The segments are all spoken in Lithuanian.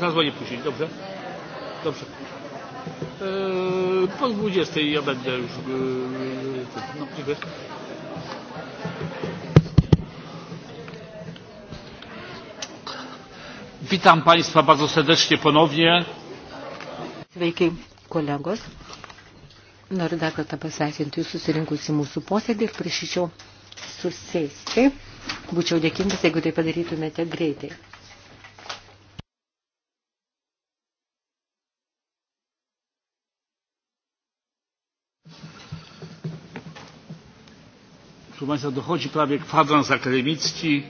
Zadzwonię później, dobrze? Dobrze. Eee, po 20 ja będę już. Eee, no, dziękuję. Witam Państwa bardzo serdecznie ponownie. Sveiki, kolegos. Noriu dar kartą pasveikinti Jūs susirinkusi mūsų posėdį ir prašyčiau susėsti. Būčiau dėkingas, jeigu tai padarytumėte greitai. Proszę Państwa, dochodzi prawie kwadrans akademicki,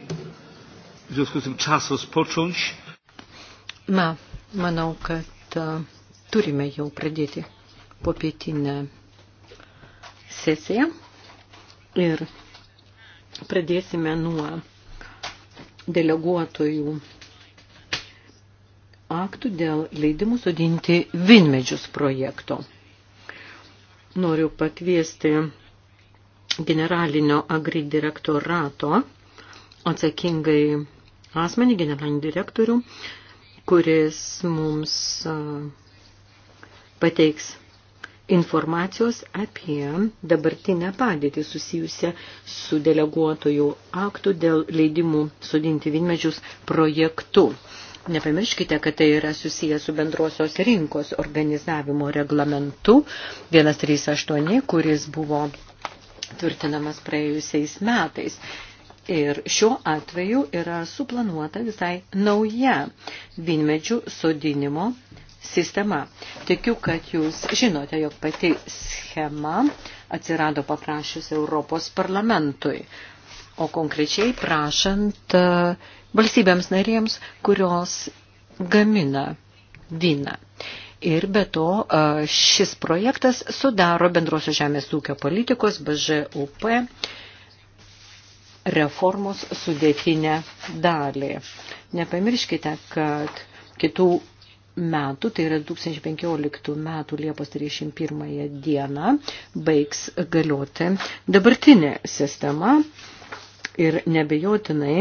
w związku z tym czas rozpocząć. Na, manau, kad e, turime jau pradėti popietinę sesiją ir pradėsime nuo deleguotojų aktų dėl leidimų sodinti vinmedžius projekto. Noriu pakviesti generalinio agri direktorato atsakingai asmenį, generalinį direktorių, kuris mums pateiks informacijos apie dabartinę padėtį susijusią su deleguotojų aktų dėl leidimų sudinti vinmedžius projektu. Nepamirškite, kad tai yra susijęs su bendrosios rinkos organizavimo reglamentu 138, kuris buvo tvirtinamas praėjusiais metais. Ir šiuo atveju yra suplanuota visai nauja vinmedžių sodinimo sistema. Tikiu, kad jūs žinote, jog pati schema atsirado paprašius Europos parlamentui, o konkrečiai prašant e, valstybėms narėms, kurios gamina vyną. Ir be to šis projektas sudaro bendrosios žemės ūkio politikos BŽUP reformos sudėtinę dalį. Nepamirškite, kad kitų metų, tai yra 2015 metų Liepos 31 dieną, baigs galioti dabartinė sistema ir nebejotinai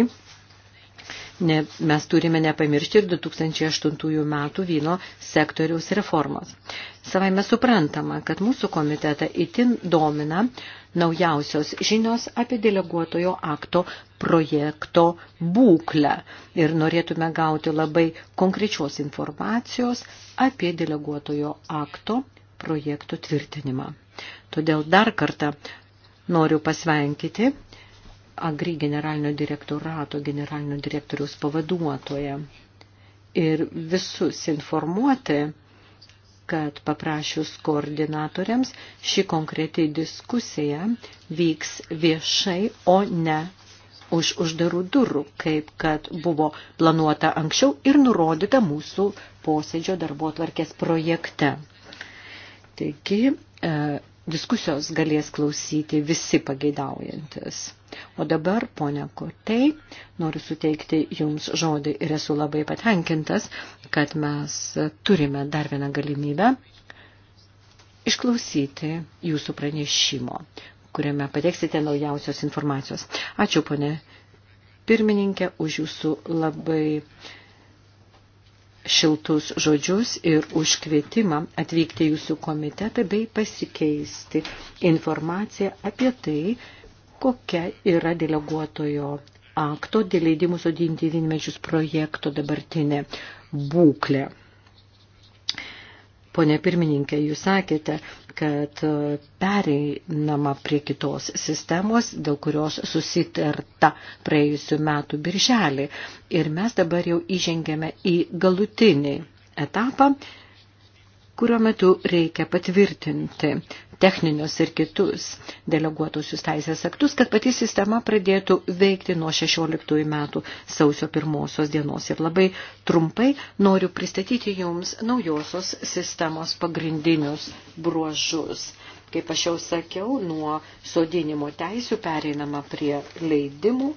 Ne, mes turime nepamiršti ir 2008 metų vyno sektoriaus reformos. Savai mes suprantama, kad mūsų komitetą itin domina naujausios žinios apie deleguotojo akto projekto būklę ir norėtume gauti labai konkrečios informacijos apie deleguotojo akto projekto tvirtinimą. Todėl dar kartą noriu pasveikinti Agri generalinio direktorato generalinio direktoriaus pavaduotoja ir visus informuoti, kad paprašius koordinatoriams ši konkretiai diskusija vyks viešai, o ne už uždarų durų, kaip kad buvo planuota anksčiau ir nurodyta mūsų posėdžio darbo tvarkės projekte. Taigi, e, diskusijos galės klausyti visi pageidaujantis. O dabar, ponia Kotei, noriu suteikti Jums žodį ir esu labai patenkintas, kad mes turime dar vieną galimybę išklausyti Jūsų pranešimo, kuriame pateiksite naujausios informacijos. Ačiū, ponė pirmininkė, už Jūsų labai šiltus žodžius ir užkvietimą atvykti jūsų komitetą bei pasikeisti informaciją apie tai, kokia yra deleguotojo akto dėl leidimų sodinti vynmedžius projekto dabartinė būklė. Pone pirmininkė, jūs sakėte, kad pereinama prie kitos sistemos, dėl kurios susitarta praėjusiu metu birželį. Ir mes dabar jau įžengėme į galutinį etapą, kurio metu reikia patvirtinti techninius ir kitus deleguotusius teisės aktus, kad pati sistema pradėtų veikti nuo 16 metų sausio pirmosios dienos. Ir labai trumpai noriu pristatyti Jums naujosios sistemos pagrindinius bruožus. Kaip aš jau sakiau, nuo sodinimo teisių pereinama prie leidimų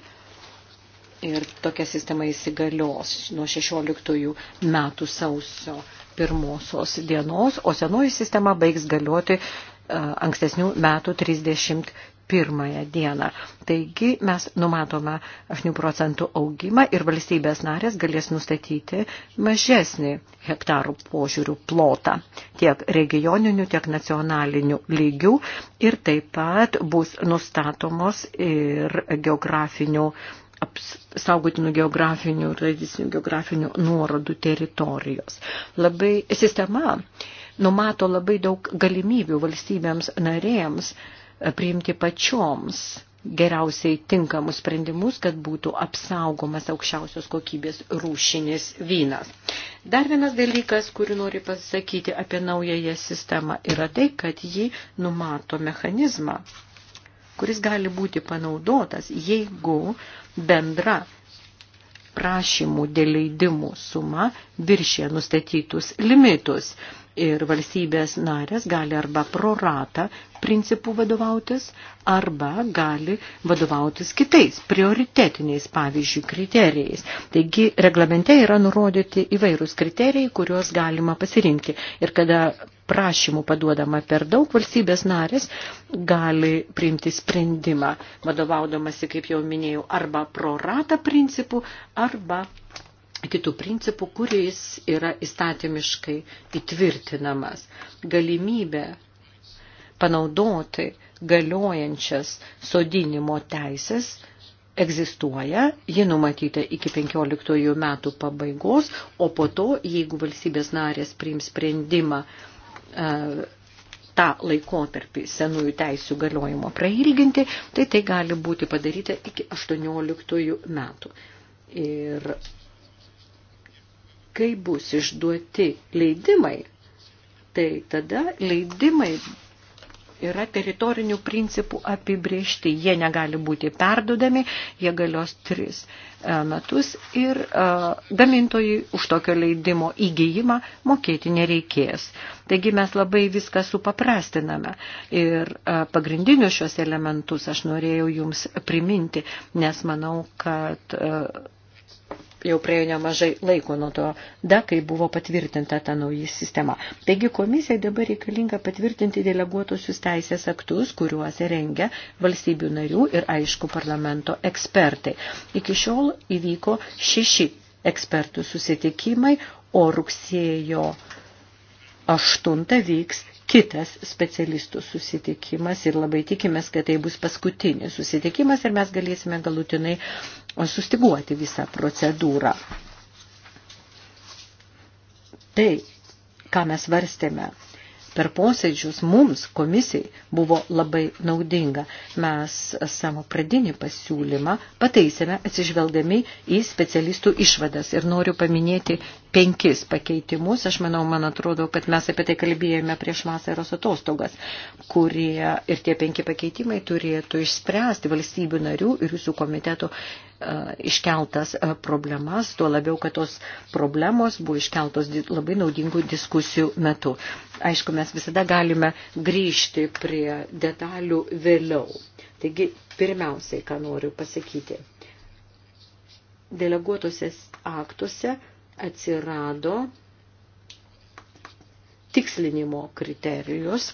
ir tokia sistema įsigalios nuo 16 metų sausio pirmosios dienos, o senoji sistema baigs galioti e, ankstesnių metų 30 pirmąją dieną. Taigi mes numatome 8 procentų augimą ir valstybės narės galės nustatyti mažesnį hektarų požiūrių plotą tiek regioninių, tiek nacionalinių lygių ir taip pat bus nustatomos ir geografinių saugotinų geografinių ir tradicinių geografinių nuorodų teritorijos. Labai sistema numato labai daug galimybių valstybėms narėms e, priimti pačioms geriausiai tinkamus sprendimus, kad būtų apsaugomas aukščiausios kokybės rūšinis vynas. Dar vienas dalykas, kurį noriu pasakyti apie naująją sistemą, yra tai, kad ji numato mechanizmą, kuris gali būti panaudotas, jeigu bendra prašymų dėl leidimų suma viršė nustatytus limitus ir valstybės narės gali arba proratą principų vadovautis, arba gali vadovautis kitais prioritetiniais, pavyzdžiui, kriterijais. Taigi, reglamente yra nurodyti įvairūs kriterijai, kuriuos galima pasirinkti. Ir kada prašymų paduodama per daug, valstybės narės gali priimti sprendimą, vadovaudamasi, kaip jau minėjau, arba prorata principų, arba kitų principų, kuris yra įstatymiškai įtvirtinamas. Galimybė panaudoti galiojančias sodinimo teisės egzistuoja, ji numatyta iki 15 metų pabaigos, o po to, jeigu valstybės narės priims sprendimą E, tą laikotarpį senųjų teisių galiojimo prailginti, tai tai gali būti padaryta iki 18 metų. Ir kai bus išduoti leidimai, tai tada leidimai yra teritorinių principų apibriešti. Jie negali būti perdodami, jie galios tris e, metus ir e, gamintojai už tokio leidimo įgyjimą mokėti nereikės. Taigi mes labai viską supaprastiname ir e, pagrindinius šios elementus aš norėjau jums priminti, nes manau, kad jau praėjo nemažai laiko nuo to, da, kai buvo patvirtinta ta nauja sistema. Taigi komisija dabar reikalinga patvirtinti deleguotusius teisės aktus, kuriuos rengia valstybių narių ir aišku parlamento ekspertai. Iki šiol įvyko šeši ekspertų susitikimai, o rugsėjo 8 vyks kitas specialistų susitikimas ir labai tikimės, kad tai bus paskutinis susitikimas ir mes galėsime galutinai sustiguoti visą procedūrą. Tai, ką mes varstėme per posėdžius mums, komisijai, buvo labai naudinga. Mes savo pradinį pasiūlymą pataisėme atsižvelgdami į specialistų išvadas. Ir noriu paminėti penkis pakeitimus. Aš manau, man atrodo, kad mes apie tai kalbėjome prieš vasaros atostogas, kurie ir tie penki pakeitimai turėtų išspręsti valstybių narių ir jūsų komiteto iškeltas e, problemas, tuo labiau, kad tos problemos buvo iškeltos labai naudingų diskusijų metu. Aišku, mes visada galime grįžti prie detalių vėliau. Taigi, pirmiausiai, ką noriu pasakyti. Deleguotose aktuose atsirado tikslinimo kriterijus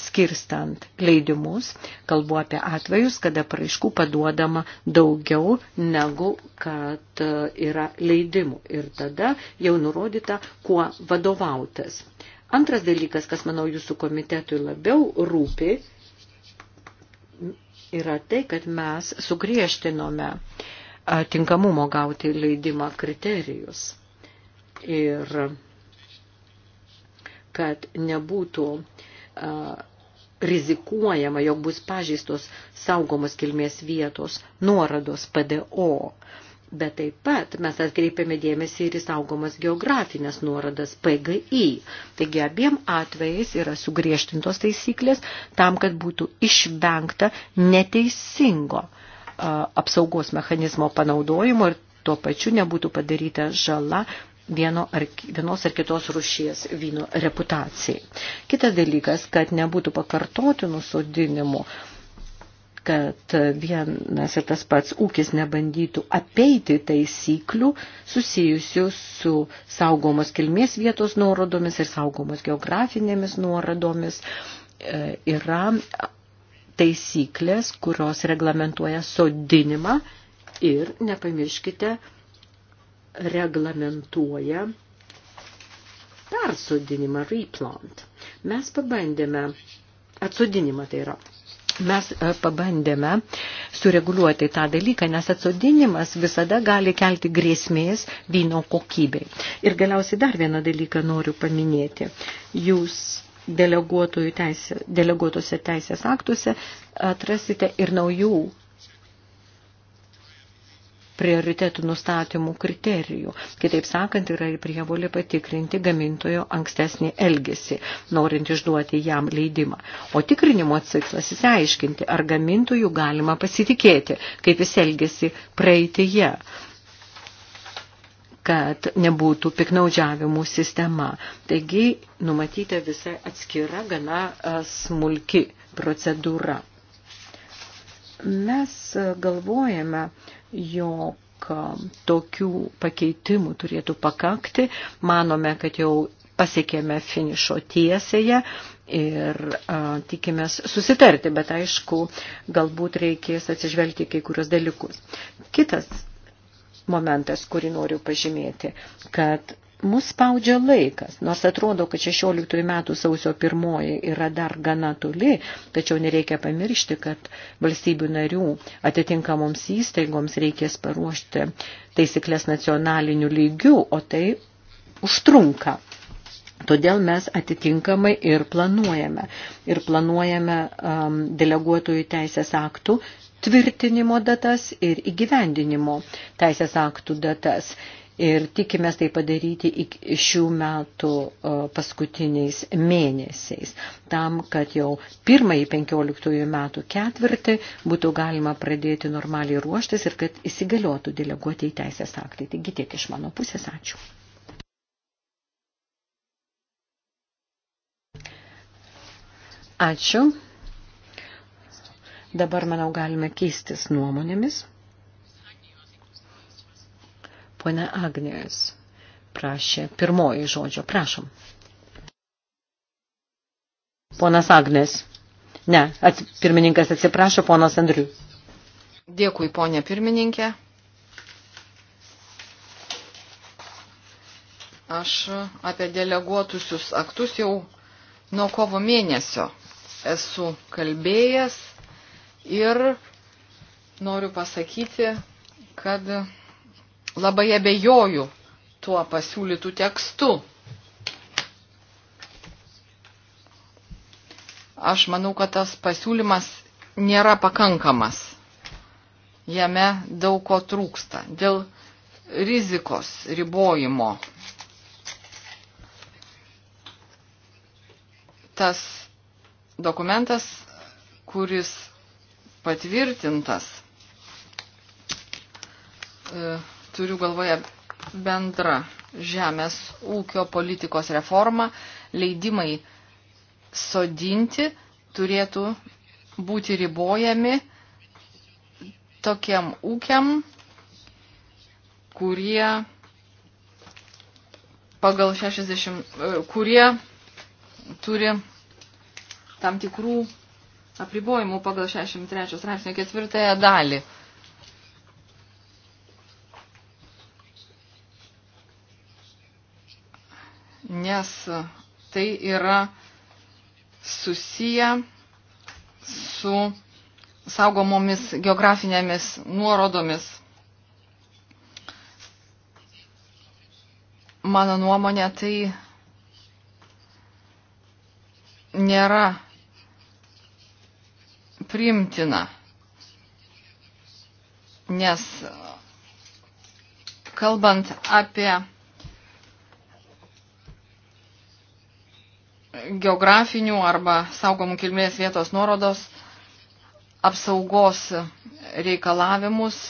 skirstant leidimus, kalbu apie atvejus, kada praaiškų paduodama daugiau negu kad e, yra leidimų. Ir tada jau nurodyta, kuo vadovautas. Antras dalykas, kas, manau, jūsų komitetui labiau rūpi, yra tai, kad mes sugriežtinome e, tinkamumo gauti leidimą kriterijus. Ir kad nebūtų uh, rizikuojama, jog bus pažįstos saugomos kilmės vietos nuorados PDO. Bet taip pat mes atkreipiame dėmesį ir į saugomas geografinės nuoradas PGI. Taigi abiem atvejais yra sugriežtintos taisyklės tam, kad būtų išvengta neteisingo apsaugos mechanizmo panaudojimo ir tuo pačiu nebūtų padaryta žala vieno ar, vienos ar kitos rušies vyno reputacijai. Kitas dalykas, kad nebūtų pakartotinų sodinimų, kad vienas ir tas pats ūkis nebandytų apeiti taisyklių susijusių su saugomos kilmės vietos nuorodomis ir saugomos geografinėmis nuorodomis, e, yra taisyklės, kurios reglamentuoja sodinimą ir nepamirškite, reglamentuoja persodinimą, replant. Mes pabandėme, atsodinimą tai yra, mes e, pabandėme sureguliuoti tą dalyką, nes atsodinimas visada gali kelti grėsmės vyno kokybei. Ir galiausiai dar vieną dalyką noriu paminėti. Jūs deleguotojų teisė, deleguotose teisės aktuose atrasite ir naujų prioritetų nustatymų kriterijų. Kitaip sakant, yra ir prievolė patikrinti gamintojo ankstesnį elgesį, norint išduoti jam leidimą. O tikrinimo ciklas įsiaiškinti, ar gamintojų galima pasitikėti, kaip jis elgesi praeitėje kad nebūtų piknaudžiavimų sistema. Taigi numatyta visa atskira gana smulki procedūra. Mes galvojame, jog tokių pakeitimų turėtų pakakti. Manome, kad jau pasiekėme finišo tiesėje ir a, tikimės susitarti, bet aišku, galbūt reikės atsižvelgti kai kurios dalykus. Kitas momentas, kurį noriu pažymėti, kad mus spaudžia laikas, nors atrodo, kad 16 metų sausio pirmoji yra dar gana toli, tačiau nereikia pamiršti, kad valstybių narių atitinkamoms įstaigoms reikės paruošti taisyklės nacionaliniu lygiu, o tai užtrunka. Todėl mes atitinkamai ir planuojame. Ir planuojame um, deleguotojų teisės aktų tvirtinimo datas ir įgyvendinimo teisės aktų datas ir tikimės tai padaryti iki šių metų paskutiniais mėnesiais, tam, kad jau pirmąjį 15 metų ketvirtį būtų galima pradėti normaliai ruoštis ir kad įsigaliotų deleguoti į teisės aktai. Taigi tiek iš mano pusės. Ačiū. Ačiū. Dabar, manau, galime keistis nuomonėmis. Pone Agnės prašė pirmoji žodžio. Prašom. Ponas Agnės. Ne, ats, pirmininkas atsiprašo, ponas Andriu. Dėkui, ponė pirmininkė. Aš apie deleguotusius aktus jau nuo kovo mėnesio esu kalbėjęs ir noriu pasakyti, kad labai abejoju tuo pasiūlytų tekstu. Aš manau, kad tas pasiūlymas nėra pakankamas. Jame daug ko trūksta. Dėl rizikos ribojimo tas dokumentas, kuris patvirtintas. E, turiu galvoje bendrą žemės ūkio politikos reformą, leidimai sodinti turėtų būti ribojami tokiam ūkiam, kurie pagal 60, e, kurie turi tam tikrų apribojimų pagal 63 straipsnio ketvirtąją dalį. nes tai yra susiję su saugomomis geografinėmis nuorodomis. Mano nuomonė, tai nėra primtina, nes kalbant apie geografinių arba saugomų kilmės vietos nuorodos apsaugos reikalavimus.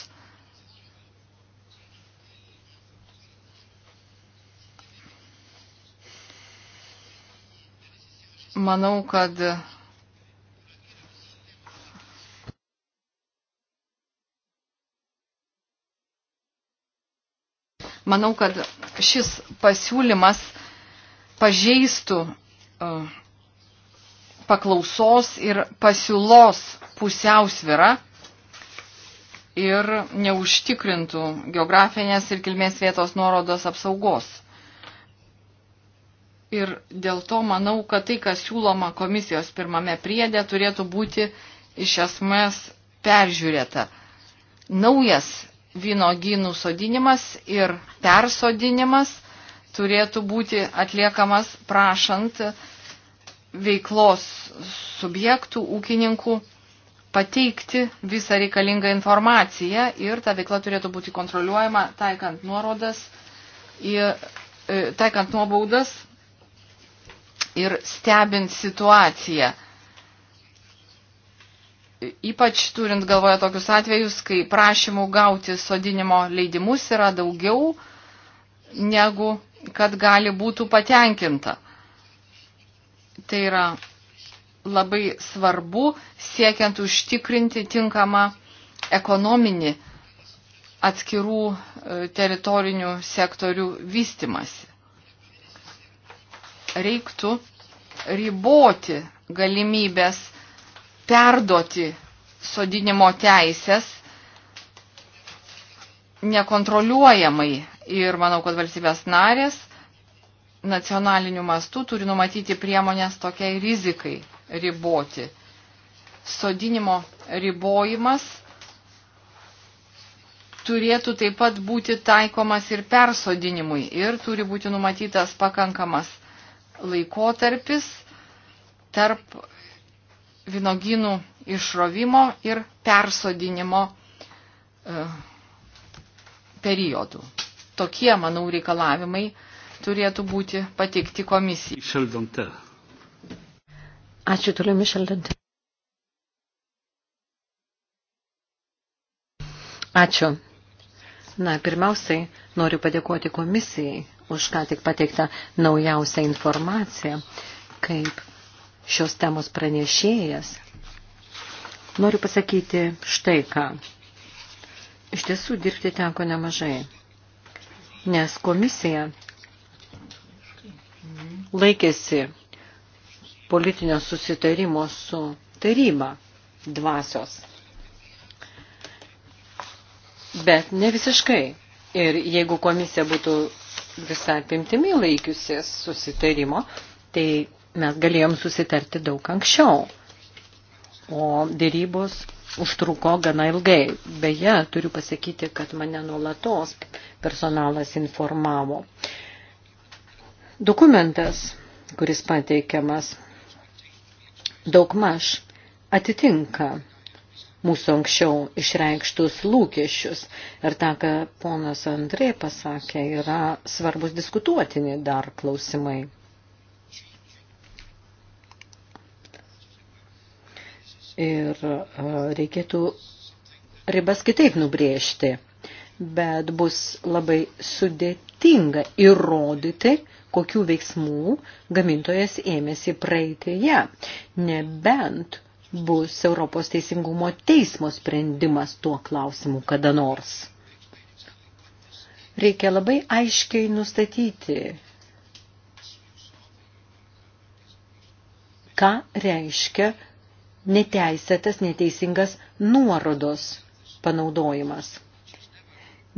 Manau, kad Manau, kad šis pasiūlymas pažeistų E, paklausos ir pasiūlos pusiausvyrą ir neužtikrintų geografinės ir kilmės vietos nuorodos apsaugos. Ir dėl to manau, kad tai, kas siūloma komisijos pirmame priedė, turėtų būti iš esmės peržiūrėta. Naujas vynogynų sodinimas ir persodinimas turėtų būti atliekamas prašant veiklos subjektų, ūkininkų pateikti visą reikalingą informaciją ir ta veikla turėtų būti kontroliuojama taikant nuorodas, į, e, taikant nuobaudas ir stebint situaciją. Ypač turint galvoje tokius atvejus, kai prašymų gauti sodinimo leidimus yra daugiau negu kad gali būtų patenkinta. Tai yra labai svarbu siekiant užtikrinti tinkamą ekonominį atskirų e, teritorinių sektorių vystimasi. Reiktų riboti galimybės perduoti sodinimo teisės nekontroliuojamai ir manau, kad valstybės narės nacionaliniu mastu turi numatyti priemonės tokiai rizikai riboti. Sodinimo ribojimas turėtų taip pat būti taikomas ir persodinimui ir turi būti numatytas pakankamas laikotarpis tarp vinoginų išrovimo ir persodinimo e, periodų. Tokie, manau, reikalavimai turėtų būti patikti komisijai. Ačiū toliau, Mišel Dantė. Ačiū. Na, pirmiausiai noriu padėkoti komisijai už ką tik pateiktą naujausią informaciją, kaip šios temos pranešėjas. Noriu pasakyti štai ką. Iš tiesų dirbti teko nemažai, nes komisija laikėsi politinio susitarimo su taryba dvasios. Bet ne visiškai. Ir jeigu komisija būtų visai pimtimi laikiusi susitarimo, tai mes galėjom susitarti daug anksčiau. O dėrybos užtruko gana ilgai. Beje, turiu pasakyti, kad mane nuolatos personalas informavo Dokumentas, kuris pateikiamas, daugmaž atitinka mūsų anksčiau išreikštus lūkesčius. Ir tą, ką ponas Andrė pasakė, yra svarbus diskutuotini dar klausimai. Ir e, reikėtų ribas kitaip nubrėžti bet bus labai sudėtinga įrodyti, kokių veiksmų gamintojas ėmėsi praeitėje, nebent bus Europos teisingumo teismo sprendimas tuo klausimu kada nors. Reikia labai aiškiai nustatyti, ką reiškia neteisėtas, neteisingas nuorodos panaudojimas.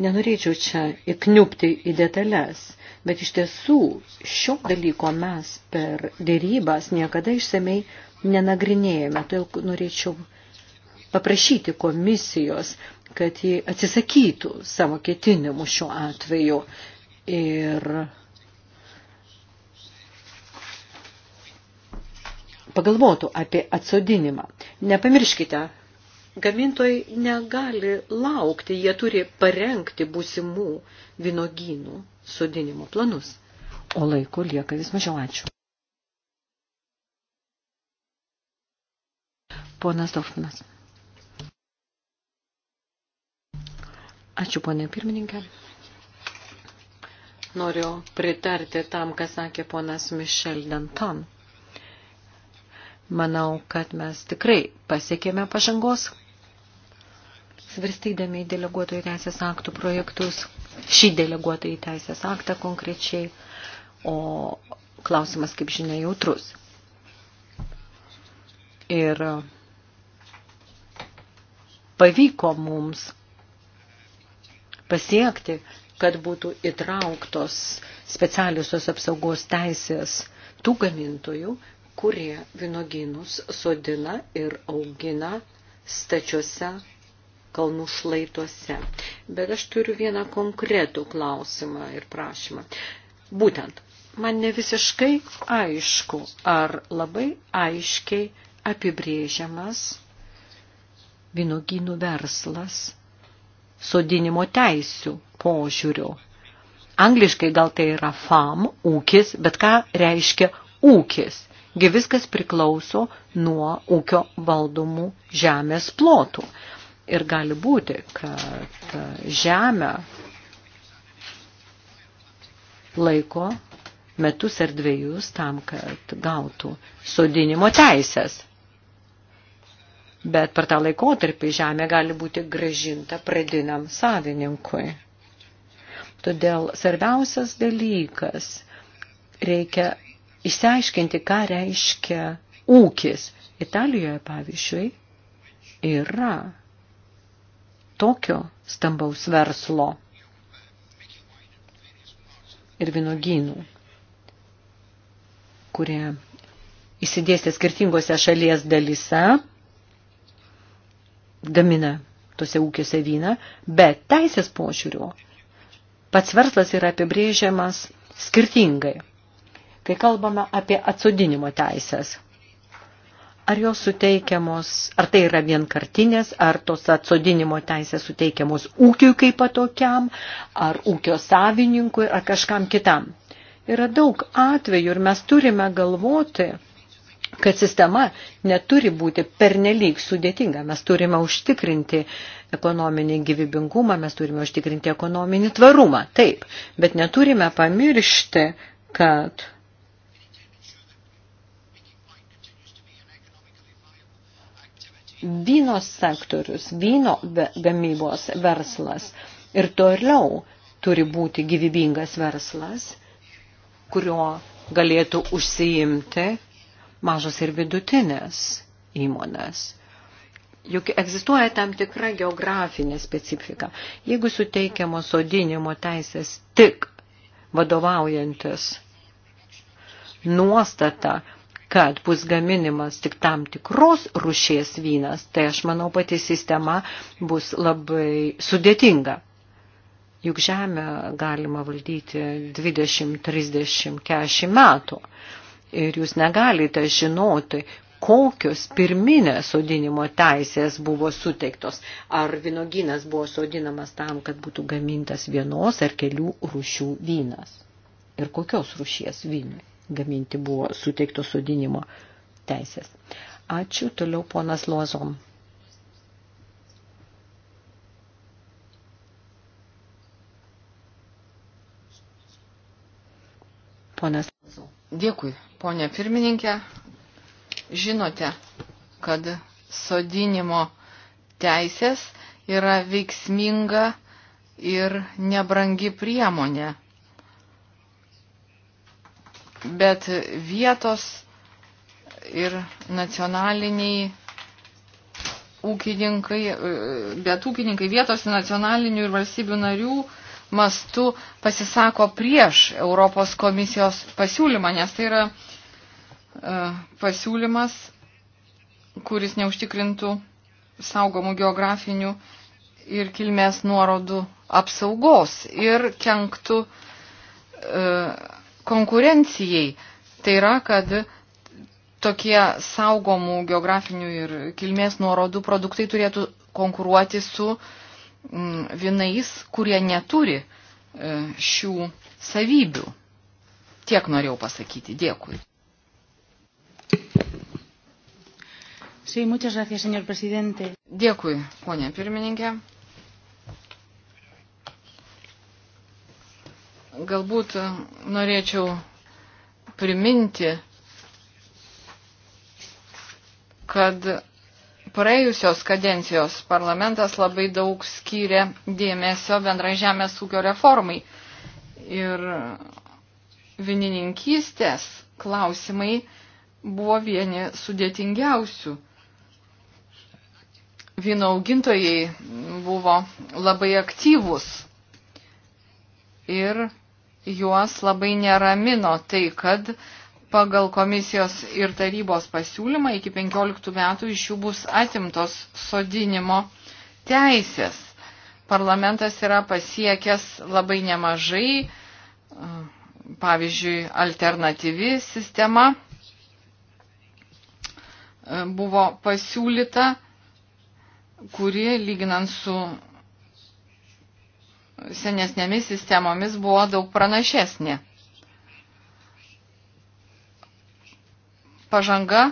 Nenorėčiau čia įkniupti į detalės, bet iš tiesų šio dalyko mes per dėrybas niekada išsamei nenagrinėjame. Todėl norėčiau paprašyti komisijos, kad jį atsisakytų savo ketinimų šiuo atveju. Ir pagalvotų apie atsodinimą. Nepamirškite gamintojai negali laukti, jie turi parengti būsimų vinogynų sodinimo planus. O laiko lieka vis mažiau ačiū. Ponas Dorfmanas. Ačiū, ponė pirmininkė. Noriu pritarti tam, ką sakė ponas Mišel Dantan. Manau, kad mes tikrai pasiekėme pažangos svarstydami deleguotojų teisės aktų projektus, šį deleguotojų teisės aktą konkrečiai, o klausimas, kaip žinia, jautrus. Ir pavyko mums pasiekti, kad būtų įtrauktos specialiusios apsaugos teisės tų gamintojų, kurie vinoginus sodina ir augina stačiuose kalnų šlaituose. Bet aš turiu vieną konkretų klausimą ir prašymą. Būtent, man ne visiškai aišku, ar labai aiškiai apibrėžiamas vynogynų verslas sodinimo teisių požiūrių. Angliškai gal tai yra fam, ūkis, bet ką reiškia ūkis? Gi viskas priklauso nuo ūkio valdomų žemės plotų. Ir gali būti, kad Žemę laiko metus ar dviejus tam, kad gautų sodinimo teisės. Bet per tą laikotarpį žemė gali būti gražinta pradiniam savininkui. Todėl svarbiausias dalykas reikia išsiaiškinti, ką reiškia ūkis. Italijoje, pavyzdžiui, yra tokio stambaus verslo ir vinogynų, kurie įsidėstė skirtingose šalies dalyse, gamina tose ūkiuose vyną, bet teisės požiūrių pats verslas yra apibrėžiamas skirtingai. Kai kalbame apie atsodinimo teisės, Ar jos suteikiamos, ar tai yra vienkartinės, ar tos atsodinimo teisės suteikiamos ūkiui kaip patokiam, ar ūkio savininkui, ar kažkam kitam. Yra daug atvejų ir mes turime galvoti, kad sistema neturi būti pernelyg sudėtinga. Mes turime užtikrinti ekonominį gyvybingumą, mes turime užtikrinti ekonominį tvarumą. Taip, bet neturime pamiršti, kad vyno sektorius, vyno gamybos verslas ir toliau turi būti gyvybingas verslas, kurio galėtų užsiimti mažos ir vidutinės įmonės. Juk egzistuoja tam tikra geografinė specifika. Jeigu suteikiamo sodinimo teisės tik vadovaujantis nuostata, kad bus gaminimas tik tam tikros rušies vynas, tai aš manau pati sistema bus labai sudėtinga. Juk žemę galima valdyti 20, 30, 40 metų. Ir jūs negalite žinoti, kokios pirminės sodinimo teisės buvo suteiktos. Ar vynoginas buvo sodinamas tam, kad būtų gamintas vienos ar kelių rūšių vynas. Ir kokios rūšies vynui gaminti buvo suteiktos sodinimo teisės. Ačiū, toliau ponas Lozom. Ponas. Dėkui, ponė pirmininkė. Žinote, kad sodinimo teisės yra veiksminga ir nebrangi priemonė bet vietos ir nacionaliniai ūkininkai, bet ūkininkai vietos nacionalinių ir valstybių narių mastu pasisako prieš Europos komisijos pasiūlymą, nes tai yra e, pasiūlymas, kuris neužtikrintų saugomų geografinių ir kilmės nuorodų apsaugos ir kenktų uh, konkurencijai. Tai yra, kad tokie saugomų geografinių ir kilmės nuorodų produktai turėtų konkuruoti su mm, vinais, kurie neturi e, šių savybių. Tiek norėjau pasakyti. Dėkui. Sí, gracias, Dėkui, ponė pirmininkė. Galbūt e, norėčiau priminti, kad praėjusios kadencijos parlamentas labai daug skyrė dėmesio bendrai žemės ūkio reformai. Ir vinininkystės klausimai buvo vieni sudėtingiausių. Vyno augintojai buvo labai aktyvus ir juos labai neramino tai, kad pagal komisijos ir tarybos pasiūlymą iki 15 metų iš jų bus atimtos sodinimo teisės. Parlamentas yra pasiekęs labai nemažai, e, pavyzdžiui, alternatyvi sistema e, buvo pasiūlyta, kuri lyginant su senesnėmis sistemomis buvo daug pranašesnė. Pažanga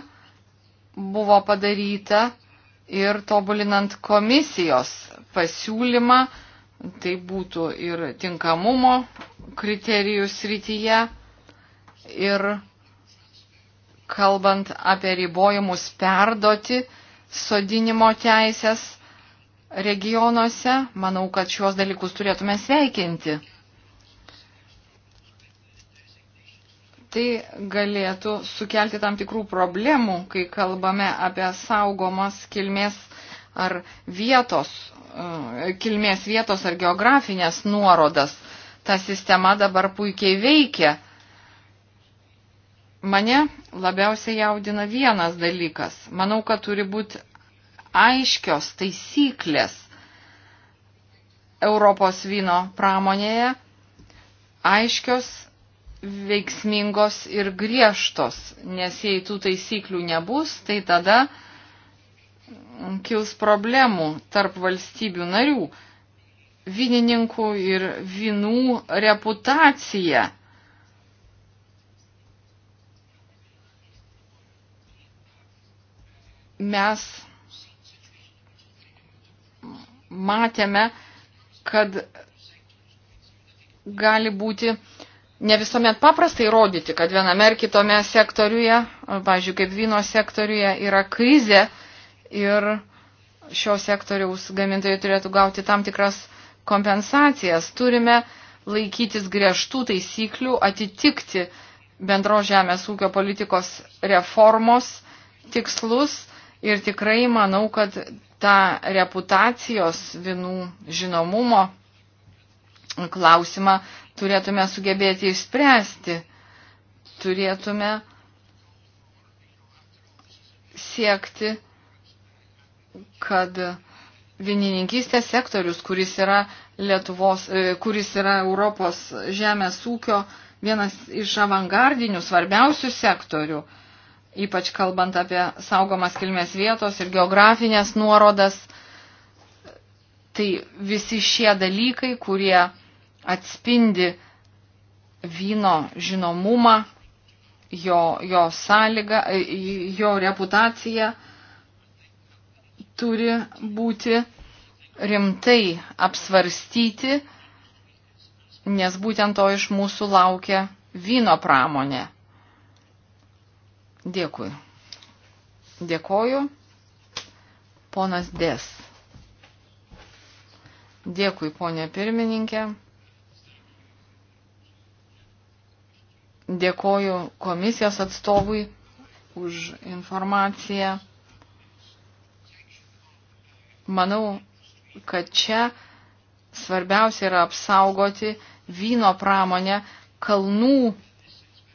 buvo padaryta ir tobulinant komisijos pasiūlymą, tai būtų ir tinkamumo kriterijų srityje, ir kalbant apie ribojimus perdoti sodinimo teisės regionuose. Manau, kad šios dalykus turėtume sveikinti. Tai galėtų sukelti tam tikrų problemų, kai kalbame apie saugomas kilmės ar vietos, e, kilmės vietos ar geografinės nuorodas. Ta sistema dabar puikiai veikia. Mane labiausiai jaudina vienas dalykas. Manau, kad turi būti aiškios taisyklės Europos vyno pramonėje, aiškios, veiksmingos ir griežtos, nes jei tų taisyklių nebus, tai tada kils problemų tarp valstybių narių, vynininkų ir vinų reputacija. Mes matėme, kad gali būti ne visuomet paprastai rodyti, kad viename ar kitome sektoriuje, pavyzdžiui, kaip vyno sektoriuje, yra krizė ir šio sektoriaus gamintojai turėtų gauti tam tikras kompensacijas. Turime laikytis griežtų taisyklių, atitikti bendro žemės ūkio politikos reformos tikslus Ir tikrai manau, kad tą reputacijos vinų žinomumo klausimą turėtume sugebėti išspręsti. Turėtume siekti, kad vienininkystės sektorius, kuris yra, Lietuvos, e, kuris yra Europos žemės ūkio vienas iš avangardinių svarbiausių sektorių, ypač kalbant apie saugomas kilmės vietos ir geografinės nuorodas. Tai visi šie dalykai, kurie atspindi vyno žinomumą, jo, jo sąlygą, jo reputaciją, turi būti rimtai apsvarstyti, nes būtent to iš mūsų laukia vyno pramonė. Dėkui. Dėkoju. Ponas Dės. Dėkui, ponė pirmininkė. Dėkoju komisijos atstovui už informaciją. Manau, kad čia svarbiausia yra apsaugoti vyno pramonę kalnų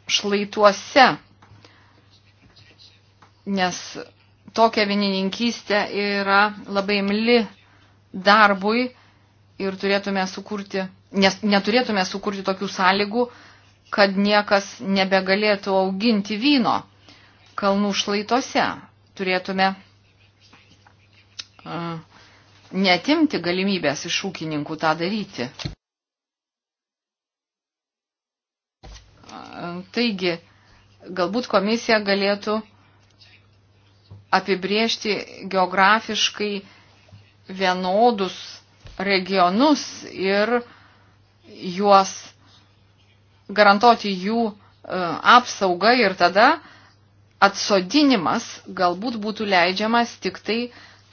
šlaituose nes tokia vienininkystė yra labai imli darbui ir turėtume sukurti, nes neturėtume sukurti tokių sąlygų, kad niekas nebegalėtų auginti vyno kalnų šlaitose. Turėtume uh, netimti galimybės iš ūkininkų tą daryti. Taigi, galbūt komisija galėtų uh, apibriežti geografiškai vienodus regionus ir juos garantuoti jų e, apsaugą ir tada atsodinimas galbūt būtų leidžiamas tik tai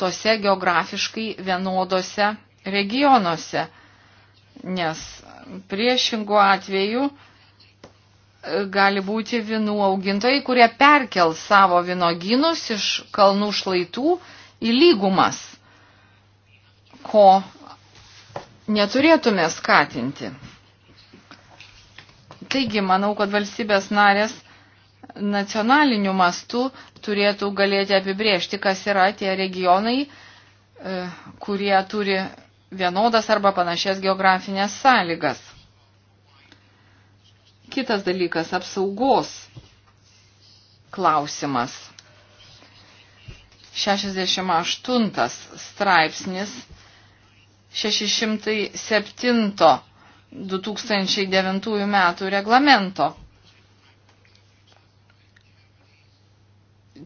tose geografiškai vienodose regionuose, nes priešingų atveju gali būti vinų augintojai, kurie perkel savo vinogynus iš kalnų šlaitų į lygumas, ko neturėtume skatinti. Taigi, manau, kad valstybės narės nacionaliniu mastu turėtų galėti apibriežti, kas yra tie regionai, e, kurie turi vienodas arba panašias geografinės sąlygas. Kitas dalykas - apsaugos klausimas. 68 straipsnis 607 2009 metų reglamento.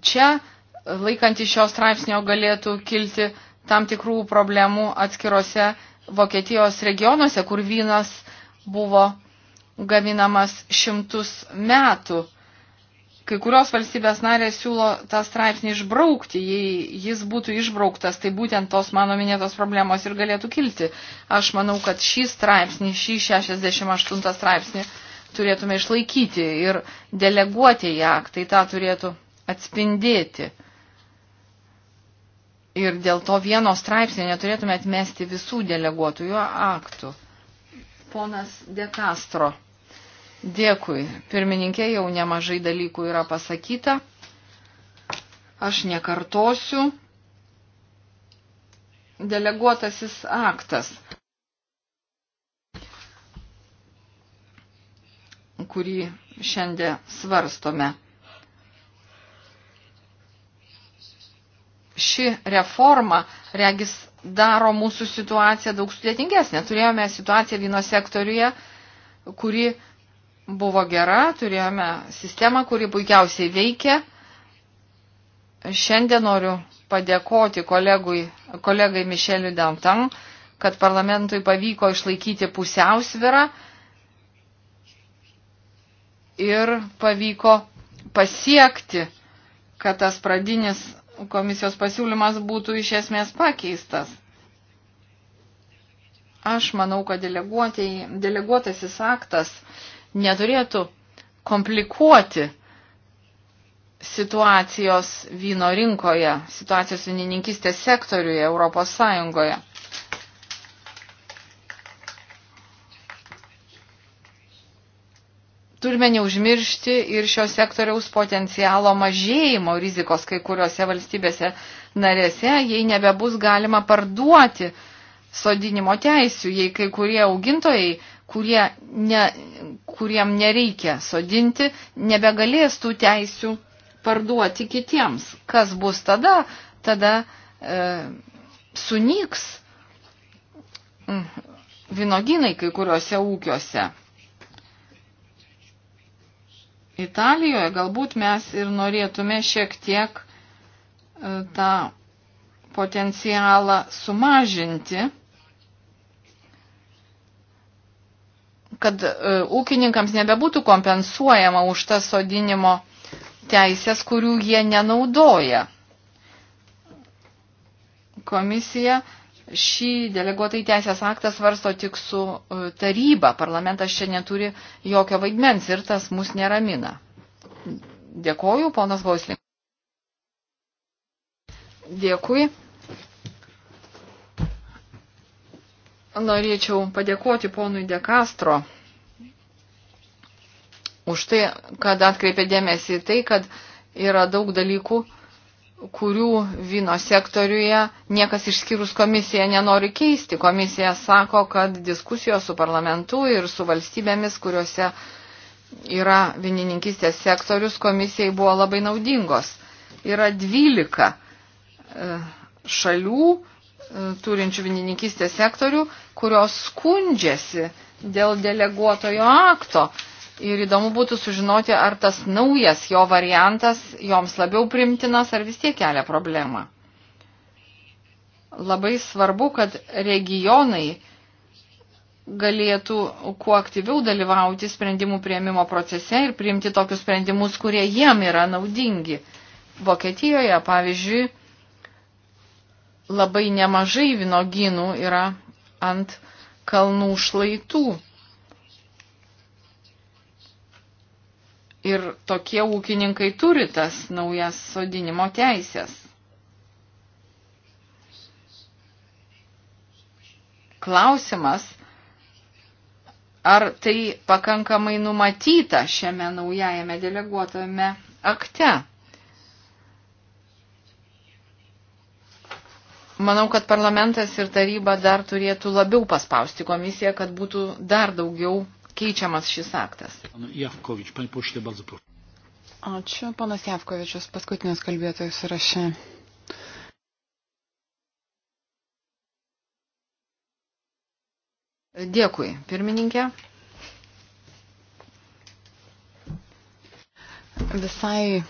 Čia laikant iš šio straipsnio galėtų kilti tam tikrų problemų atskirose Vokietijos regionuose, kur vynas buvo gaminamas šimtus metų. Kai kurios valstybės narės siūlo tą straipsnį išbraukti, jei jis būtų išbrauktas, tai būtent tos mano minėtos problemos ir galėtų kilti. Aš manau, kad šį straipsnį, šį 68 straipsnį turėtume išlaikyti ir deleguoti į aktai tą turėtų atspindėti. Ir dėl to vieno straipsnio neturėtume atmesti visų deleguotųjų aktų. Ponas De Castro. Dėkui. Pirmininkė jau nemažai dalykų yra pasakyta. Aš nekartosiu. Deleguotasis aktas, kurį šiandien svarstome. Ši reforma, regis, daro mūsų situaciją daug sudėtingesnė. Turėjome situaciją vyno sektoriuje, kuri buvo gera, turėjome sistemą, kuri puikiausiai veikia. Šiandien noriu padėkoti kolegui, kolegai Mišeliu Dantan, kad parlamentui pavyko išlaikyti pusiausvirą ir pavyko pasiekti, kad tas pradinis komisijos pasiūlymas būtų iš esmės pakeistas. Aš manau, kad deleguotasis aktas neturėtų komplikuoti situacijos vyno rinkoje, situacijos vienininkistės sektoriuje Europos Sąjungoje. Turime neužmiršti ir šio sektoriaus potencialo mažėjimo rizikos kai kuriuose valstybėse narėse, jei nebebus galima parduoti sodinimo teisių, jei kai kurie augintojai kurie ne, kuriem nereikia sodinti, nebegalės tų teisių parduoti kitiems. Kas bus tada? Tada e, sunyks mm, vinoginai kai kuriuose ūkiuose. Italijoje galbūt mes ir norėtume šiek tiek e, tą potencialą sumažinti, kad e, ūkininkams nebebūtų kompensuojama už tas sodinimo teisės, kurių jie nenaudoja. Komisija šį deleguotai teisės aktą svarsto tik su e, taryba. Parlamentas čia neturi jokio vaidmens ir tas mus neramina. Dėkoju, ponas Voslin. Dėkui. norėčiau padėkoti ponui De Castro už tai, kad atkreipė dėmesį tai, kad yra daug dalykų, kurių vyno sektoriuje niekas išskyrus komisiją nenori keisti. Komisija sako, kad diskusijos su parlamentu ir su valstybėmis, kuriuose yra vienininkistės sektorius, komisijai buvo labai naudingos. Yra dvylika e, šalių, E, turinčių vynininkystės sektorių, kurios skundžiasi dėl deleguotojo akto. Ir įdomu būtų sužinoti, ar tas naujas jo variantas joms labiau primtinas, ar vis tiek kelia problemą. Labai svarbu, kad regionai galėtų kuo aktyviau dalyvauti sprendimų prieimimo procese ir priimti tokius sprendimus, kurie jiem yra naudingi. Vokietijoje, pavyzdžiui, labai nemažai vynogynų yra ant kalnų šlaitų. Ir tokie ūkininkai turi tas naujas sodinimo teisės. Klausimas, ar tai pakankamai numatyta šiame naujajame deleguotojame akte? Manau, kad parlamentas ir taryba dar turėtų labiau paspausti komisiją, kad būtų dar daugiau keičiamas šis aktas. Javkovič, pani poštė, bardzo prosim. Ačiū, panas Javkovičius, paskutinis kalbėtojas rašė. Dėkui, pirmininkė. Visai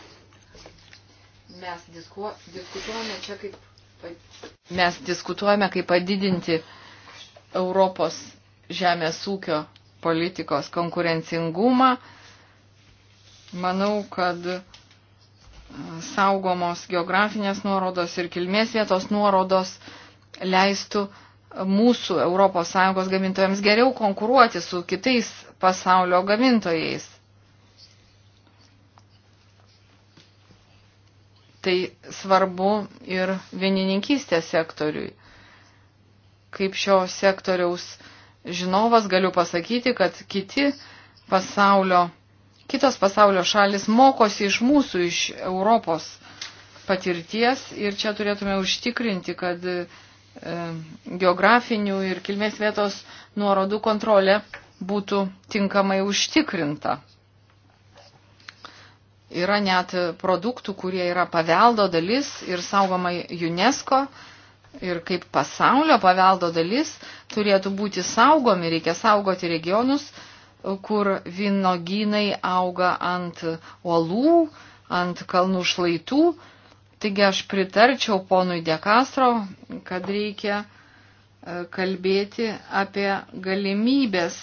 mes disku, diskutuojame čia kaip Mes diskutuojame, kaip padidinti Europos žemės ūkio politikos konkurencingumą. Manau, kad e, saugomos geografinės nuorodos ir kilmės vietos nuorodos leistų mūsų ES gamintojams geriau konkuruoti su kitais pasaulio gamintojais. Tai svarbu ir vienininkystės sektoriui. Kaip šio sektoriaus žinovas galiu pasakyti, kad kiti pasaulio, kitos pasaulio šalis mokosi iš mūsų, iš Europos patirties ir čia turėtume užtikrinti, kad e, geografinių ir kilmės vietos nuorodų kontrolė būtų tinkamai užtikrinta. Yra net produktų, kurie yra paveldo dalis ir saugoma UNESCO ir kaip pasaulio paveldo dalis turėtų būti saugomi, reikia saugoti regionus, kur vynogynai auga ant uolų, ant kalnų šlaitų. Taigi aš pritarčiau ponui Dekastro, kad reikia e, kalbėti apie galimybės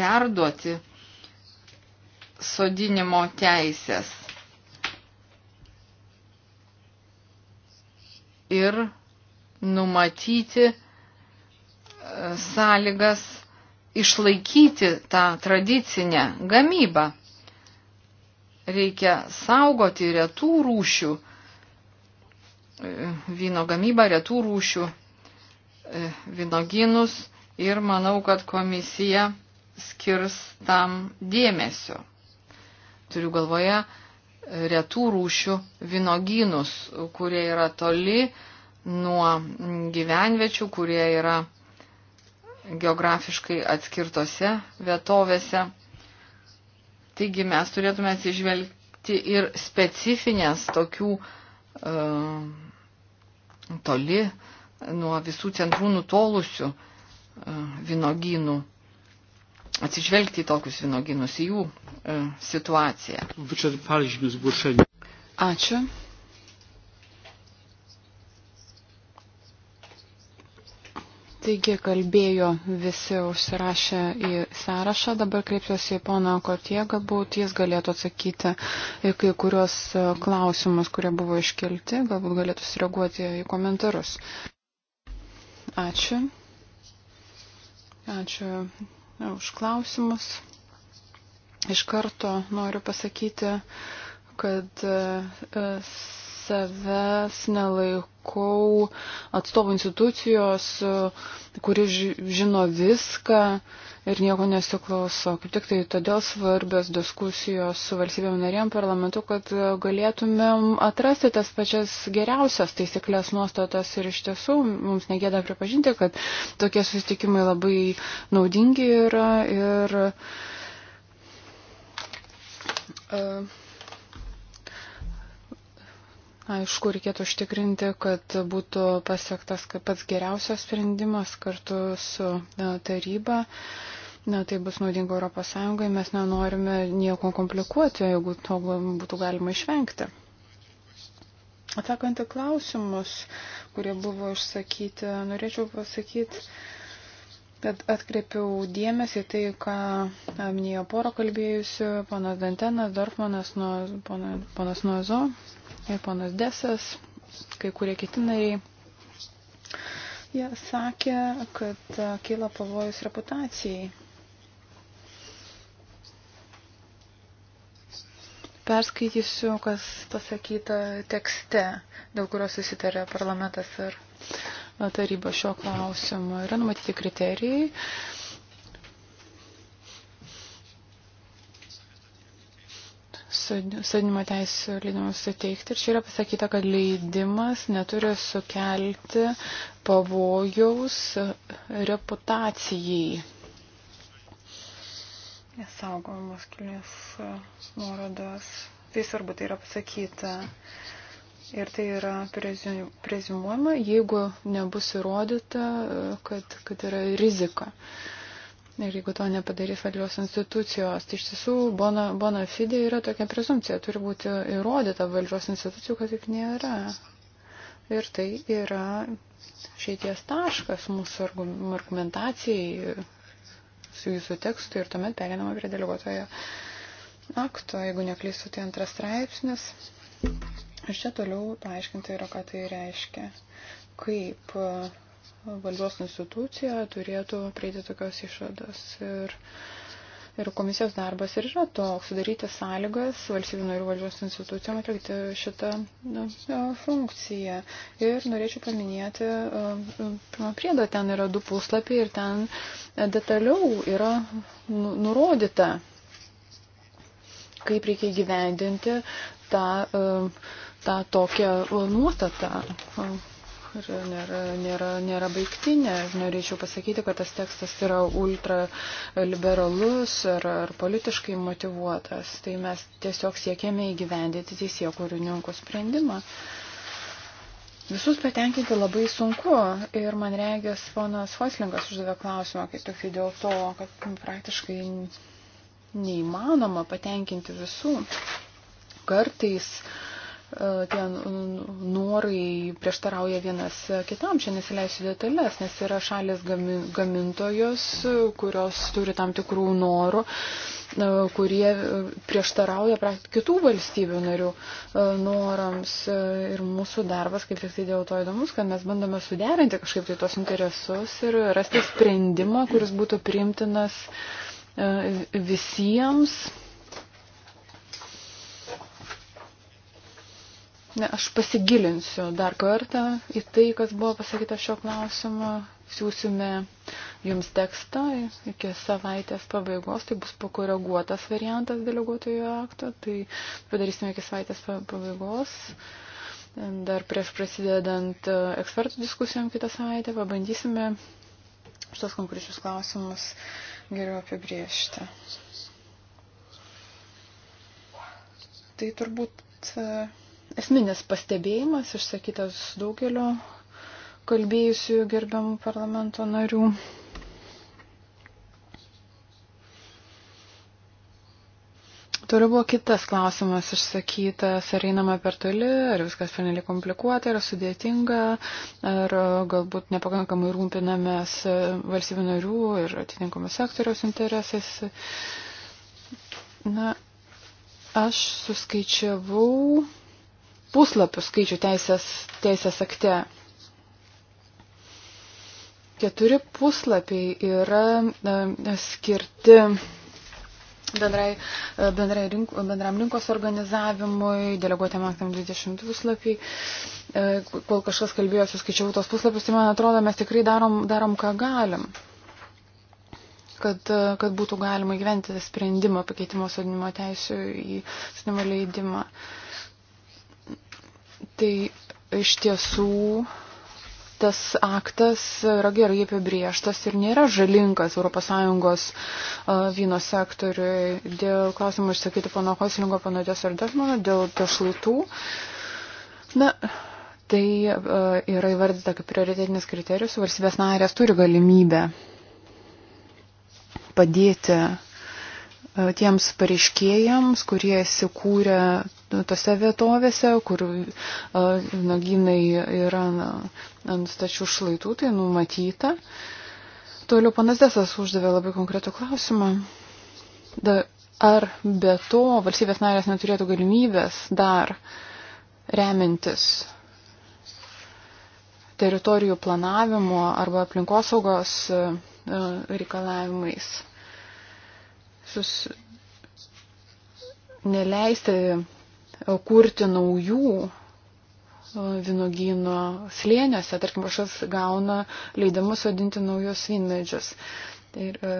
perduoti sodinimo teisės. Ir numatyti e, sąlygas išlaikyti tą tradicinę gamybą. Reikia saugoti retų rūšių e, vyno gamybą, retų rūšių e, vynoginus ir manau, kad komisija skirs tam dėmesio. Turiu galvoje e, retų rūšių vinogynus, kurie yra toli nuo gyvenviečių, kurie yra geografiškai atskirtose vietovėse. Taigi mes turėtume atsižvelgti ir specifinės tokių e, toli nuo visų centrų nutolusių e, vinogynų atsižvelgti į tokius vynoginus, į jų e, situaciją. Ačiū. Taigi kalbėjo visi užsirašę į sąrašą, dabar kreipsiuosi į poną Kotie, galbūt jis galėtų atsakyti į kai kurios e, klausimus, kurie buvo iškelti, galbūt galėtų sureaguoti į komentarus. Ačiū. Ačiū už klausimus. Iš karto noriu pasakyti, kad e, savęs nelaikau atstovų institucijos, kuri žino viską ir nieko nesiklauso. Kaip tik tai todėl svarbios diskusijos su valstybėm narėm parlamentu, kad galėtumėm atrasti tas pačias geriausias taisyklės nuostatas ir iš tiesų mums negėda pripažinti, kad tokie susitikimai labai naudingi yra ir. Uh, Aišku, reikėtų užtikrinti, kad būtų pasiektas pats geriausias sprendimas kartu su taryba. Na, tai bus naudinga ES, mes nenorime nieko komplikuoti, jeigu to būtų galima išvengti. Atsakant į klausimus, kurie buvo išsakyti, norėčiau pasakyti, kad atkreipiau dėmesį tai, ką minėjo poro kalbėjusių, ponas Dantenas, Dorfmanas, ponas Nuozo, ir ponas Desas, kai kurie kiti nariai. Jie sakė, kad e, kyla pavojus reputacijai. Perskaitysiu, kas pasakyta tekste, dėl kurio susitarė parlamentas ir e, taryba šio klausimo. Yra numatyti kriterijai sodinimo teisų leidimus suteikti. Ir čia yra pasakyta, kad leidimas neturi sukelti pavojaus reputacijai. Nesaugomos kilmės nuorodos. Tai svarbu, tai yra pasakyta. Ir tai yra prezumuojama, jeigu nebus įrodyta, kad, kad yra rizika. Uh, Ir jeigu to nepadarys valdžios institucijos, tai iš tiesų bona, bona fide yra tokia prezumcija, turi būti įrodyta valdžios institucijų, kad taip nėra. Ir tai yra šeities taškas mūsų argumentacijai su jūsų tekstu ir tuomet perinama prie deleguotojo akto, jeigu neklystu, tai antras straipsnis. Ir čia toliau paaiškinti yra, ką tai reiškia. Kaip uh, valdžios institucija turėtų prieiti tokios išvados. Ir, ir komisijos darbas ir yra toks, sudaryti sąlygas valstybių narių valdžios institucijom atlikti šitą na, funkciją. Ir norėčiau paminėti, pirmą priedą ten yra du puslapiai ir ten detaliau yra nu, nurodyta kaip reikia gyvendinti tą, tą tokią nuostatą ir nėra, nėra, nėra baigtinė. Norėčiau pasakyti, kad tas tekstas yra ultraliberalus ar, ar politiškai motivuotas. Tai mes tiesiog siekėme įgyvendyti teisėjų kūrininkų sprendimą. Visus patenkinti labai sunku ir man regės ponas Hoslingas uždavė klausimą, kaip tik tai dėl to, kad nu, praktiškai neįmanoma patenkinti visų. Kartais uh, tie norai prieštarauja vienas kitam. Čia nesileisiu detalės, nes yra šalis gamintojos, kurios turi tam tikrų norų, e, kurie e, prieštarauja kitų valstybių narių e, norams. Ir mūsų darbas, kaip tik tai dėl to įdomus, kad mes bandome suderinti kažkaip tai tos interesus ir rasti sprendimą, kuris būtų priimtinas visiems Ne, aš pasigilinsiu dar kartą į tai, kas buvo pasakyta šio klausimo. Siūsime jums tekstą iki savaitės pabaigos, tai bus pakoreguotas variantas deleguotojo akto, tai padarysime iki savaitės pabaigos. Dar prieš prasidedant e, ekspertų diskusijom kitą savaitę pabandysime šitos konkrečius klausimus geriau apibriežti. Tai turbūt uh, esminis pastebėjimas išsakytas daugelio kalbėjusių gerbiamų parlamento narių. Toliau buvo kitas klausimas išsakytas, ar einama per toli, ar viskas pernelyg komplikuota, ar sudėtinga, ar galbūt nepakankamai rūpinamės valstybių narių ir atitinkamų sektoriaus interesais. Na, aš suskaičiavau puslapių skaičių teisės, teisės akte. Keturi puslapiai yra na, e, skirti bendrai, e, bendrai rink, bendram rinkos organizavimui, deleguotėm aktam 20 puslapiai. E, kol kažkas kalbėjo, suskaičiau tos puslapius, tai man atrodo, mes tikrai darom, darom ką galim. Kad, kad būtų galima gyventi sprendimą pakeitimo sodinimo teisų į sodinimo leidimą. Uh, Tai iš tiesų tas aktas yra gerai apibrieštas ir nėra žalingas ES vyno sektoriui. Dėl klausimų išsakyti pano Hoslingo, pano Desardasmano, dėl tešlaitų. Na, tai yra įvardyta kaip prioritetinis kriterijus. Varsybės narės turi galimybę padėti tiems pareiškėjams, kurie įsikūrė tose vietovėse, kur naginai yra ant stačių šlaitų, tai numatyta. Toliau panas Desas uždavė labai konkretų klausimą. Da, ar be to valstybės narės neturėtų galimybės dar remintis teritorijų planavimo arba aplinkosaugos reikalavimais sus... neleisti E, kurti naujų e, vynogynų slėniuose, tarkim, kažkas gauna leidimus sodinti naujus vynmedžius. Ir e,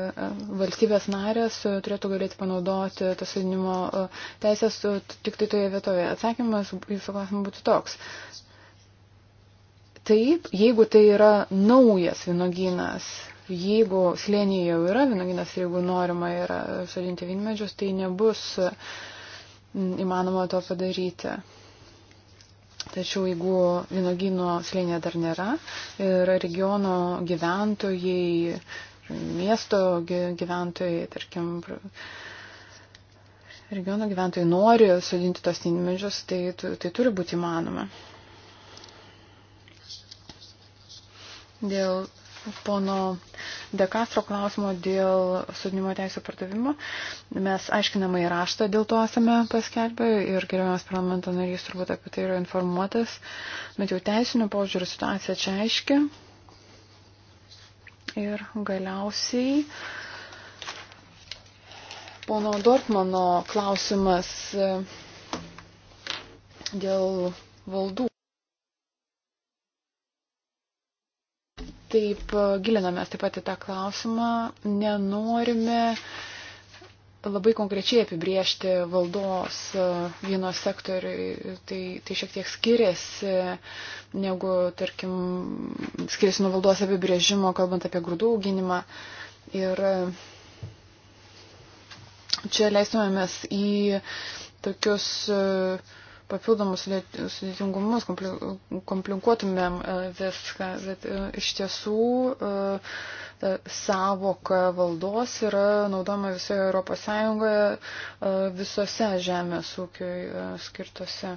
valstybės narės turėtų galėti panaudoti tas vadinimo teisės tik tai toje vietoje. Atsakymas jūsų klausimų būtų toks. Taip, jeigu tai yra naujas vynogynas, jeigu slėnyje jau yra vynogynas ir jeigu norima yra sodinti vynmedžius, tai nebus uh, įmanoma to padaryti. Tačiau jeigu vynogino slėnė dar nėra ir regiono gyventojai, miesto gyventojai, tarkim, regiono gyventojai nori sodinti tos vynmedžius, tai, tai turi būti įmanoma. Dėl pono Dekastro klausimo dėl sudinimo teisų pardavimo. Mes aiškinamai raštą dėl to esame paskelbę ir gerbiamas parlamento narys turbūt apie tai yra informuotas, bet jau teisinio požiūrį situacija čia aiški. Ir galiausiai pono Dortmano klausimas dėl valdų. Taip, e, gilinomės taip pat į tą klausimą. Nenorime labai konkrečiai apibriežti valdos e, vieno sektoriui. Tai, tai šiek tiek skiriasi, negu, tarkim, skiriasi nuo valdos apibrėžimo, kalbant apie grūdų auginimą. Ir e, čia leistumėmės į tokius uh, papildomus sudėtingumus, komplikuotumėm e, viską, bet e, iš tiesų e, savoka valdos yra naudojama visoje Europos Sąjungoje, visose žemės ūkiui skirtose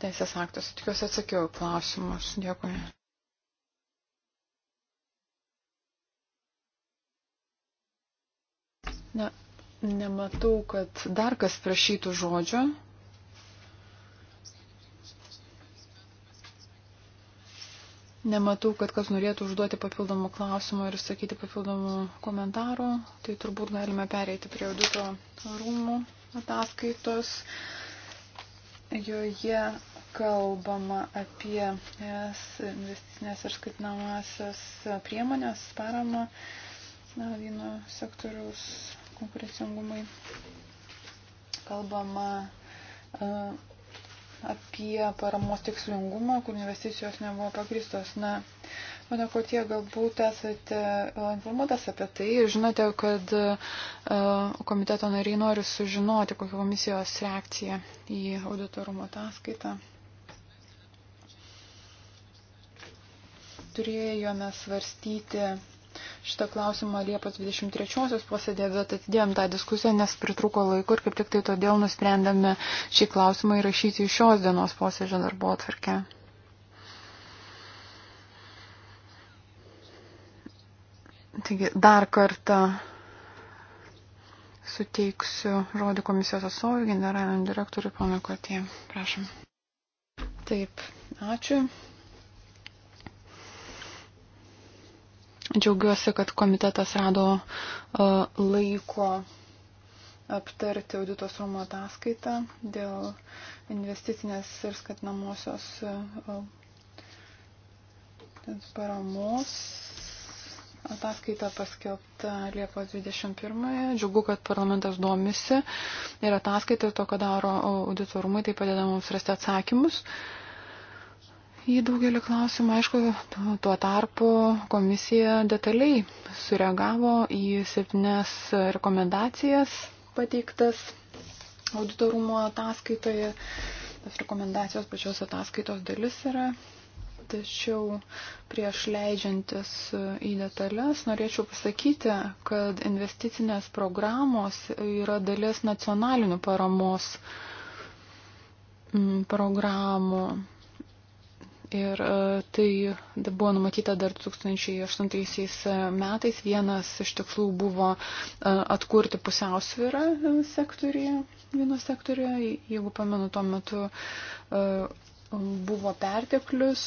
teisės aktuose. Tikiuosi atsakiau klausimus. Dėkui. Ne, nematau, kad dar kas prašytų žodžio. Nematau, kad kas norėtų užduoti papildomų klausimų ir sakyti papildomų komentarų. Tai turbūt galime pereiti prie audito rūmų ataskaitos. Joje kalbama apie es investicinės ir skaitinamasios priemonės paramą vyno sektoriaus konkurencingumai. Kalbama e, apie paramos tikslingumą, kur investicijos nebuvo pagristos. Na, mano kokie galbūt esate e, informuotas apie tai ir žinote, kad e, komiteto nariai nori sužinoti, kokia komisijos reakcija į auditorumo ataskaitą. Turėjome svarstyti šitą klausimą Liepos 23-osios posėdė, bet atidėjom tą diskusiją, nes pritruko laiko ir kaip tik tai todėl nusprendėme šį klausimą įrašyti į šios dienos posėdžio darbo atvarkę. Taigi dar kartą suteiksiu žodį komisijos atstovui, generaliniam direktoriui, ponui Kotė. Prašom. Taip, ačiū. Džiaugiuosi, kad komitetas rado e, laiko aptarti auditos rūmo ataskaitą dėl investicinės ir skatinamosios e, paramos. Ataskaita paskelbta Liepos 21-ąją. Džiugu, kad parlamentas domisi ir ataskaita to, ką daro auditorumai, tai padeda mums rasti atsakymus. Uh, į daugelį klausimų. Aišku, tuo tarpu komisija detaliai sureagavo į septynes rekomendacijas pateiktas auditorumo ataskaitoje. Tas rekomendacijos pačios ataskaitos dalis yra. Tačiau prieš leidžiantis į detalės norėčiau pasakyti, kad investicinės programos yra dalis nacionalinių paramos mm, programų Ir e, tai buvo numatyta dar 2008 e, metais. Vienas iš tikslų buvo e, atkurti pusiausvyrą sektorijoje, vyno sektorijoje. Jeigu pamenu, tuo metu buvo perteklius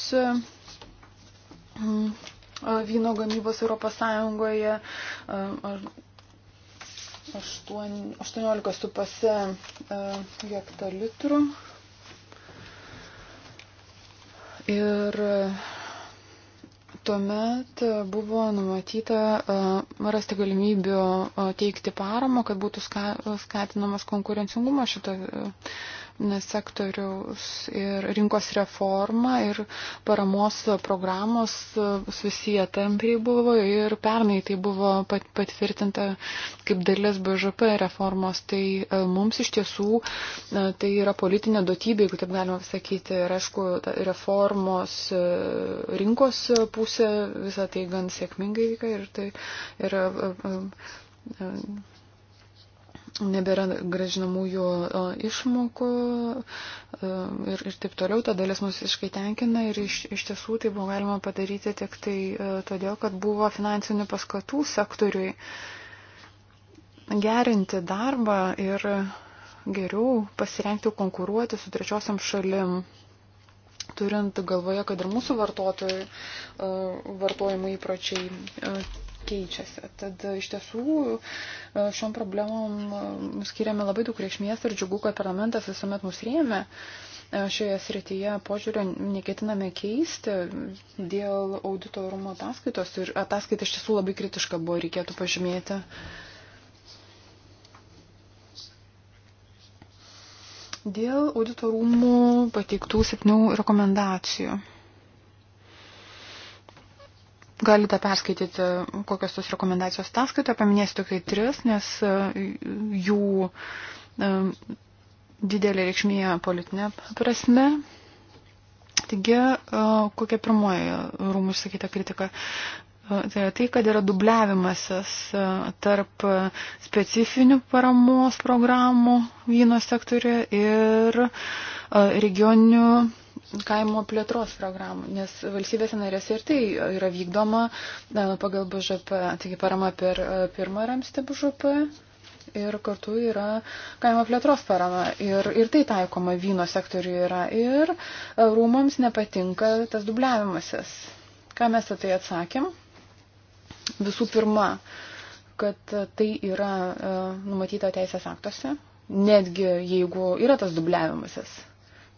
vyno gamybos Europos Sąjungoje. 18,5 hektolitrų. Uh, Ir e, tuomet buvo numatyta e, rasti galimybių e, teikti paramą, kad būtų ska, skatinamas konkurencingumas šito sektoriaus ir rinkos reforma ir paramos programos susiję tampriai buvo ir pernai tai buvo pat, patvirtinta kaip dalis BŽP reformos. Tai e, mums iš tiesų e, tai yra politinė duotybė, jeigu taip galima sakyti. Ir aišku, reformos e, rinkos pusė visą tai gan sėkmingai vyka ir tai yra. Uh, uh, uh, nebėra gražinamųjų išmokų ir, ir taip toliau, ta dalis mus visiškai tenkina ir iš, iš tiesų tai buvo galima padaryti tik tai todėl, kad buvo finansinių paskatų sektoriui gerinti darbą ir geriau pasirengti konkuruoti su trečiosiam šalim. Turint galvoje, kad ir mūsų vartotojų vartojimo įpročiai keičiasi. Tad iš tiesų šiom problemom e, skiriame labai daug reikšmės ir džiugu, kad parlamentas visuomet mus rėmė. E, šioje srityje požiūrio neketiname keisti dėl audito rūmo ataskaitos ir ataskaita iš tiesų labai kritiška buvo, reikėtų pažymėti. Dėl audito rūmų pateiktų septynių rekomendacijų galite perskaityti, kokios tos rekomendacijos ataskaitoje, paminėsiu tik tai tris, nes e, jų e, didelė reikšmė politinė prasme. Taigi, e, kokia pirmoji rūmų išsakyta kritika? Tai yra tai, kad yra dubliavimasis tarp specifinių paramos programų vyno sektoriuje ir regioninių kaimo plėtros programų, nes valstybėse narėse ir tai yra vykdoma e, pagal BŽP, taigi parama per e, pirmą ramstį BŽP ir kartu yra kaimo plėtros parama. Ir, ir tai taikoma vyno sektoriuje yra. Ir e, rūmams nepatinka tas dubliavimasis. Ką mes tai atsakėm? Visų pirma, kad tai yra numatyta teisės aktuose, netgi jeigu yra tas dubliavimasis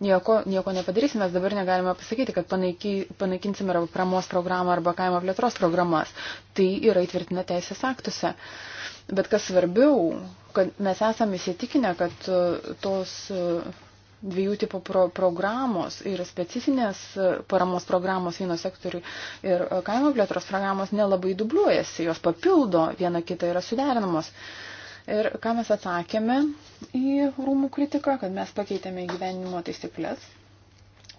nieko, nieko nepadarysime, mes dabar negalime pasakyti, kad panaiky, panaikinsime arba pramos programą arba kaimo plėtros programas. Tai yra įtvirtina teisės aktuose. Bet kas svarbiau, kad mes esame įsitikinę, kad e, tos e, dviejų tipų pro programos ir specifinės e, paramos programos vieno sektoriui ir kaimo plėtros programos nelabai dubliuojasi, jos papildo, viena kita yra suderinamos. Uh, Ir ką mes atsakėme į rūmų kritiką, kad mes pakeitėme gyvenimo taisyklės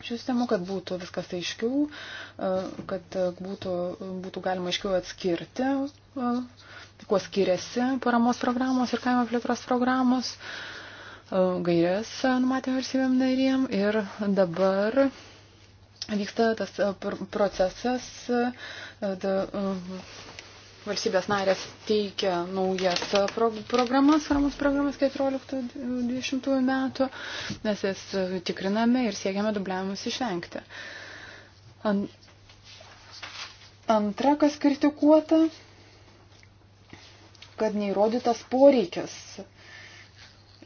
šių sistemų, kad būtų viskas aiškiau, e, kad būtų, būtų galima aiškiau atskirti, e, kuo skiriasi paramos programos ir kaimo plėtros programos, e, gairės numatėme valstybėm narėm ir dabar vyksta tas procesas, valstybės narės teikia naujas pro, programas, ramos programas 14-20 metų, mes jas tikriname ir siekiame dubliavimus išvengti. An, antra, kas kritikuota, kad neįrodytas poreikis uh,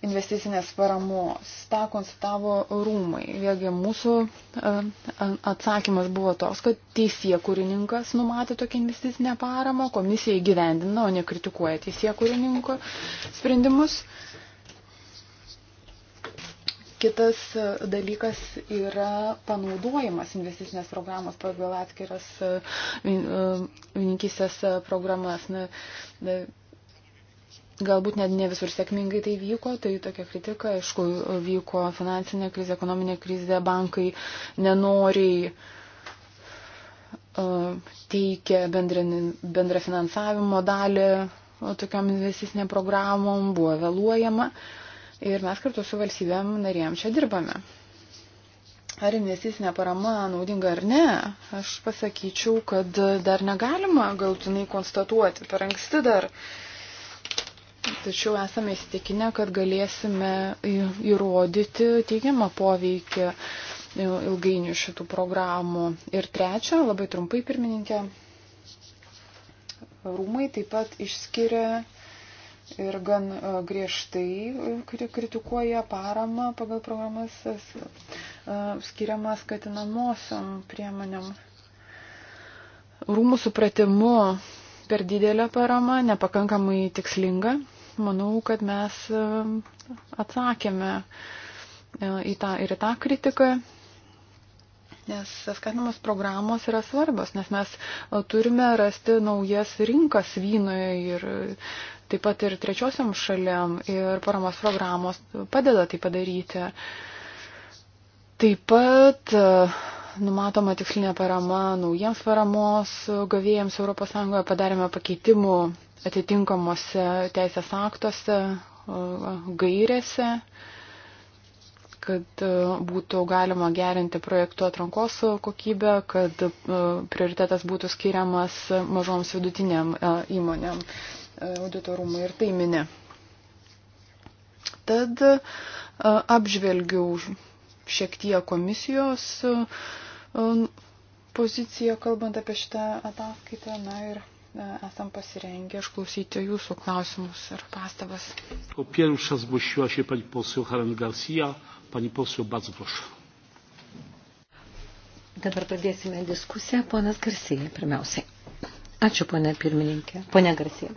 investicinės paramos. Ta konstatavo rūmai. Vėlgi mūsų e, e, atsakymas buvo toks, kad teisė kūrininkas numatė tokią investicinę paramą, komisija įgyvendina, o nekritikuoja teisė kūrininko sprendimus. Kitas e, dalykas yra panaudojimas investicinės programos pagal atskiras vininkysės programas. Na, na, Galbūt net ne visur sėkmingai tai vyko, tai tokia kritika, aišku, vyko finansinė krizė, ekonominė krizė, bankai nenoriai uh, teikia bendra, bendra finansavimo dalį uh, tokiam investicinėm programom, buvo vėluojama ir mes kartu su valstybėm narėm čia dirbame. Ar investicinė parama naudinga ar ne, aš pasakyčiau, kad dar negalima galtinai konstatuoti, per anksti dar uh, Tačiau esame įstikinę, kad galėsime įrodyti teigiamą poveikį ilgainių šitų programų. Ir trečia, labai trumpai pirmininkė, rūmai taip pat išskiria ir gan e, griežtai kritikuoja paramą pagal programas e, e, skiriamą skatinamosiam priemonėm. Rūmų supratimu per didelė parama, nepakankamai tikslinga manau, kad mes e, atsakėme e, į tą ir į tą kritiką. Nes skatinimas programos yra svarbios, nes mes e, turime rasti naujas rinkas vynui ir taip pat ir trečiosiam šaliam ir paramos programos padeda tai padaryti. Taip pat numatoma tikslinė parama naujiems paramos gavėjams ES padarėme pakeitimų atitinkamuose teisės aktuose, gairėse, kad e, būtų galima gerinti projektų atrankos kokybę, kad e, prioritetas būtų skiriamas mažoms vidutiniam e, įmonėm auditorumai ir tai minė. Tad apžvelgiau šiek tiek komisijos poziciją, kalbant apie šitą ataskaitą. Na ir esam pasirengę išklausyti jūsų klausimus ir pastabas. O pierwsza zgłosiła się pani poseł Helen Garcia. Pani poseł, bardzo proszę. Dabar pradėsime diskusiją. Ponas Garsija, pirmiausiai. Ačiū, ponė pirmininkė. Pone Garsija.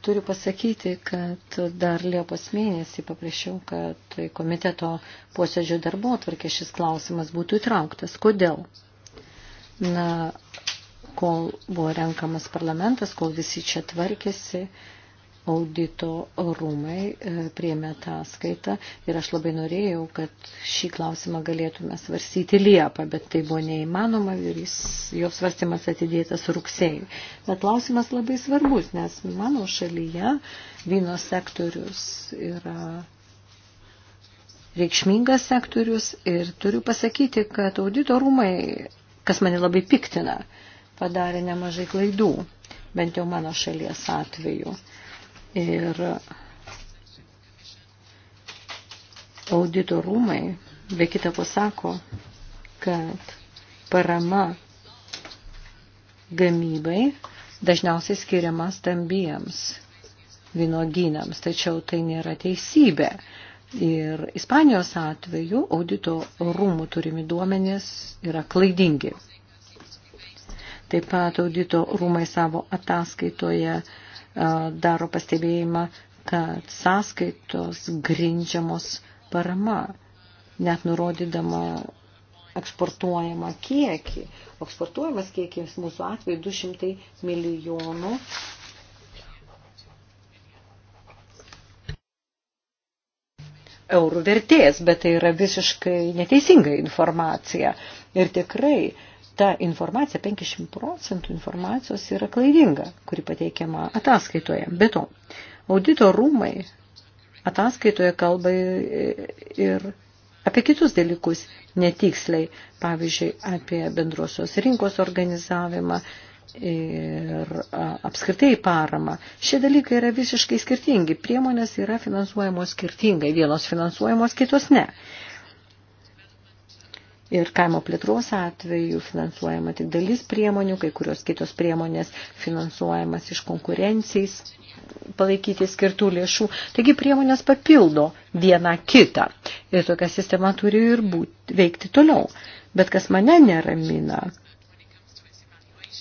Turiu pasakyti, kad dar Liepos mėnesį paprašiau, kad komiteto posėdžio darbo atvarkė šis klausimas būtų įtrauktas. Kodėl? Na, kol buvo renkamas parlamentas, kol visi čia tvarkėsi, audito rūmai e, priemė tą skaitą ir aš labai norėjau, kad šį klausimą galėtume svarstyti Liepą, bet tai buvo neįmanoma ir jis, jo svarstymas atidėtas rugsėjai. Bet klausimas labai svarbus, nes mano šalyje vyno sektorius yra reikšmingas sektorius ir turiu pasakyti, kad audito rūmai, kas mane labai piktina, uh, padarė nemažai klaidų, bent jau mano šalies atveju. Ir audito rūmai be kita pasako, kad parama gamybai dažniausiai skiriama stambiems vynogynams, tačiau tai nėra teisybė. Ir Ispanijos atveju audito rūmų turimi duomenės yra klaidingi. Taip pat audito rūmai savo ataskaitoje e, daro pastebėjimą, kad sąskaitos grindžiamos parama, net nurodydama eksportuojamą kiekį. Eksportuojamas kiekis mūsų atveju 200 milijonų. Eurų vertės, bet tai yra visiškai neteisinga informacija. Ir tikrai uh, ta informacija, 50 procentų informacijos yra klaidinga, kuri pateikiama ataskaitoje. Be to, audito rūmai ataskaitoje kalba ir apie kitus dalykus netiksliai, pavyzdžiui, apie bendrosios rinkos organizavimą ir apskritai paramą. Šie dalykai yra visiškai skirtingi. Priemonės yra finansuojamos skirtingai, vienos finansuojamos, kitos ne ir kaimo plėtros atveju finansuojama tik dalis priemonių, kai kurios kitos priemonės finansuojamas iš konkurencijais palaikyti skirtų lėšų. Taigi priemonės papildo vieną kitą. Ir tokia sistema turi ir būti, veikti toliau. Bet kas mane neramina,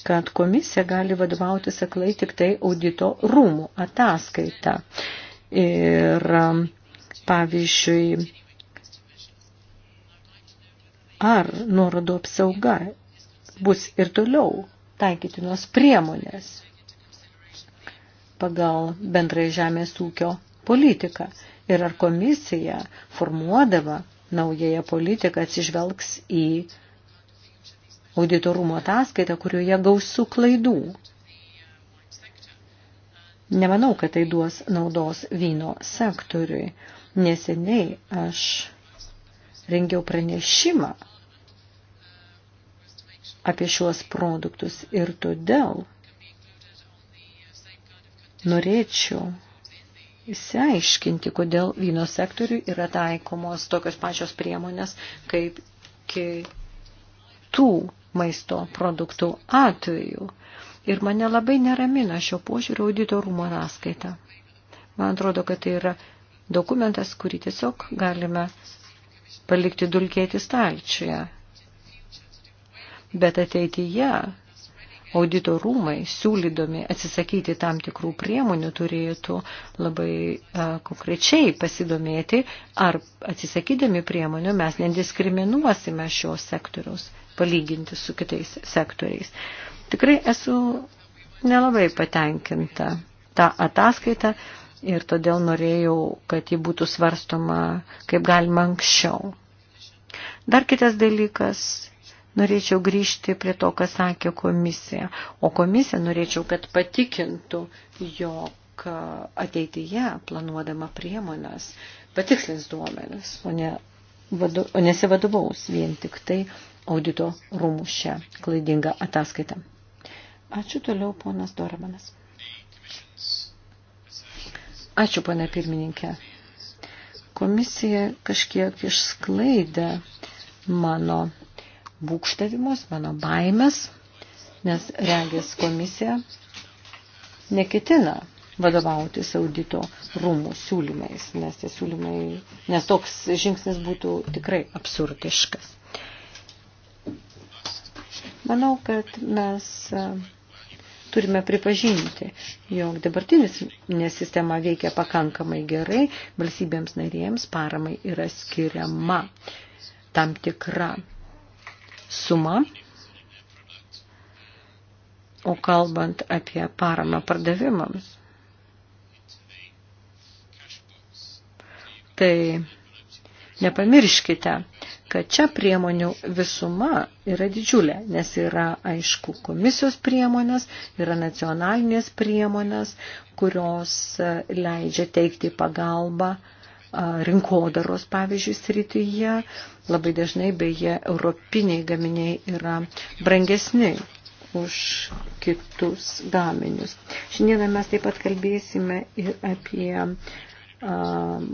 kad komisija gali vadovautis aklai tik tai audito rūmų ataskaita. Ir pavyzdžiui, ar nuorodų apsauga bus ir toliau taikytinos priemonės pagal bendrai žemės ūkio politiką ir ar komisija formuodama naująją politiką atsižvelgs į auditorumo ataskaitą, kurioje gausų klaidų. Nemanau, kad tai duos naudos vyno sektoriui. Neseniai aš rengiau pranešimą apie šiuos produktus ir todėl norėčiau įsiaiškinti, kodėl vyno sektoriui yra taikomos tokios pačios priemonės kaip kitų maisto produktų atveju. Ir mane labai neramina šio požiūrio audito rūmo ataskaita. Man atrodo, kad tai yra dokumentas, kurį tiesiog galime palikti dulkėti stalčiuje bet ateityje audito rūmai, siūlydomi atsisakyti tam tikrų priemonių, turėtų labai a, konkrečiai pasidomėti, ar atsisakydami priemonių mes nediskriminuosime šios sektoriaus, palyginti su kitais sektoriais. Tikrai esu nelabai patenkinta tą ataskaitą ir todėl norėjau, kad ji būtų svarstoma kaip galima anksčiau. Dar kitas dalykas norėčiau grįžti prie to, ką sakė komisija. O komisija norėčiau, kad patikintų, jog ateityje planuodama priemonės patikslins duomenis, o, ne, vadu, o nesivadovaus vien tik tai audito rūmų šią klaidingą ataskaitą. Ačiū toliau, ponas Doramanas. Ačiū, pana pirmininkė. Komisija kažkiek išsklaidė mano būkštavimus, mano baimės, nes regės komisija neketina vadovautis audito rūmų siūlymais, nes, siūlymai, nes toks žingsnis būtų tikrai absurdiškas. Manau, kad mes e, turime pripažinti, jog dabartinis nesistema veikia pakankamai gerai, valstybėms narėms paramai yra skiriama tam tikra suma. O kalbant apie paramą pardavimams, tai nepamirškite, kad čia priemonių visuma yra didžiulė, nes yra aišku komisijos priemonės, yra nacionalinės priemonės, kurios leidžia teikti pagalbą uh, rinkodaros, pavyzdžiui, srityje. Labai dažnai, beje, europiniai gaminiai yra brangesni už kitus gaminius. Šiandieną mes taip pat kalbėsime ir apie a,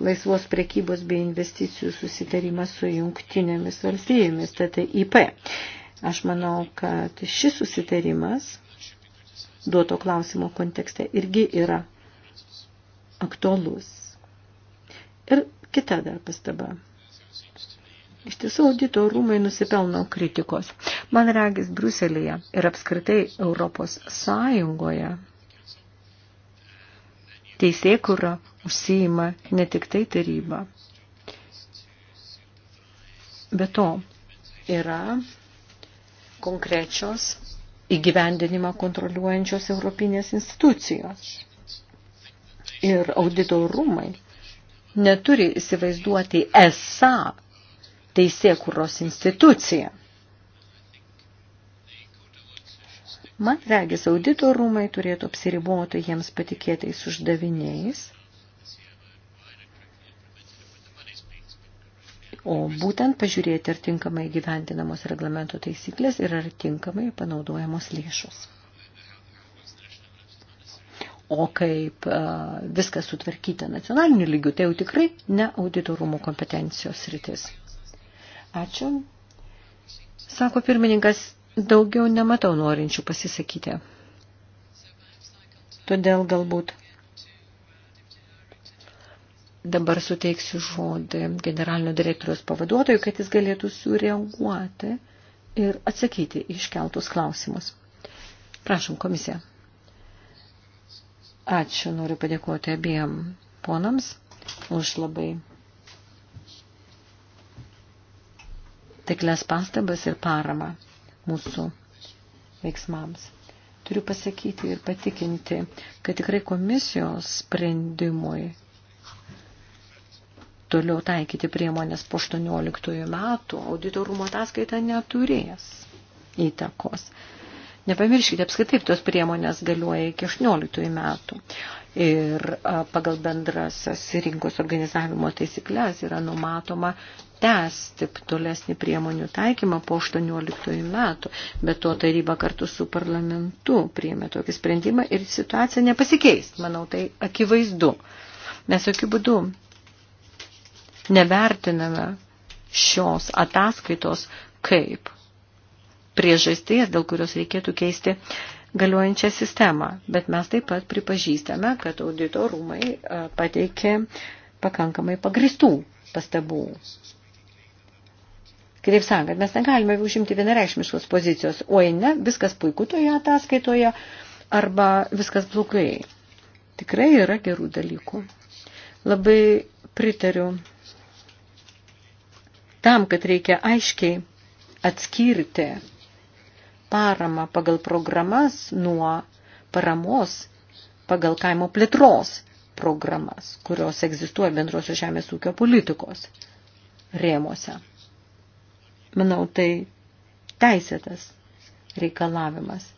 laisvos prekybos bei investicijų susitarimą su jungtinėmis valstybėmis, TTIP. Aš manau, kad šis susitarimas duoto klausimo kontekste irgi yra aktualus Ir kita dar pastaba. Iš tiesų audito rūmai nusipelno kritikos. Man regis Bruselėje ir apskritai Europos Sąjungoje teisėkura užsijima ne tik tai taryba. Be to yra konkrečios įgyvendinimą kontroliuojančios europinės institucijos. Ir audito rūmai neturi įsivaizduoti esą teisėkuros instituciją. Man regis, audito rūmai turėtų apsiriboti jiems patikėtais uždaviniais, o būtent pažiūrėti, ar tinkamai gyventinamos reglamento taisyklės ir ar tinkamai panaudojamos lėšos. O kaip uh, viskas sutvarkyti nacionaliniu lygiu, tai jau tikrai ne auditorumo kompetencijos rytis. Ačiū. Sako pirmininkas, daugiau nematau norinčių pasisakyti. Todėl galbūt dabar suteiksiu žodį generalinio direktoriaus pavaduotojui, kad jis galėtų sureaguoti ir atsakyti iškeltus klausimus. Prašom, komisija. Ačiū, noriu padėkoti abiem ponams už labai teklės pastabas ir paramą mūsų veiksmams. Turiu pasakyti ir patikinti, kad tikrai komisijos sprendimui toliau taikyti priemonės po 18 metų auditorumo ataskaita neturės įtakos. Nepamirškite apskaitai, tos priemonės galioja iki 18 metų. Ir pagal bendrasas rinkos organizavimo taisyklės yra numatoma tęsti tolesnį priemonių taikymą po 18 metų, bet to taryba kartu su parlamentu priėmė tokį sprendimą ir situacija nepasikeis. Manau, tai akivaizdu. Mes jokių būdų nevertiname šios ataskaitos kaip priežasties, dėl kurios reikėtų keisti galiojančią sistemą. Bet mes taip pat pripažįstame, kad audito rūmai pateikė pakankamai pagristų pastabų. Kitaip sakant, mes negalime užimti vienareikšmiškos pozicijos, oi ne, viskas puiku toje ataskaitoje arba viskas blogai. Tikrai yra gerų dalykų. Labai pritariu tam, kad reikia aiškiai atskirti paramą pagal programas nuo paramos pagal kaimo plėtros programas, kurios egzistuoja bendrosios žemės ūkio politikos rėmose. Manau, tai teisėtas reikalavimas.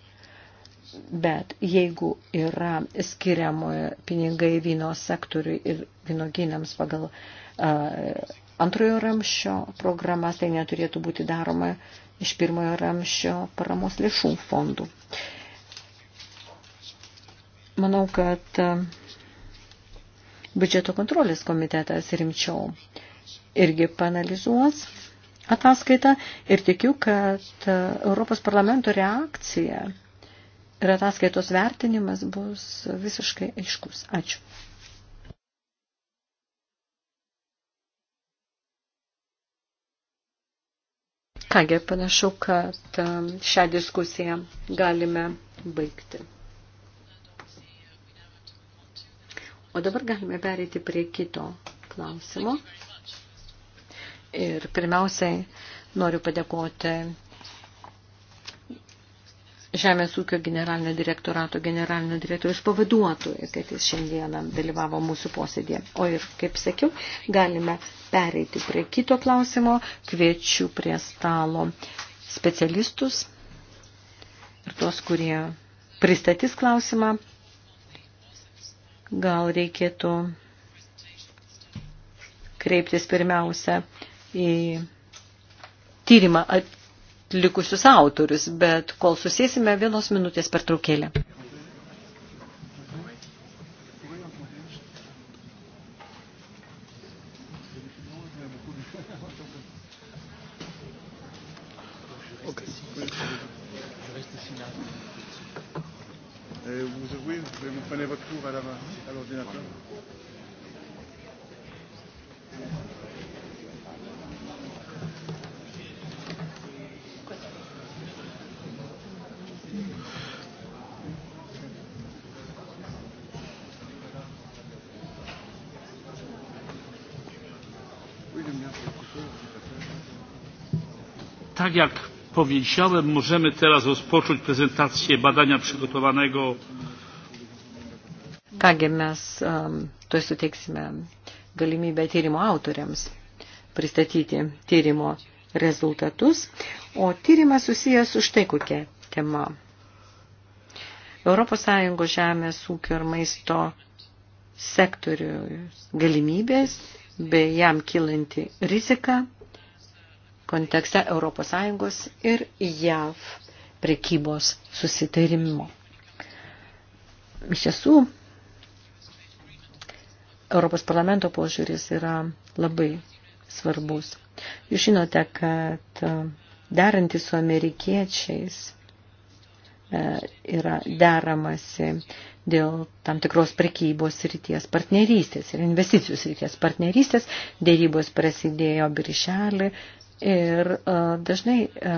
Bet jeigu yra skiriamoje pinigai vyno sektoriui ir vynoginams pagal uh, antrojo ramščio programas, tai neturėtų būti daroma iš pirmojo ramščio paramos lėšų fondų. Manau, kad e, biudžeto kontrolės komitetas rimčiau irgi panalizuos ataskaitą ir tikiu, kad e, Europos parlamento reakcija ir ataskaitos vertinimas bus visiškai aiškus. Ačiū. Kągi, panašu, kad um, šią diskusiją galime baigti. O dabar galime perėti prie kito klausimo. Ir pirmiausiai noriu padėkoti Žemės ūkio generalinio direktorato generalinio direktorius pavaduotojų, kad jis šiandieną dalyvavo mūsų posėdėje. O ir, kaip sakiau, galime pereiti prie kito klausimo. Kviečiu prie stalo specialistus ir tuos, kurie pristatys klausimą. Gal reikėtų kreiptis pirmiausia į tyrimą likusius autorius, bet kol susėsime vienos minutės per traukėlę. jak powiedziałem możemy teraz rozpocząć prezentację badania przygotowanego Kągi mes um, tuoj suteiksime galimybę tyrimo autoriams pristatyti tyrimo rezultatus, o tyrimas susijęs su štai kokia tema. Europos Sąjungos žemės ūkio ir maisto sektorių galimybės bei jam kilanti rizika kontekste ES ir JAV prekybos susitarimo. Iš tiesų, Europos parlamento požiūris yra labai svarbus. Jūs žinote, kad e, derantis su amerikiečiais e, yra deramasi dėl tam tikros prekybos ryties partnerystės ir investicijų ryties partnerystės. Dėrybos prasidėjo birželį Ir e, dažnai e,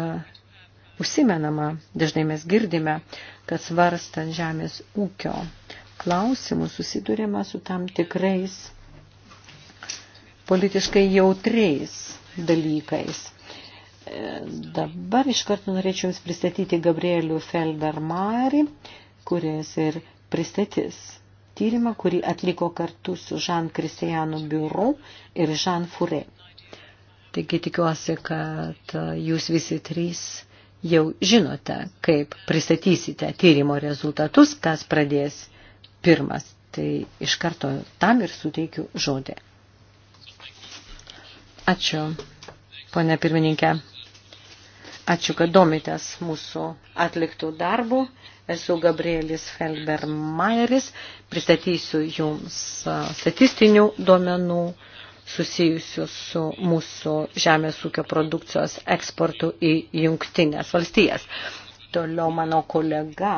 užsimenama, dažnai mes girdime, kad svarstant žemės ūkio klausimus susidurėme su tam tikrais politiškai jautriais dalykais. E, dabar iš karto norėčiau Jums pristatyti Gabrielių Feldermarį, kuris ir pristatys tyrimą, kurį atliko kartu su Žan Kristijanu Biuru ir Žan Furei. Taigi tikiuosi, kad e, jūs visi trys jau žinote, kaip pristatysite tyrimo rezultatus, kas pradės pirmas. Tai iš karto tam ir suteikiu žodį. Ačiū, ponė pirmininkė. Ačiū, kad domitės mūsų atliktų darbų. Esu Gabrielis Felbermajeris. Pristatysiu jums e, statistinių duomenų susijusius su mūsų žemės ūkio produkcijos eksportu į jungtinės valstijas. Toliau mano kolega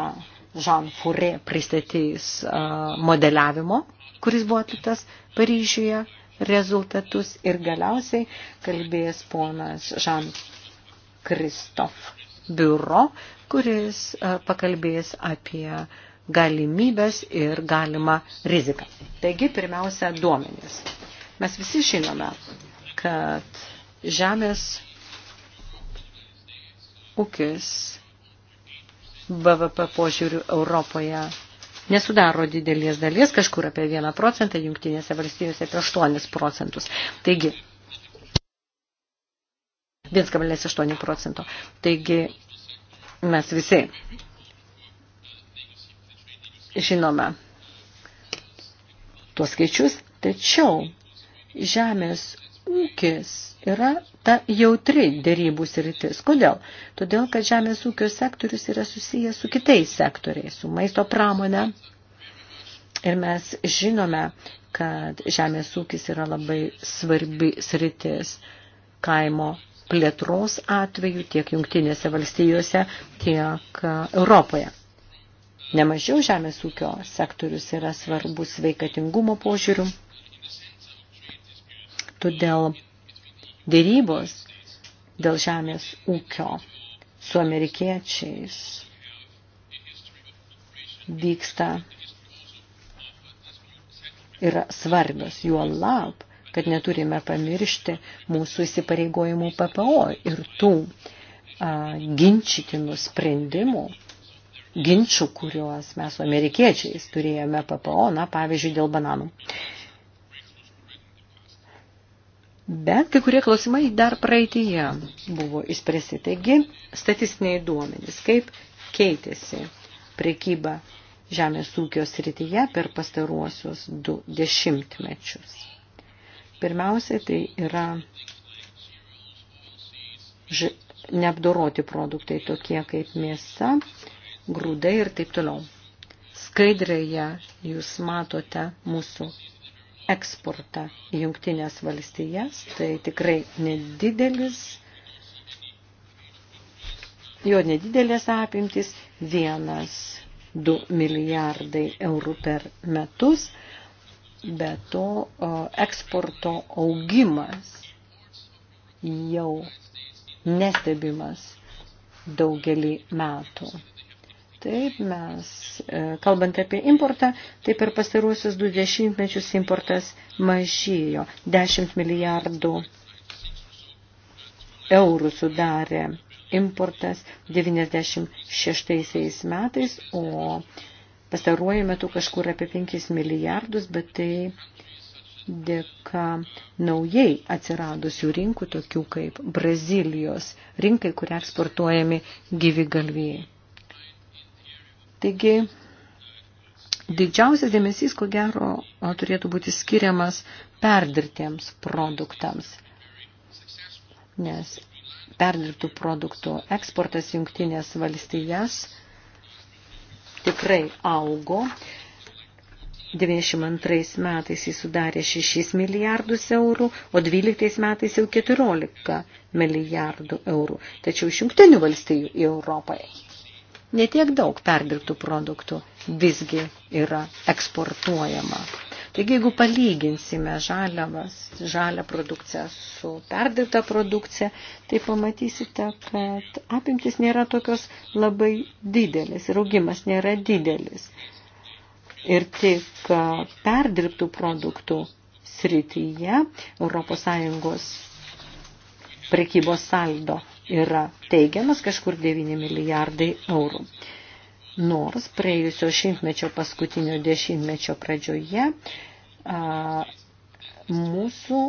Jean Furė pristatys modeliavimo, kuris buvo atliktas Paryžiuje, rezultatus ir galiausiai kalbės ponas Jean Kristof biuro, kuris pakalbės apie galimybės ir galimą riziką. Taigi, pirmiausia, duomenys. Mes visi žinome, kad žemės ūkis BVP požiūrių Europoje nesudaro didelės dalies, kažkur apie 1 procentą, jungtinėse valstybėse apie 8 procentus. Taigi, 1,8 procento. Taigi, mes visi žinome tuos skaičius, tačiau žemės ūkis yra ta jautri dėrybų sritis. Kodėl? Todėl, kad žemės ūkio sektorius yra susijęs su kitais sektoriais, su maisto pramone. Ir mes žinome, kad žemės ūkis yra labai svarbi sritis kaimo plėtros atveju tiek jungtinėse valstijose, tiek e, Europoje. Nemažiau žemės ūkio sektorius yra svarbus sveikatingumo požiūrių Todėl dėrybos dėl žemės ūkio su amerikiečiais vyksta yra svarbios, juo lab, kad neturime pamiršti mūsų įsipareigojimų PPO ir tų a, ginčytinų sprendimų, ginčių, kuriuos mes su amerikiečiais turėjome PPO, na, pavyzdžiui, dėl bananų. Bet kai kurie klausimai dar praeitėje buvo įspręsti. Taigi, statistiniai duomenys, kaip keitėsi prekyba žemės ūkio srityje per pastaruosius du dešimtmečius. Pirmiausia, tai yra ž... neapdoroti produktai tokie kaip mėsa, grūdai ir taip toliau. Skaidrėje jūs matote mūsų eksportą į jungtinės valstijas, tai tikrai nedidelis, jo nedidelės apimtis 1-2 milijardai eurų per metus, bet to eksporto augimas jau nestebimas daugelį metų. Taip, mes, e, kalbant apie importą, taip ir pastaruosius du dešimtmečius importas mažėjo. 10 milijardų eurų sudarė importas 96 metais, o pastaruoju metu kažkur apie 5 milijardus, bet tai dėka naujai atsiradusių rinkų, tokių kaip Brazilijos rinkai, kuria eksportuojami gyvi galvijai. Taigi, didžiausias dėmesys, ko gero, turėtų būti skiriamas perdirtiems produktams, nes perdirbtų produktų eksportas jungtinės valstijas tikrai augo. 92 metais jis sudarė 6 milijardus eurų, o 12 metais jau 14 milijardų eurų. Tačiau iš jungtinių valstijų į Europą netiek daug perdirbtų produktų visgi yra eksportuojama. Taigi, jeigu palyginsime žaliavas, žalią produkciją su perdirbta produkcija, tai pamatysite, kad apimtis nėra tokios labai didelis ir augimas nėra didelis. Ir tik perdirbtų produktų srityje ES prekybos saldo yra teigiamas kažkur 9 milijardai eurų. Nors praėjusio šimtmečio paskutinio dešimtmečio pradžioje a, mūsų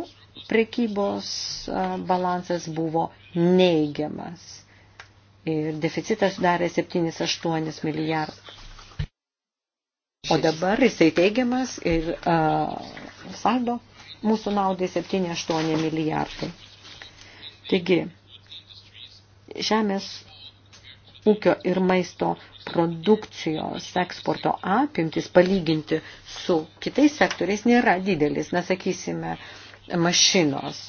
prekybos a, balansas buvo neigiamas ir deficitas darė 7-8 milijardų. O dabar jisai teigiamas ir a, saldo mūsų naudai 7-8 milijardai. Taigi, žemės ūkio ir maisto produkcijos eksporto apimtis palyginti su kitais sektoriais nėra didelis, nesakysime, mašinos.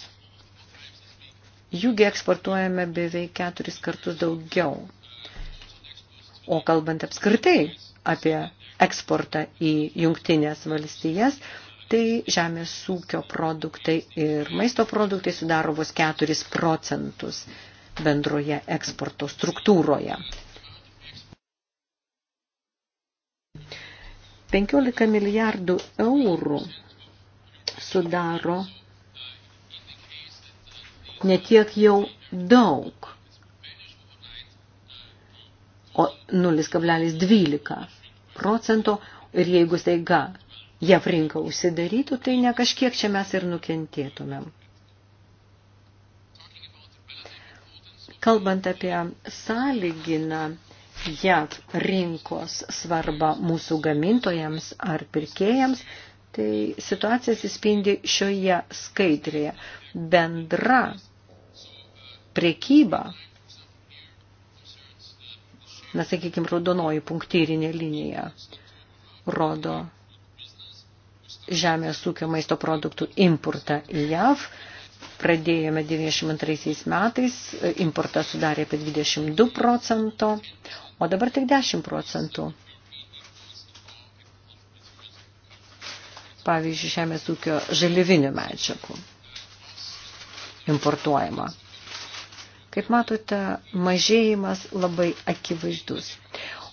Jūgi eksportuojame beveik keturis kartus daugiau. O kalbant apskritai apie eksportą į jungtinės valstijas, tai žemės ūkio produktai ir maisto produktai sudaro vos 4 procentus bendroje eksporto struktūroje. 15 milijardų eurų sudaro netiek jau daug, o 0,12 procento ir jeigu staiga jav rinka užsidarytų, tai ne kažkiek čia mes ir nukentėtumėm. Kalbant apie sąlyginą JAV rinkos svarbą mūsų gamintojams ar pirkėjams, tai situacija atsispindi šioje skaidrėje. Bendra prekyba, na, sakykime, raudonoji punktyrinė linija, rodo žemės ūkio maisto produktų importą į JAV pradėjome 92 metais, importas sudarė apie 22 procento, o dabar tik 10 procentų. Pavyzdžiui, žemės ūkio žalivinių medžiagų importuojama. Kaip matote, mažėjimas labai akivaizdus.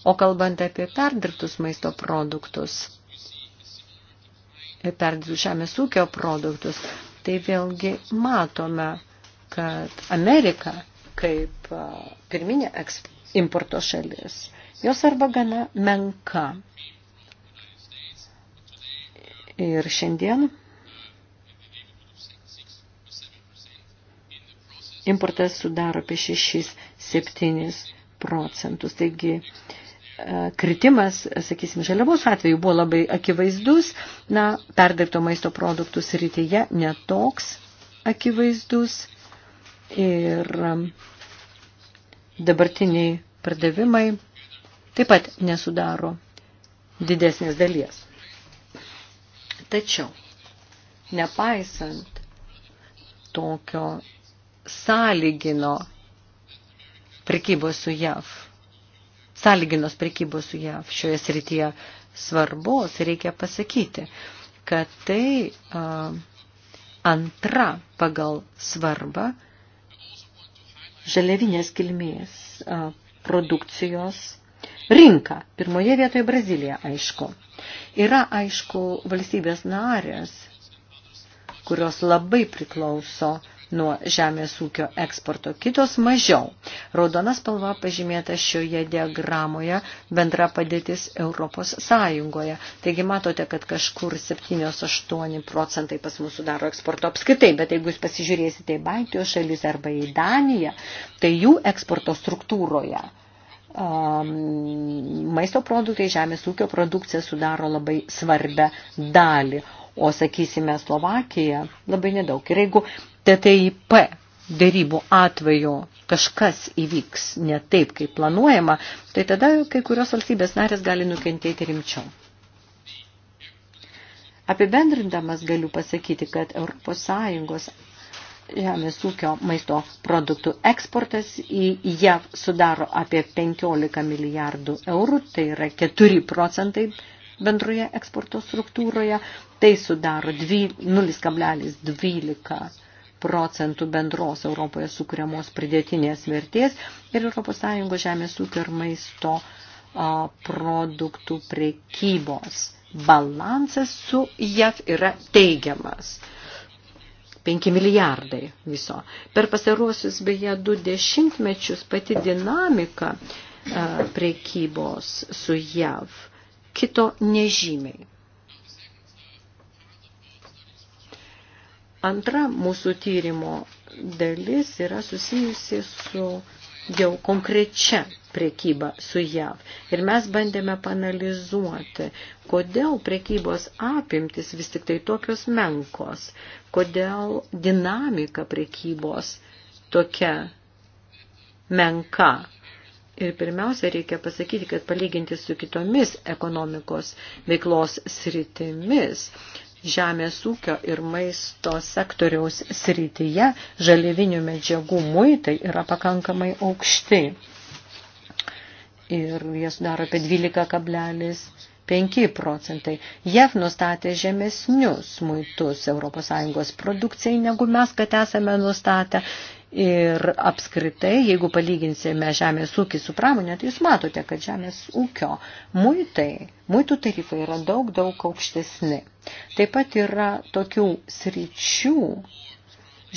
O kalbant apie perdirbtus maisto produktus, perdirbtus žemės ūkio produktus, tai vėlgi matome, kad Amerika kaip pirminė importo šalis, jos arba gana menka. Ir šiandien importas sudaro apie 6-7 procentus. Taigi kritimas, sakysim, žaliavos atveju buvo labai akivaizdus, na, perdirbto maisto produktų srityje netoks akivaizdus ir um, dabartiniai pardavimai taip pat nesudaro didesnės dalies. Tačiau, nepaisant tokio sąlygino prekybos su JAV sąlyginos prekybos su JAV šioje srityje svarbos, reikia pasakyti, kad tai a, antra pagal svarbą žaliavinės kilmės a, produkcijos rinka. Pirmoje vietoje Brazilija, aišku. Yra, aišku, valstybės narės, kurios labai priklauso nuo žemės ūkio eksporto, kitos mažiau. Raudonas spalva pažymėta šioje diagramoje bendra padėtis Europos Sąjungoje. Taigi matote, kad kažkur 7-8 procentai pas mūsų daro eksporto apskritai, bet jeigu jūs pasižiūrėsite į Baltijos šalis arba į Daniją, tai jų eksporto struktūroje um, maisto produktai, žemės ūkio produkcija sudaro labai svarbę dalį. O sakysime, Slovakija labai nedaug. Ir jeigu TTIP dėrybų atveju kažkas įvyks ne taip, kaip planuojama, tai tada kai kurios valstybės narės gali nukentėti rimčiau. Apibendrindamas galiu pasakyti, kad ES žemės ūkio maisto produktų eksportas į JAV sudaro apie 15 milijardų eurų, tai yra 4 procentai bendroje eksporto struktūroje, tai sudaro 0,12 procentų bendros Europoje sukūriamos pridėtinės vertės ir ES žemės ūkio ir maisto produktų prekybos. Balansas su JAV yra teigiamas. 5 milijardai viso. Per pasaruosius beje du dešimtmečius pati dinamika prekybos su JAV kito nežymiai. Antra mūsų tyrimo dalis yra susijusi su jau konkrečia prekyba su JAV. Ir mes bandėme panalizuoti, kodėl prekybos apimtis vis tik tai tokios menkos, kodėl dinamika prekybos tokia menka. Ir pirmiausia, reikia pasakyti, kad palyginti su kitomis ekonomikos veiklos sritimis, žemės ūkio ir maisto sektoriaus srityje žalivinių medžiagų muitai yra pakankamai aukšti. Ir jie sudaro apie 12,5 procentai. JEF nustatė žemesnius muitus ES produkcijai, negu mes, kad esame nustatę. Ir apskritai, jeigu palyginsime žemės ūkį su pramonė, tai jūs matote, kad žemės ūkio muitai, muitų tarifai yra daug, daug aukštesni. Taip pat yra tokių sričių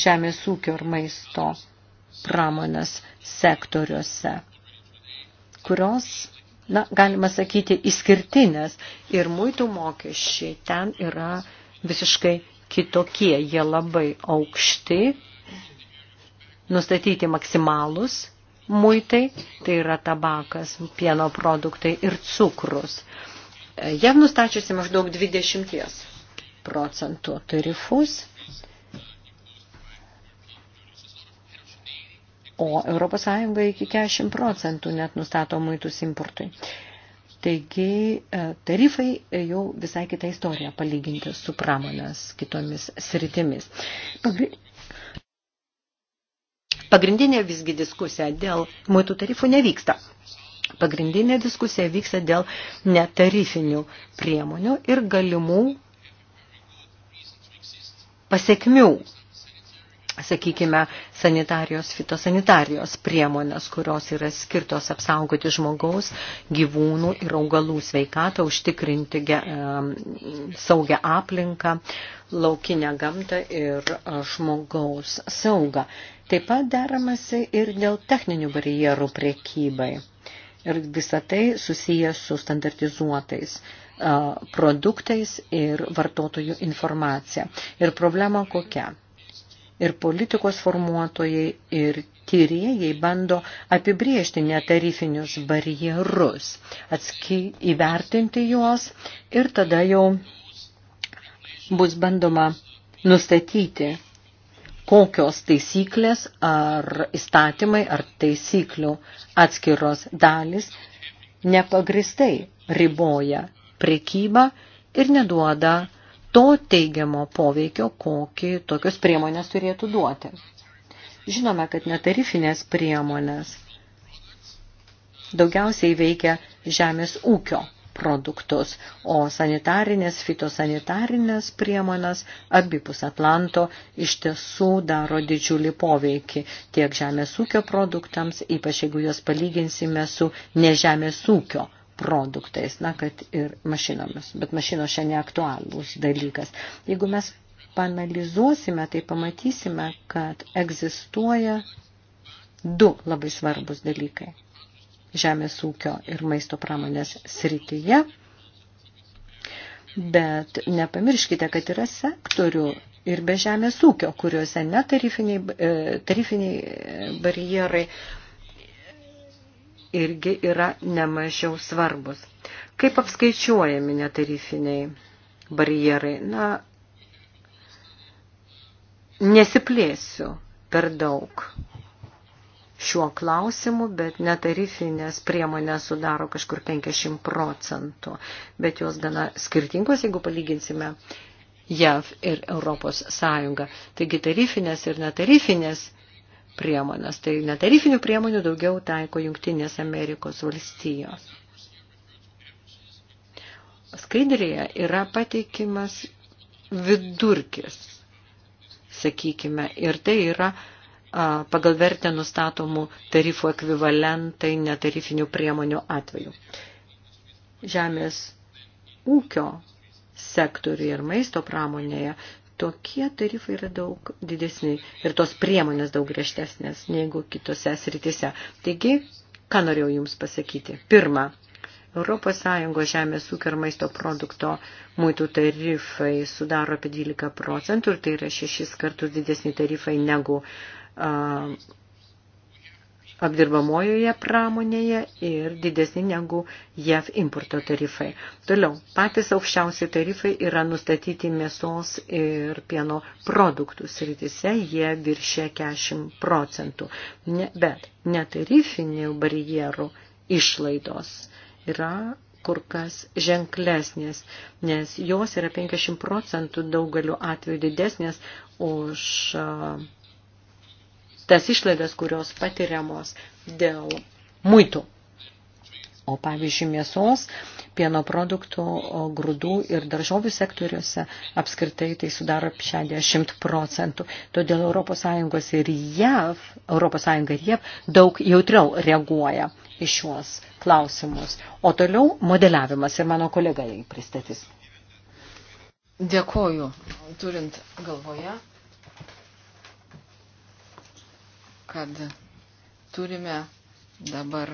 žemės ūkio ir maisto pramonės sektoriuose, kurios, na, galima sakyti, išskirtinės ir muitų mokesčiai ten yra visiškai kitokie, jie labai aukšti nustatyti maksimalus muitai, tai yra tabakas, pieno produktai ir cukrus. JAV nustačiusi maždaug 20 procentų tarifus, o ES iki 40 procentų net nustato muitus importui. Taigi e, tarifai jau visai kitą istoriją palyginti su pramonės kitomis sritimis. Pagrindinė visgi diskusija dėl muitų tarifų nevyksta. Pagrindinė diskusija vyksta dėl netarifinių priemonių ir galimų pasiekmių sakykime, sanitarijos, fitosanitarijos priemonės, kurios yra skirtos apsaugoti žmogaus, gyvūnų ir augalų sveikatą, užtikrinti ge, saugę aplinką, laukinę gamtą ir žmogaus saugą. Taip pat deramasi ir dėl techninių barjerų priekybai. Ir visa tai susijęs su standartizuotais produktais ir vartotojų informacija. Ir problema kokia? ir politikos formuotojai, ir tyrėjai bando apibriežti netarifinius barjerus, atski, įvertinti juos ir tada jau bus bandoma nustatyti, kokios taisyklės ar įstatymai ar taisyklių atskiros dalis nepagristai riboja prekybą ir neduoda to teigiamo poveikio, kokį tokios priemonės turėtų duoti. Žinome, kad netarifinės priemonės daugiausiai veikia žemės ūkio produktus, o sanitarinės, fitosanitarinės priemonės abipus Atlanto iš tiesų daro didžiulį poveikį tiek žemės ūkio produktams, ypač jeigu juos palyginsime su nežemės ūkio produktams produktais, na, kad ir mašinomis, bet mašinos šiandien aktualus dalykas. Jeigu mes panalizuosime, tai pamatysime, kad egzistuoja du labai svarbus dalykai žemės ūkio ir maisto pramonės srityje, bet nepamirškite, kad yra sektorių ir be žemės ūkio, kuriuose netarifiniai e, tarifiniai barjerai irgi yra nemažiau svarbus. Kaip apskaičiuojami netarifiniai barjerai? Na, nesiplėsiu per daug šiuo klausimu, bet netarifinės priemonės sudaro kažkur 50 procentų, bet jos gana skirtingos, jeigu palyginsime JAV ir Europos Sąjungą. Taigi tarifinės ir netarifinės priemonės. Tai netarifinių priemonių daugiau taiko Junktinės Amerikos valstijos. Skaidrėje yra pateikimas vidurkis, sakykime, ir tai yra a, pagal vertę nustatomų tarifų ekvivalentai netarifinių priemonių atveju. Žemės ūkio sektoriuje ir maisto pramonėje tokie tarifai yra daug didesni ir tos priemonės daug griežtesnės negu kitose sritise. Taigi, ką norėjau Jums pasakyti? Pirma, ES žemės ūkio ir maisto produkto muitų tarifai sudaro apie 12 procentų ir tai yra šešis kartus didesni tarifai negu uh, apdirbamojoje pramonėje ir didesni negu JAV importo tarifai. Toliau, patys aukščiausi tarifai yra nustatyti mėsos ir pieno produktų sritise, jie viršė 40 procentų. Ne, bet netarifinių barjerų išlaidos yra kur kas ženklesnės, nes jos yra 50 procentų daugeliu atveju didesnės už uh, tas išlaidas, kurios patiriamos dėl muitų. O pavyzdžiui, mėsos, pieno produktų, grūdų ir daržovių sektoriuose apskritai tai sudaro 60 procentų. Todėl ES ir JAV, ES ir JAV daug jautriau reaguoja į šiuos klausimus. O toliau modeliavimas ir mano kolega jį pristatys. Dėkoju, turint galvoje, kad turime dabar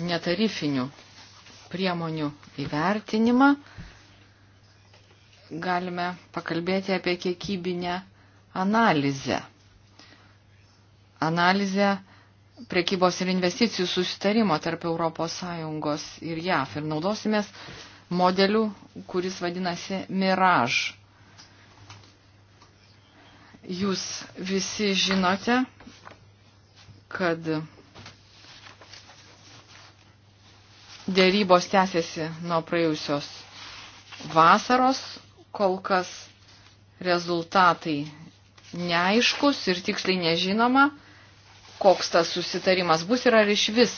netarifinių priemonių įvertinimą. Galime pakalbėti apie kiekybinę analizę. Analizę prekybos ir investicijų susitarimo tarp ES ir JAF ir naudosimės modeliu, kuris vadinasi Mirage. Jūs visi žinote, kad dėrybos tęsiasi nuo praėjusios vasaros, kol kas rezultatai neaiškus ir tiksliai nežinoma, koks tas susitarimas bus ir ar iš vis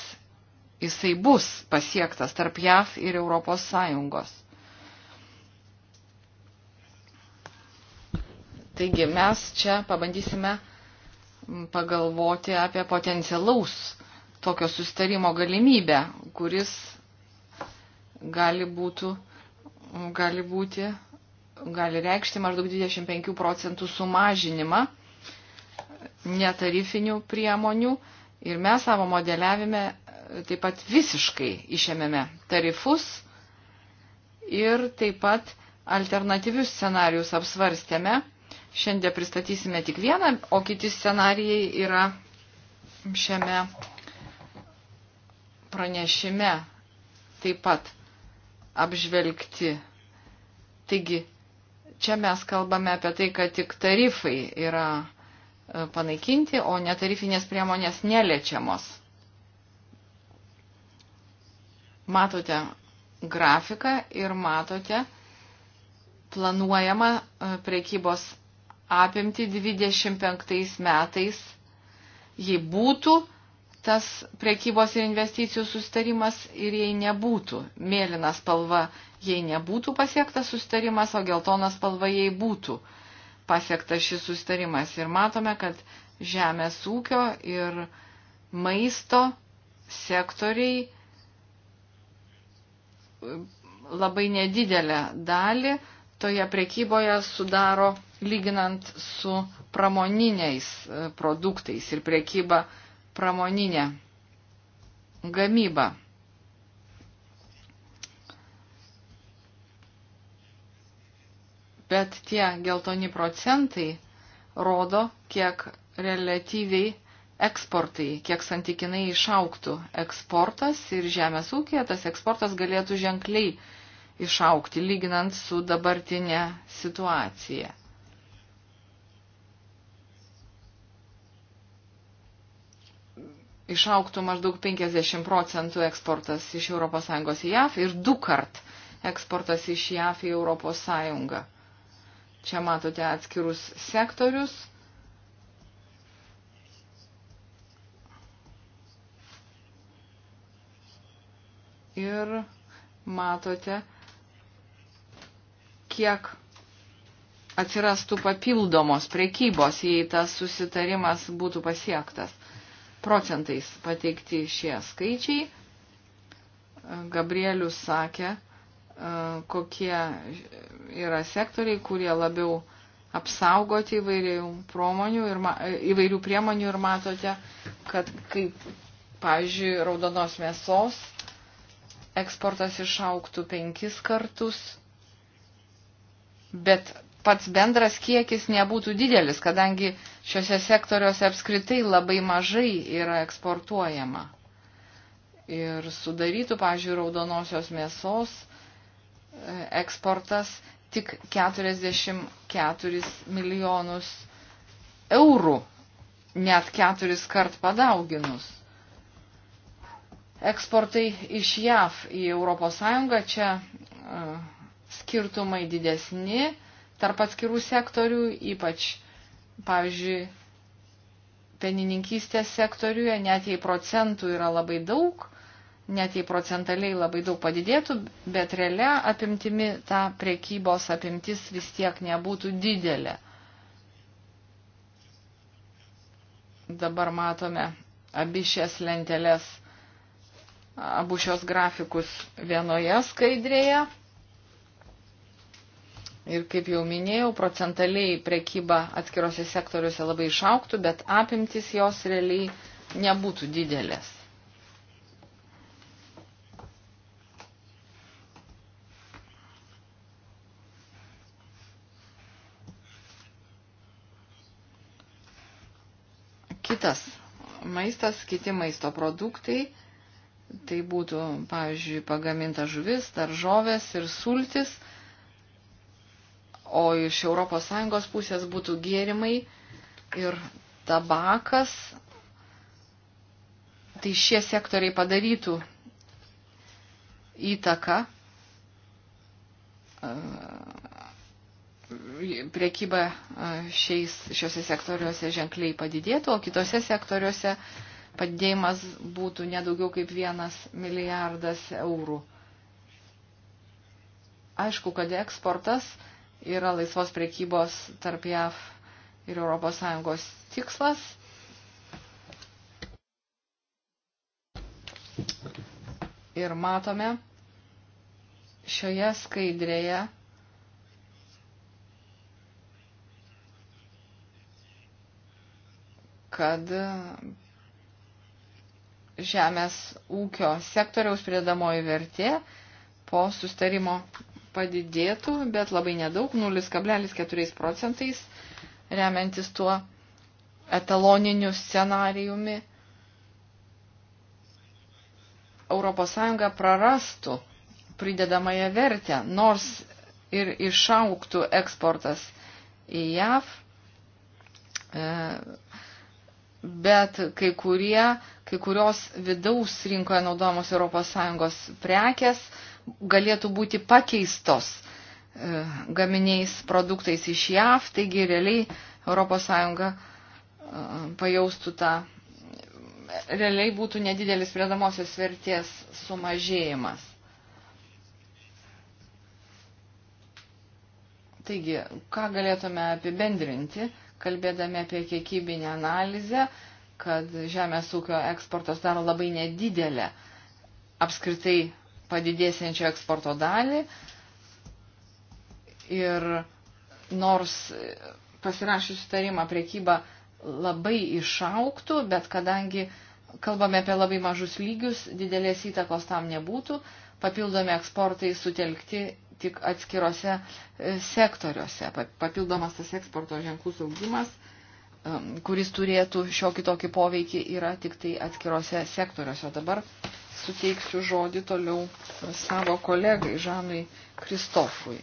jisai bus pasiektas tarp JAV ir Europos Sąjungos. Taigi mes čia pabandysime pagalvoti apie potencialaus tokio sustarimo galimybę, kuris gali, būtų, gali būti, gali reikšti maždaug 25 procentų sumažinimą netarifinių priemonių ir mes savo modeliavime e, taip pat visiškai išėmėme tarifus ir taip pat alternatyvius scenarius apsvarstėme Šiandien pristatysime tik vieną, o kiti scenarijai yra šiame pranešime taip pat apžvelgti. Taigi, čia mes kalbame apie tai, kad tik tarifai yra e, panaikinti, o netarifinės priemonės neliečiamos. Matote grafiką ir matote planuojamą e, prekybos apimti 25 metais, jei būtų tas prekybos ir investicijų sustarimas ir jei nebūtų. Mėlyna spalva, jei nebūtų pasiektas sustarimas, o geltona spalva, jei būtų pasiektas šis sustarimas. Ir matome, kad žemės ūkio ir maisto sektoriai labai nedidelę dalį toje prekyboje sudaro lyginant su pramoniniais e, produktais ir prekyba pramoninė gamyba. Bet tie geltoni procentai rodo, kiek relatyviai eksportai, kiek santykinai išauktų eksportas ir žemės ūkėje tas eksportas galėtų ženkliai išaukti, lyginant su dabartinė situacija. Išauktų maždaug 50 procentų eksportas iš ES į JAF ir du kart eksportas iš JAF į ES. Čia matote atskirus sektorius. Ir matote, kiek atsirastų papildomos priekybos, jei tas susitarimas būtų pasiektas. Procentais pateikti šie skaičiai. Gabrielius sakė, e, kokie yra sektoriai, kurie labiau apsaugoti įvairių, ir, e, įvairių priemonių ir matote, kad kaip, pavyzdžiui, raudonos mėsos eksportas išauktų penkis kartus bet pats bendras kiekis nebūtų didelis, kadangi šiuose sektoriuose apskritai labai mažai yra eksportuojama. Ir sudarytų, pažiūrėjau, raudonosios mėsos e, eksportas tik 44 milijonus eurų, net keturis kart padauginus. Eksportai iš JAV į ES čia uh, skirtumai didesni tarp atskirų sektorių, ypač, pavyzdžiui, penininkystės sektoriuje, net jei procentų yra labai daug, net jei procentaliai labai daug padidėtų, bet realia apimtimi ta priekybos apimtis vis tiek nebūtų didelė. Dabar matome abi šias lentelės, abu šios grafikus vienoje skaidrėje. Ir kaip jau minėjau, procentaliai prekyba atskirose sektoriuose labai išauktų, bet apimtis jos realiai nebūtų didelės. Kitas maistas, kiti maisto produktai, tai būtų, pavyzdžiui, pagaminta žuvis, daržovės ir sultis – o iš ES pusės būtų gėrimai ir tabakas, tai šie sektoriai padarytų įtaką priekyba šiais, šiuose sektoriuose ženkliai padidėtų, o kitose sektoriuose padidėjimas būtų nedaugiau kaip vienas milijardas eurų. Aišku, kad eksportas uh, yra laisvos priekybos tarp JAV ir ES tikslas. Ir matome šioje skaidrėje, kad žemės ūkio sektoriaus pridedamoji vertė po sustarimo padidėtų, bet labai nedaug, 0,4 procentais, remiantis tuo etaloniniu scenarijumi, ES prarastų pridedamąją vertę, nors ir išauktų eksportas į JAV, e, bet kai, kurie, kai kurios vidaus rinkoje naudojamos ES prekės, galėtų būti pakeistos e, gaminiais produktais iš JAV, taigi realiai ES e, pajaustų tą, realiai būtų nedidelis priedamosios vertės sumažėjimas. Taigi, ką galėtume apibendrinti, kalbėdami apie kiekybinę analizę, kad žemės ūkio eksportas daro labai nedidelę apskritai padidėsiančio eksporto dalį. Ir nors pasirašius sutarimą priekyba labai išauktų, bet kadangi kalbame apie labai mažus lygius, didelės įtakos tam nebūtų, papildomi eksportai sutelkti tik atskirose e, sektoriuose. Papildomas tas eksporto ženklus augimas Um, kuris turėtų šiokį tokį poveikį, yra tik tai atskirose sektoriuose. Dabar suteiksiu žodį toliau savo kolegai Žanui Kristofui.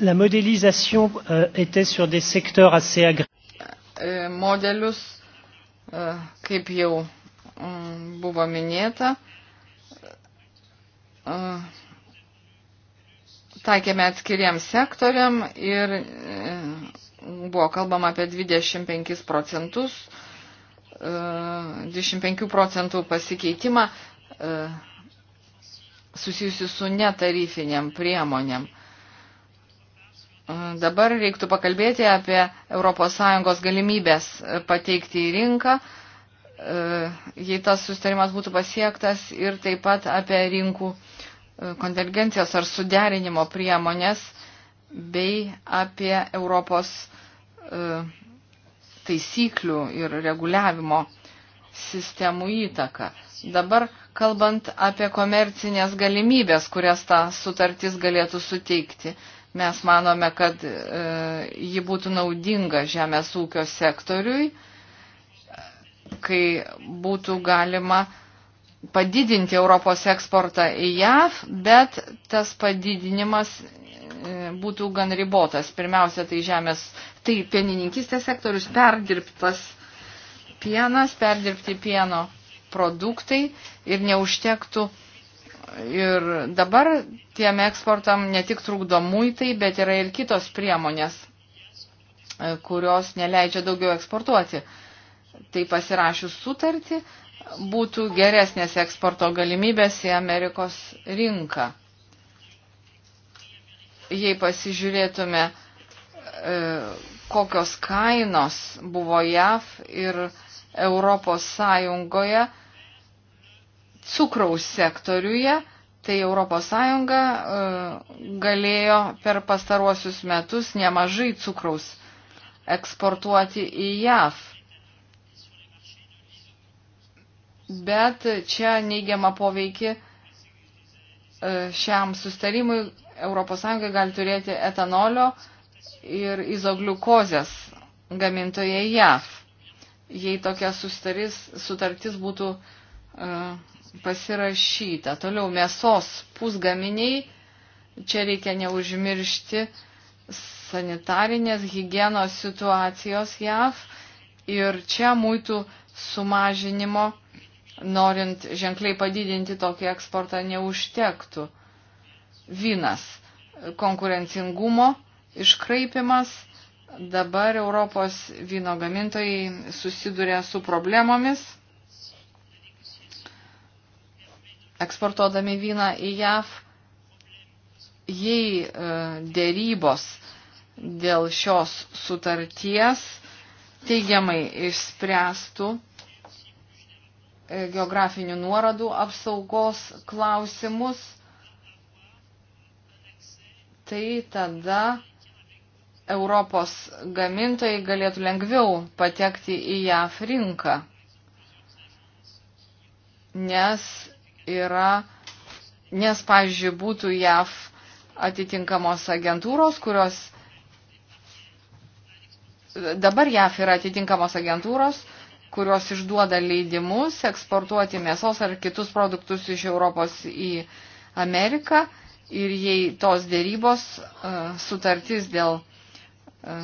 La modélisation euh, était sur des secteurs assez agréables. Modelius, e, kaip jau mm, buvo minėta, e, taikėme atskiriam sektoriam ir e, buvo kalbama apie 25 procentus, 25 procentų pasikeitimą susijusi su netarifiniam priemonėm. Dabar reiktų pakalbėti apie ES galimybės pateikti į rinką, e, jei tas sustarimas būtų pasiektas, ir taip pat apie rinkų e, konvergencijos ar suderinimo priemonės, bei apie Europos e, taisyklių ir reguliavimo sistemų įtaką. Dabar kalbant apie komercinės galimybės, kurias ta sutartis galėtų suteikti Mes manome, kad e, ji būtų naudinga žemės ūkio sektoriui, kai būtų galima padidinti Europos eksportą į JAV, bet tas padidinimas e, būtų gan ribotas. Pirmiausia, tai žemės, tai pienininkistės sektorius perdirbtas pienas, perdirbti pieno produktai ir neužtektų uh, Ir dabar tiem eksportam ne tik trukdo muitai, bet yra ir kitos priemonės, e, kurios neleidžia daugiau eksportuoti. Tai pasirašius sutartį būtų geresnės eksporto galimybės į Amerikos rinką. Jei pasižiūrėtume, e, kokios kainos buvo JAV ir Europos Sąjungoje, cukraus sektoriuje, tai ES e, galėjo per pastaruosius metus nemažai cukraus eksportuoti į JAV. Bet čia neigiamą poveikį e, šiam sustarimui ES gali turėti etanolio ir izogliukozės gamintojai JAV. Jei tokia sustaris, sutartis būtų uh, pasirašyta. Toliau mėsos pusgaminiai, čia reikia neužmiršti sanitarinės hygienos situacijos JAV ir čia muitų sumažinimo, norint ženkliai padidinti tokį eksportą, neužtektų. Vynas konkurencingumo iškraipimas. Dabar Europos vyno gamintojai susiduria su problemomis eksportuodami vyną į JAV, jei e, dėrybos dėl šios sutarties teigiamai išspręstų e, geografinių nuorodų apsaugos klausimus, tai tada Europos gamintojai galėtų lengviau patekti į JAF rinką, nes yra, nes, pavyzdžiui, būtų JAV atitinkamos agentūros, kurios dabar JAF yra atitinkamos agentūros, kurios išduoda leidimus eksportuoti mėsos ar kitus produktus iš Europos į Ameriką. Ir jei tos dėrybos e, sutartis dėl e,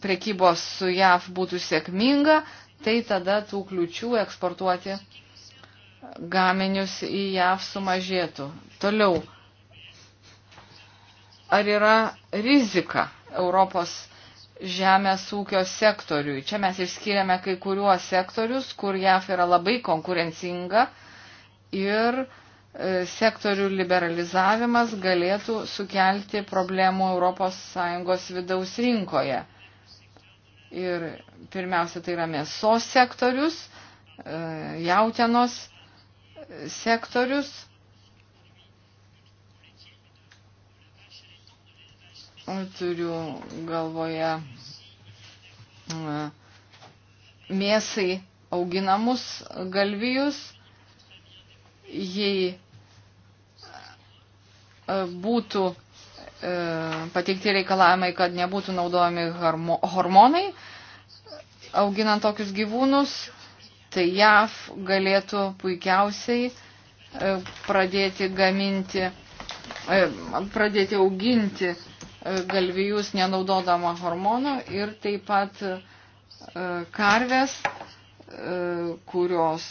prekybos su JAF būtų sėkminga, tai tada tų kliučių eksportuoti gaminius į JAV sumažėtų. Toliau, ar yra rizika Europos žemės ūkio sektoriui? Čia mes išskiriame kai kuriuos sektorius, kur JAV yra labai konkurencinga ir e, sektorių liberalizavimas galėtų sukelti problemų ES vidaus rinkoje. Ir pirmiausia, tai yra mėsos sektorius, e, jautienos sektorius turiu galvoje mėsai auginamus galvijus, jei e, būtų e, pateikti reikalavimai, kad nebūtų naudojami hormonai, auginant tokius gyvūnus, tai JAV galėtų puikiausiai e, pradėti gaminti, e, pradėti auginti e, galvijus nenaudodama hormonų ir taip pat karvės, kurios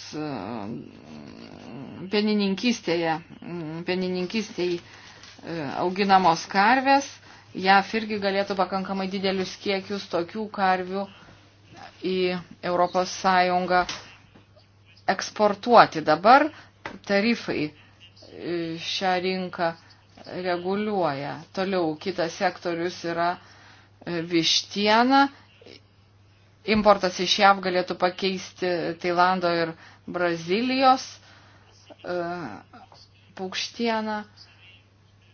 penininkystėje, penininkystėje auginamos karvės, JAF irgi galėtų pakankamai didelius kiekius tokių karvių į Europos Sąjungą eksportuoti. Dabar tarifai e, šią rinką reguliuoja. Toliau kitas sektorius yra e, vištiena. Importas iš JAV galėtų pakeisti Tailando ir Brazilijos e, paukštieną.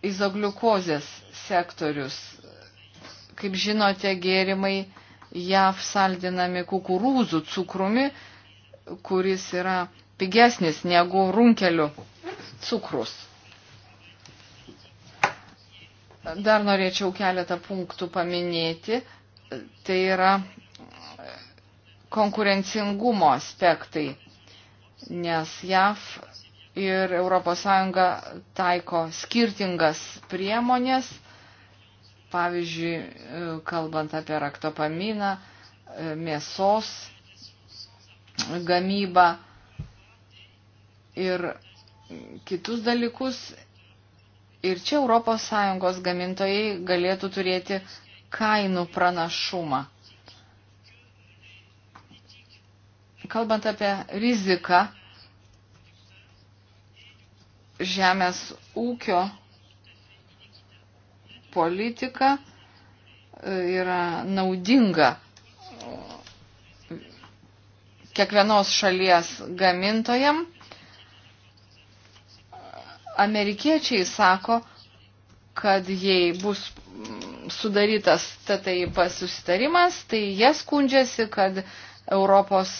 Izogliukozės sektorius. Kaip žinote, gėrimai JAV saldinami kukurūzų cukrumi, kuris yra pigesnis negu runkelių cukrus. Dar norėčiau keletą punktų paminėti. Tai yra konkurencingumo aspektai, nes JAV ir ES taiko skirtingas priemonės, pavyzdžiui, kalbant apie raktopaminą, mėsos gamybą ir kitus dalykus. Ir čia ES gamintojai galėtų turėti kainų pranašumą. Kalbant apie riziką žemės ūkio politika e, yra naudinga kiekvienos šalies gamintojam. Amerikiečiai sako, kad jei bus sudarytas TTIP susitarimas, tai jie skundžiasi, kad Europos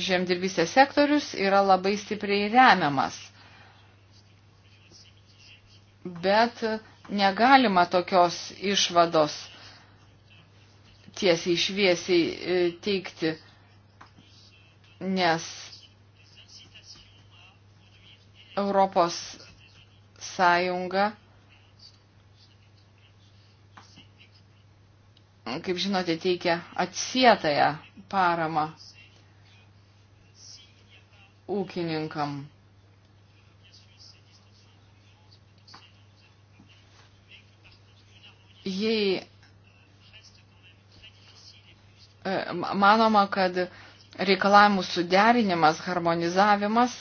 žemdirbystės sektorius yra labai stipriai remiamas. Bet negalima tokios išvados tiesiai išviesiai e, teikti nes Europos Sąjunga, kaip žinote, teikia atsietąją paramą ūkininkam. Jei e, manoma, kad reikalavimų suderinimas, harmonizavimas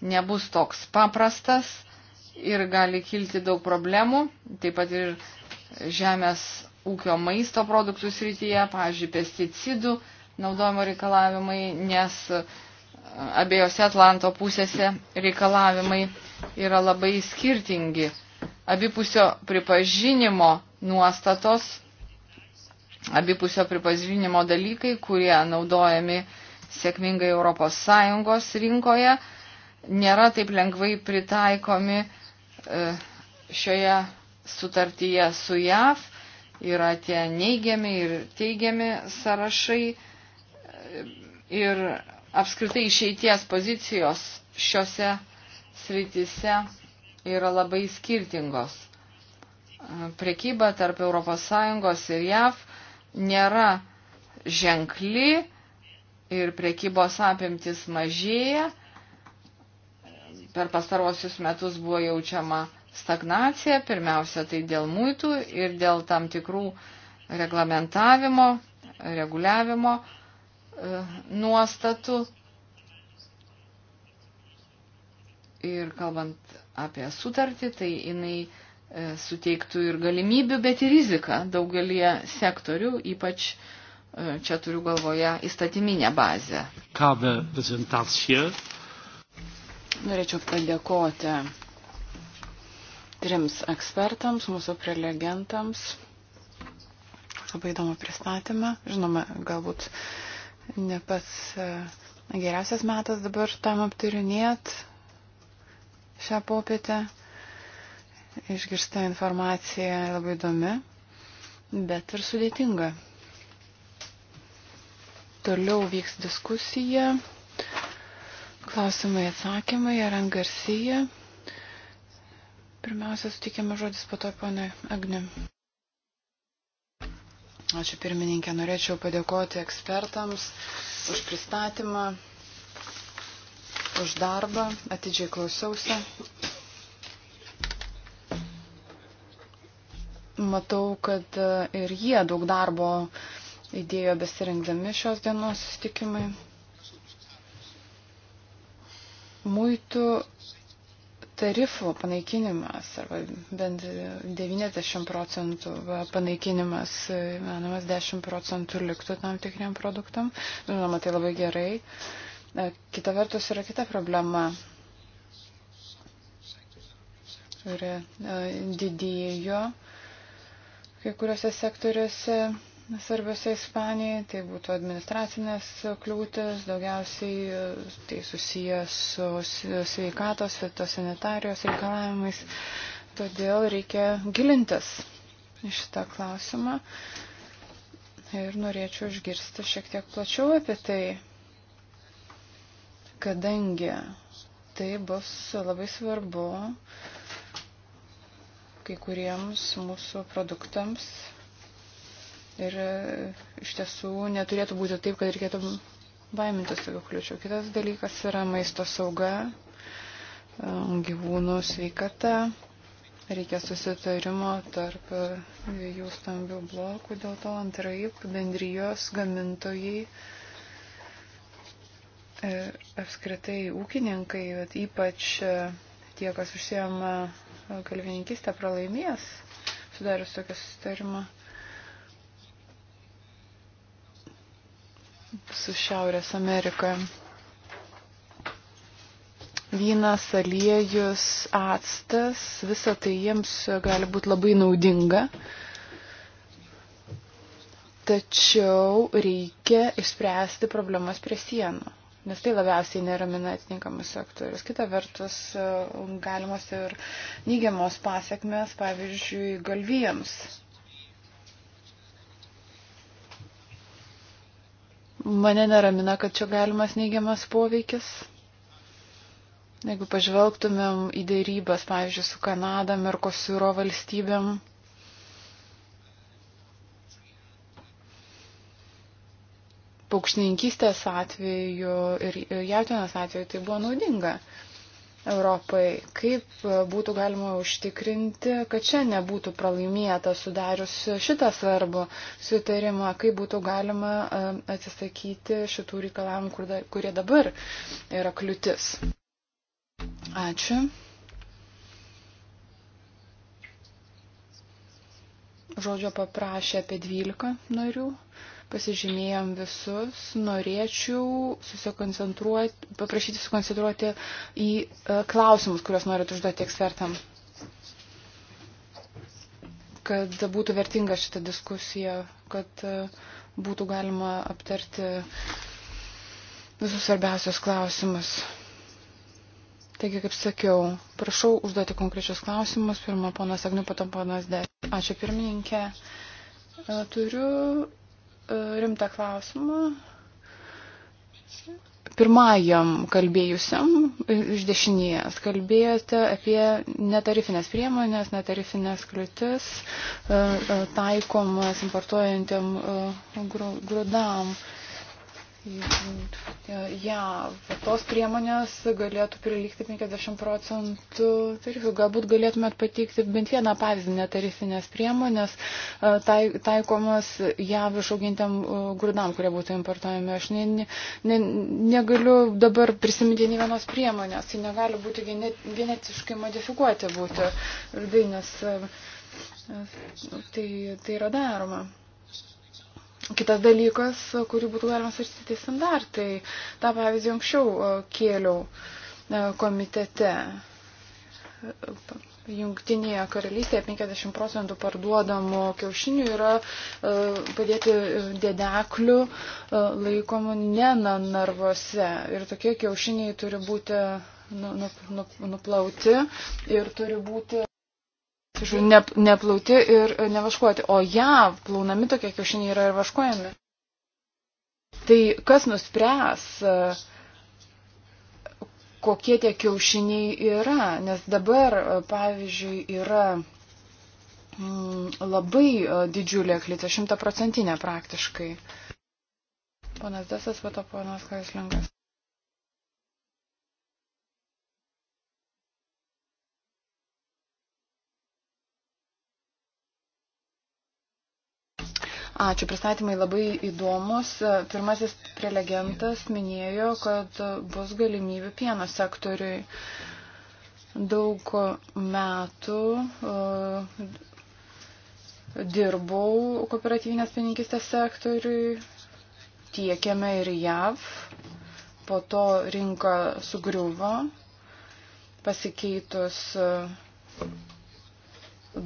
nebus toks paprastas ir gali kilti daug problemų, taip pat ir žemės ūkio maisto produktų srityje, pavyzdžiui, pesticidų naudojimo reikalavimai, nes abiejose Atlanto pusėse reikalavimai yra labai skirtingi. Abipusio pripažinimo nuostatos, abipusio pripažinimo dalykai, kurie naudojami uh, sėkmingai ES rinkoje, nėra taip lengvai pritaikomi e, šioje sutartyje su JAV. Yra tie neigiami ir teigiami sąrašai e, ir apskritai išeities pozicijos šiuose srityse yra labai skirtingos. E, prekyba tarp ES ir JAV nėra ženkli, ir prekybos apimtis mažėja. Per pastarosius metus buvo jaučiama stagnacija, pirmiausia tai dėl muitų ir dėl tam tikrų reglamentavimo, reguliavimo e, nuostatų. Ir kalbant apie sutartį, tai jinai e, suteiktų ir galimybių, bet ir riziką daugelie sektorių, ypač uh, Čia turiu galvoje įstatyminę bazę. Kavę prezentaciją. Norėčiau padėkoti trims ekspertams, mūsų prelegentams. Labai įdomu pristatymą. Žinoma, galbūt ne pats e, geriausias metas dabar tam aptarinėt šią popietę. Išgirsta informacija labai įdomi, bet ir sudėtinga. Toliau vyks diskusija. Klausimai atsakymai, Aran Garcija. Pirmiausia, sutikime žodis po to, ponai Agnim. Ačiū pirmininkė, norėčiau padėkoti ekspertams už pristatymą, už darbą, atidžiai klausiausi. Matau, kad ir jie daug darbo uh, įdėjo besirinkdami šios dienos sustikimai. Muitų tarifų panaikinimas arba bent 90 procentų panaikinimas, manomas 10 procentų liktų tam tikriam produktam. Žinoma, tai labai gerai. Kita vertus yra kita problema. Ir e, didėjo kai kuriuose sektoriuose svarbiose Ispanijai, tai būtų administracinės kliūtis, daugiausiai e, tai susijęs su sveikatos, fitosanitarijos reikalavimais. Todėl reikia gilintis į šitą klausimą ir norėčiau išgirsti šiek tiek plačiau apie tai, kadangi tai bus labai svarbu kai kuriems mūsų produktams Ir e, iš tiesų neturėtų būti taip, kad reikėtų baimintis tokių kliučių. Kitas dalykas yra maisto sauga, e, gyvūnų sveikata. Reikia susitarimo tarp e, dviejų stambių blokų, dėl to antraip bendrijos gamintojai apskritai ūkininkai, bet ypač tie, kas užsiema kalvininkistę, pralaimės sudarius tokią sustarimą. su Šiaurės Amerika. Vynas, aliejus, actas, visa tai jiems gali būti labai naudinga. Tačiau reikia išspręsti problemas prie sienų, nes tai labiausiai neramina atitinkamas sektorius. Kita vertus, galimos ir neigiamos pasiekmes, pavyzdžiui, galvijams Mane neramina, kad čia galimas neigiamas poveikis. Jeigu pažvelgtumėm į dėrybas, pavyzdžiui, su Kanada, Merkosiūro valstybėm, paukštininkystės atveju ir jautinas atveju tai buvo naudinga. Europai. Kaip e, būtų galima užtikrinti, kad čia nebūtų pralaimėta sudarius šitą svarbų sutarimą, kaip būtų galima e, atsisakyti šitų reikalavimų, kurie dabar yra kliūtis. Ačiū. Žodžio paprašė apie 12 narių pasižymėjom visus, norėčiau susikoncentruoti, paprašyti susikoncentruoti į e, klausimus, kuriuos norit užduoti ekspertam. Kad būtų vertinga šita diskusija, kad e, būtų galima aptarti visus svarbiausios klausimus. Taigi, kaip sakiau, prašau užduoti konkrečius klausimus. Pirma, ponas Agniu, patom ponas D. Ačiū pirmininkė. E, turiu E, rimtą klausimą. Pirmajam kalbėjusiam iš dešinės kalbėjote apie netarifinės priemonės, netarifinės kliūtis e, e, taikomas importuojantiem grūdam. Gru, E, ja, tos priemonės galėtų prilygti 50 procentų tarifų. Galbūt galėtumėt pateikti bent vieną pavyzdį netarifinės priemonės e, tai, taikomas jav išaugintėm e, grūdam, kurie būtų importuojami. Aš ne, ne, ne, negaliu dabar prisiminti nei vienos priemonės. Tai negali būti genet, genetiškai modifikuoti būti, nes tai, tai yra daroma. Kitas dalykas, kurį būtų galima svarstyti standartai. Ta pavyzdį anksčiau e, kėliau e, komitete. Jungtinėje karalystėje 50 procentų parduodamų kiaušinių yra e, padėti dėdeklių laikomų ne narvuose. Ir tokie kiaušiniai turi būti nu, nu, nu, nuplauti ir turi būti Ne, neplauti ir nevaškuoti. O jav plaunami tokie kiaušiniai yra ir vaškuojami. Tai kas nuspręs, kokie tie kiaušiniai yra? Nes dabar, pavyzdžiui, yra mm, labai e, didžiulė klita, šimtaprocentinė praktiškai. Ponas Desas, vato ponas Kaislingas. Ačiū, pristatymai labai įdomus. Pirmasis prelegentas minėjo, kad bus galimybių pieno sektoriui. Daug metų uh, dirbau kooperatyvinės pieninkistės sektoriui, tiekėme ir JAV, po to rinka sugriuvo, pasikeitus e,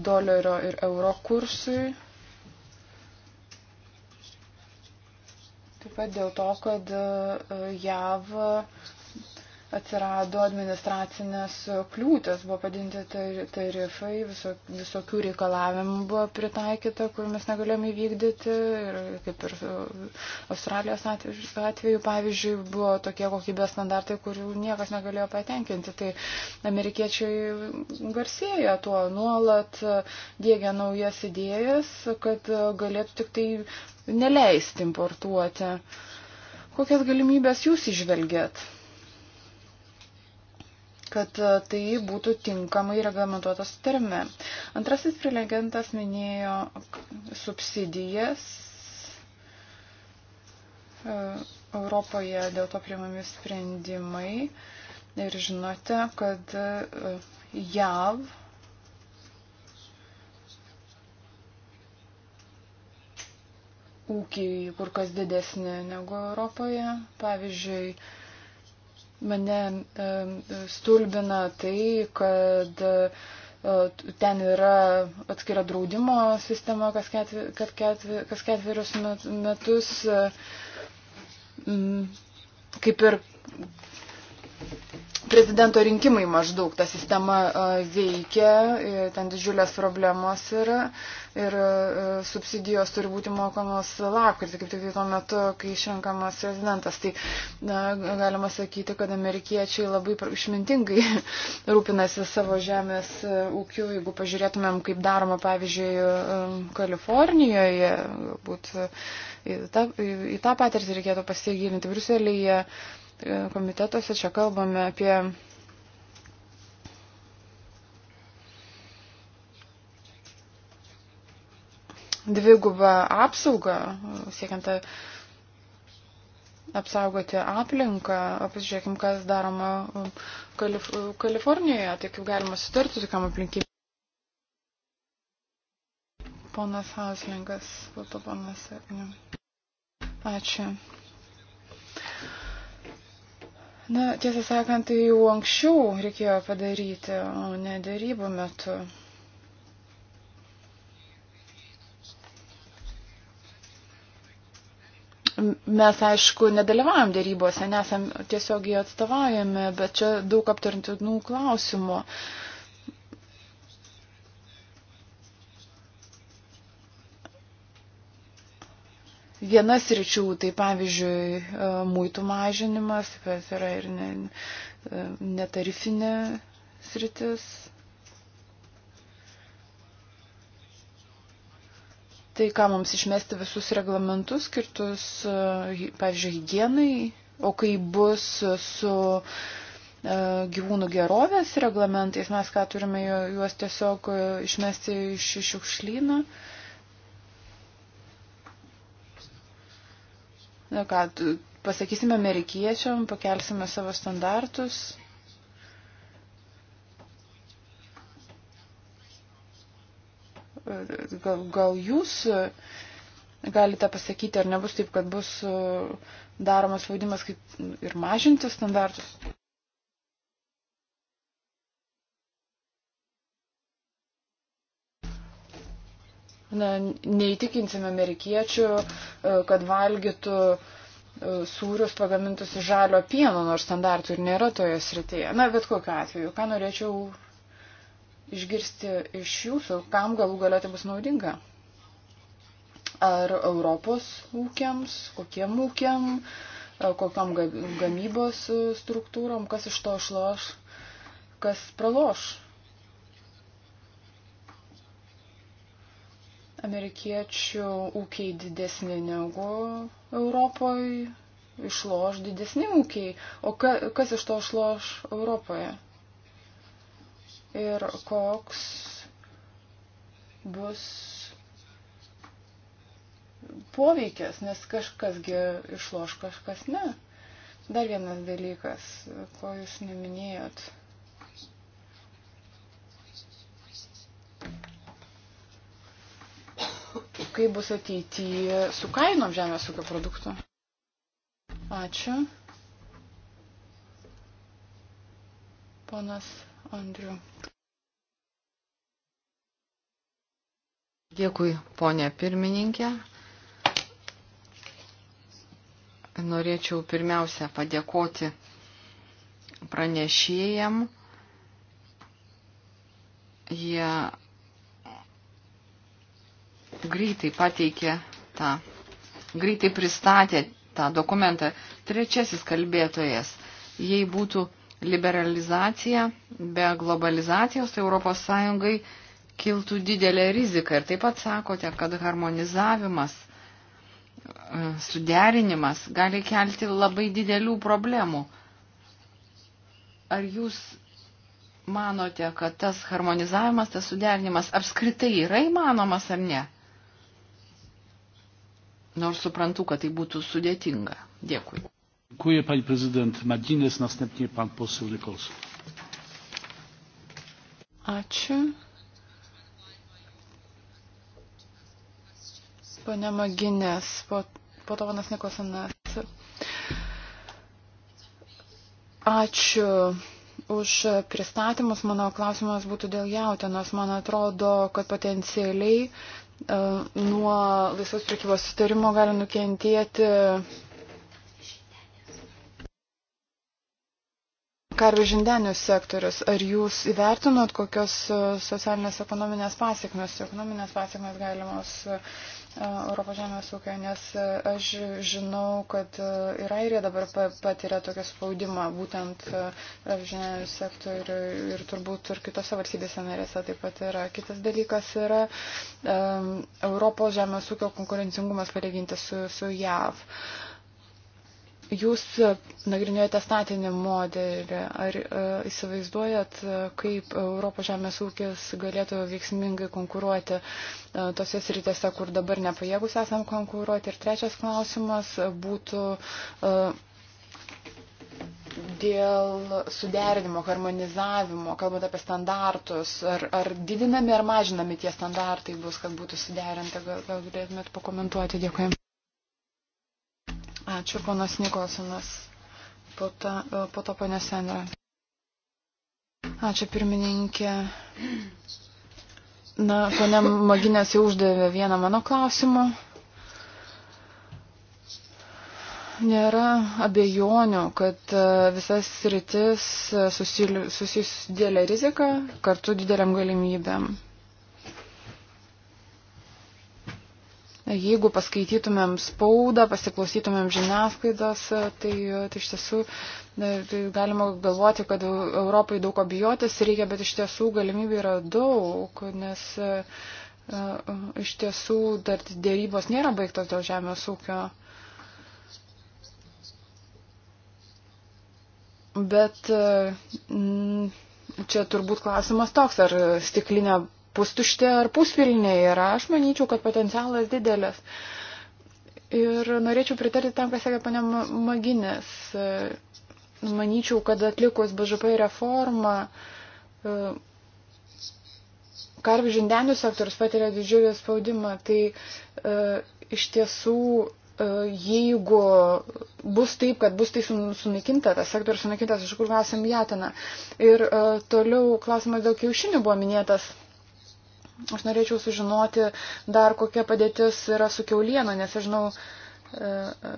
dolerio ir euro kursui Taip pat dėl to, kad e, JAV atsirado administracinės kliūtės, buvo padinti tarifai, visokių reikalavimų buvo pritaikyta, kur mes negalėjome įvykdyti. Ir kaip ir e, Australijos atveju, pavyzdžiui, buvo tokie kokybės standartai, kurių niekas negalėjo patenkinti. Tai amerikiečiai garsėja tuo nuolat, dėgia naujas idėjas, kad galėtų tik tai neleisti importuoti. Kokias galimybės jūs išvelgėt, kad e, tai būtų tinkamai reglamentuotas terme? Antrasis prelegentas minėjo subsidijas e, Europoje dėl to priimami sprendimai. Ir žinote, kad e, JAV ūkiai kur kas didesnė negu Europoje. Pavyzdžiui, mane stulbina tai, kad e, ten yra atskira draudimo sistema kas, ketvi, kas, ketvi, kas ketverius metus, e, kaip ir prezidento rinkimai maždaug ta sistema e, veikia, e, ten didžiulės problemos yra ir e, subsidijos turi būti mokamos lapkritį, kaip tik tuo metu, kai išrenkamas prezidentas. Tai na, galima sakyti, kad amerikiečiai labai išmintingai rūpinasi savo žemės ūkiu, jeigu pažiūrėtumėm, kaip daroma, pavyzdžiui, Kalifornijoje, galbūt į tą, į tą patirtį reikėtų pasigilinti Bruselėje E, komitetuose. Čia kalbame apie dvigubą apsaugą, siekiant apsaugoti aplinką. Pasižiūrėkime, kas daroma Kalif Kalifornijoje, tai kaip galima sutarti tokiam aplinkybėm. Ponas Haslingas, po to ponas Ačiū. Na, tiesą sakant, tai jau anksčiau reikėjo padaryti, o ne darybų metu. Mes, aišku, nedalyvavom darybose, nesam tiesiogiai atstovaujami, bet čia daug aptarintinų klausimų. Uh, vienas ryčių, tai pavyzdžiui, e, muitų mažinimas, kas yra ir ne, e, netarifinė sritis. Tai ką mums išmesti visus reglamentus skirtus, e, pavyzdžiui, hygienai, o kai bus su gyvūnų gerovės reglamentais, mes ką turime juos tiesiog išmesti iš šiukšlyną. Iš ką pasakysime amerikiečiam, pakelsime savo standartus. Gal, gal jūs galite pasakyti, ar nebus taip, kad bus daromas spaudimas kaip ir mažinti standartus? na, neįtikinsime amerikiečių, e, kad valgytų e, sūrius pagamintus iš žalio pieno, nors standartų ir nėra toje srityje. Na, bet kokiu atveju, ką norėčiau išgirsti iš jūsų, kam galų galėtų tai bus naudinga? Ar Europos ūkiams, kokiem ūkiam, e, kokiam gamybos struktūrom, kas iš to šloš, kas praloš? amerikiečių ūkiai didesni negu Europoje, išloš didesni ūkiai. O ka, kas iš to išloš Europoje? Ir koks bus poveikis, nes kažkasgi išloš, kažkas ne. Dar vienas dalykas, ko jūs neminėjot. kaip bus ateityje su kainom žemės ūkio produktų. Ačiū. Ponas Andriu. Dėkui, ponė pirmininkė. Norėčiau pirmiausia padėkoti pranešėjam. Jie greitai pateikė tą, greitai pristatė tą dokumentą. Trečiasis kalbėtojas, jei būtų liberalizacija be globalizacijos, tai ES kiltų didelė rizika. Ir taip pat sakote, kad harmonizavimas, e, suderinimas gali kelti labai didelių problemų. Ar jūs manote, kad tas harmonizavimas, tas suderinimas apskritai yra įmanomas ar ne? nors suprantu, kad tai būtų sudėtinga. Dėkui. Dziękuję pani prezydent Madines, następnie pan poseł Nikolson. Ačiū. Pane Maginės, po, po to vanas Nikolsonas. Ačiū už pristatymus. Mano klausimas būtų dėl jautienos. Man atrodo, kad potencialiai uh, E, nuo laisvos prekybos sutarimo gali nukentėti karvių žindenių sektorius. Ar jūs įvertinot, kokios e, socialinės ekonominės pasiekmes, ekonominės pasiekmes galimos Europos žemės ūkio, nes aš žinau, kad ir Airija dabar patiria tokią spaudimą būtent žemės sektoriui ir turbūt ir kitose valstybėse narėse taip pat yra. Kitas dalykas yra um, Europos žemės ūkio konkurencingumas palyginti su, su JAV. Uh, Jūs nagrinėjate statinį modelį. Ar e, įsivaizduojat, kaip Europos žemės ūkis galėtų veiksmingai konkuruoti e, tose sritėse, kur dabar nepajėgus esam konkuruoti? Ir trečias klausimas būtų e, dėl suderinimo, harmonizavimo, kalbant apie standartus, ar, ar didinami ar mažinami tie standartai bus, kad būtų suderinta, gal, gal galėtumėt pakomentuoti, dėkui. Ačiū, ponas Nikolsonas. Po to, po to ponė Sandra. Ačiū, pirmininkė. Na, ponė Maginės jau uždavė vieną mano klausimą. nėra abejonių, kad e, visas sritis e, susijusi didelė rizika kartu dideliam galimybėm. Jeigu paskaitytumėm spaudą, pasiklausytumėm žiniasklaidos, tai, tai iš tiesų tai galima galvoti, kad Europai daug ko bijotis reikia, bet iš tiesų galimybių yra daug, nes e, e, iš tiesų dar dėrybos nėra baigtos dėl žemės ūkio. Bet e, čia turbūt klausimas toks, ar stiklinė pustuštė ar puspilnė yra. Aš manyčiau, kad potencialas didelis. Ir norėčiau pritarti tam, kas sakė pane Maginės. Manyčiau, kad atlikus BŽP reformą, e, karvių žindenių sektorius patiria didžiulį spaudimą. Tai e, iš tiesų e, jeigu bus taip, kad bus tai sunaikinta, tas sektorius sunaikintas, iš kur gausim jatiną. Ir toliau klausimas dėl kiaušinių buvo minėtas. Aš norėčiau sužinoti dar, kokia padėtis yra su keuliena, nes aš žinau, e, e,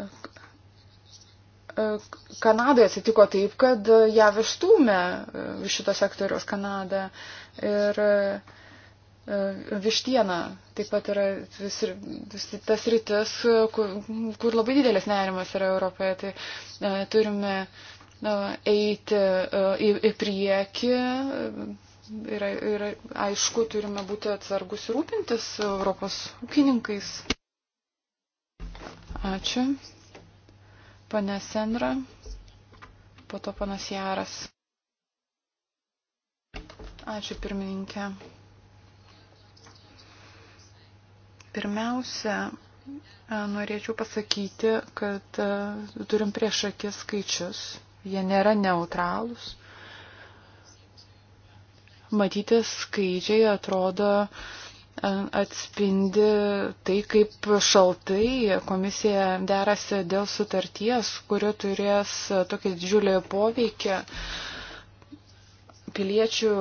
e, Kanadoje atsitiko taip, kad ją išstūmė iš šito sektoriaus Kanada ir vištiena taip pat yra vis, vis, tas rytis, kur, kur labai didelis nerimas yra Europoje. Tai e, turime eiti e, į, į priekį. E, yra, yra aišku, turime būti atsargus ir rūpintis Europos ūkininkais. Ačiū. Pane Senra, po to panas Jaras. Ačiū pirmininkė. Pirmiausia, norėčiau pasakyti, kad e, turim prieš akis skaičius. Jie nėra neutralūs matyti skaičiai atrodo e, atspindi tai, kaip šaltai komisija derasi dėl sutarties, kuri turės tokį didžiulį poveikį piliečių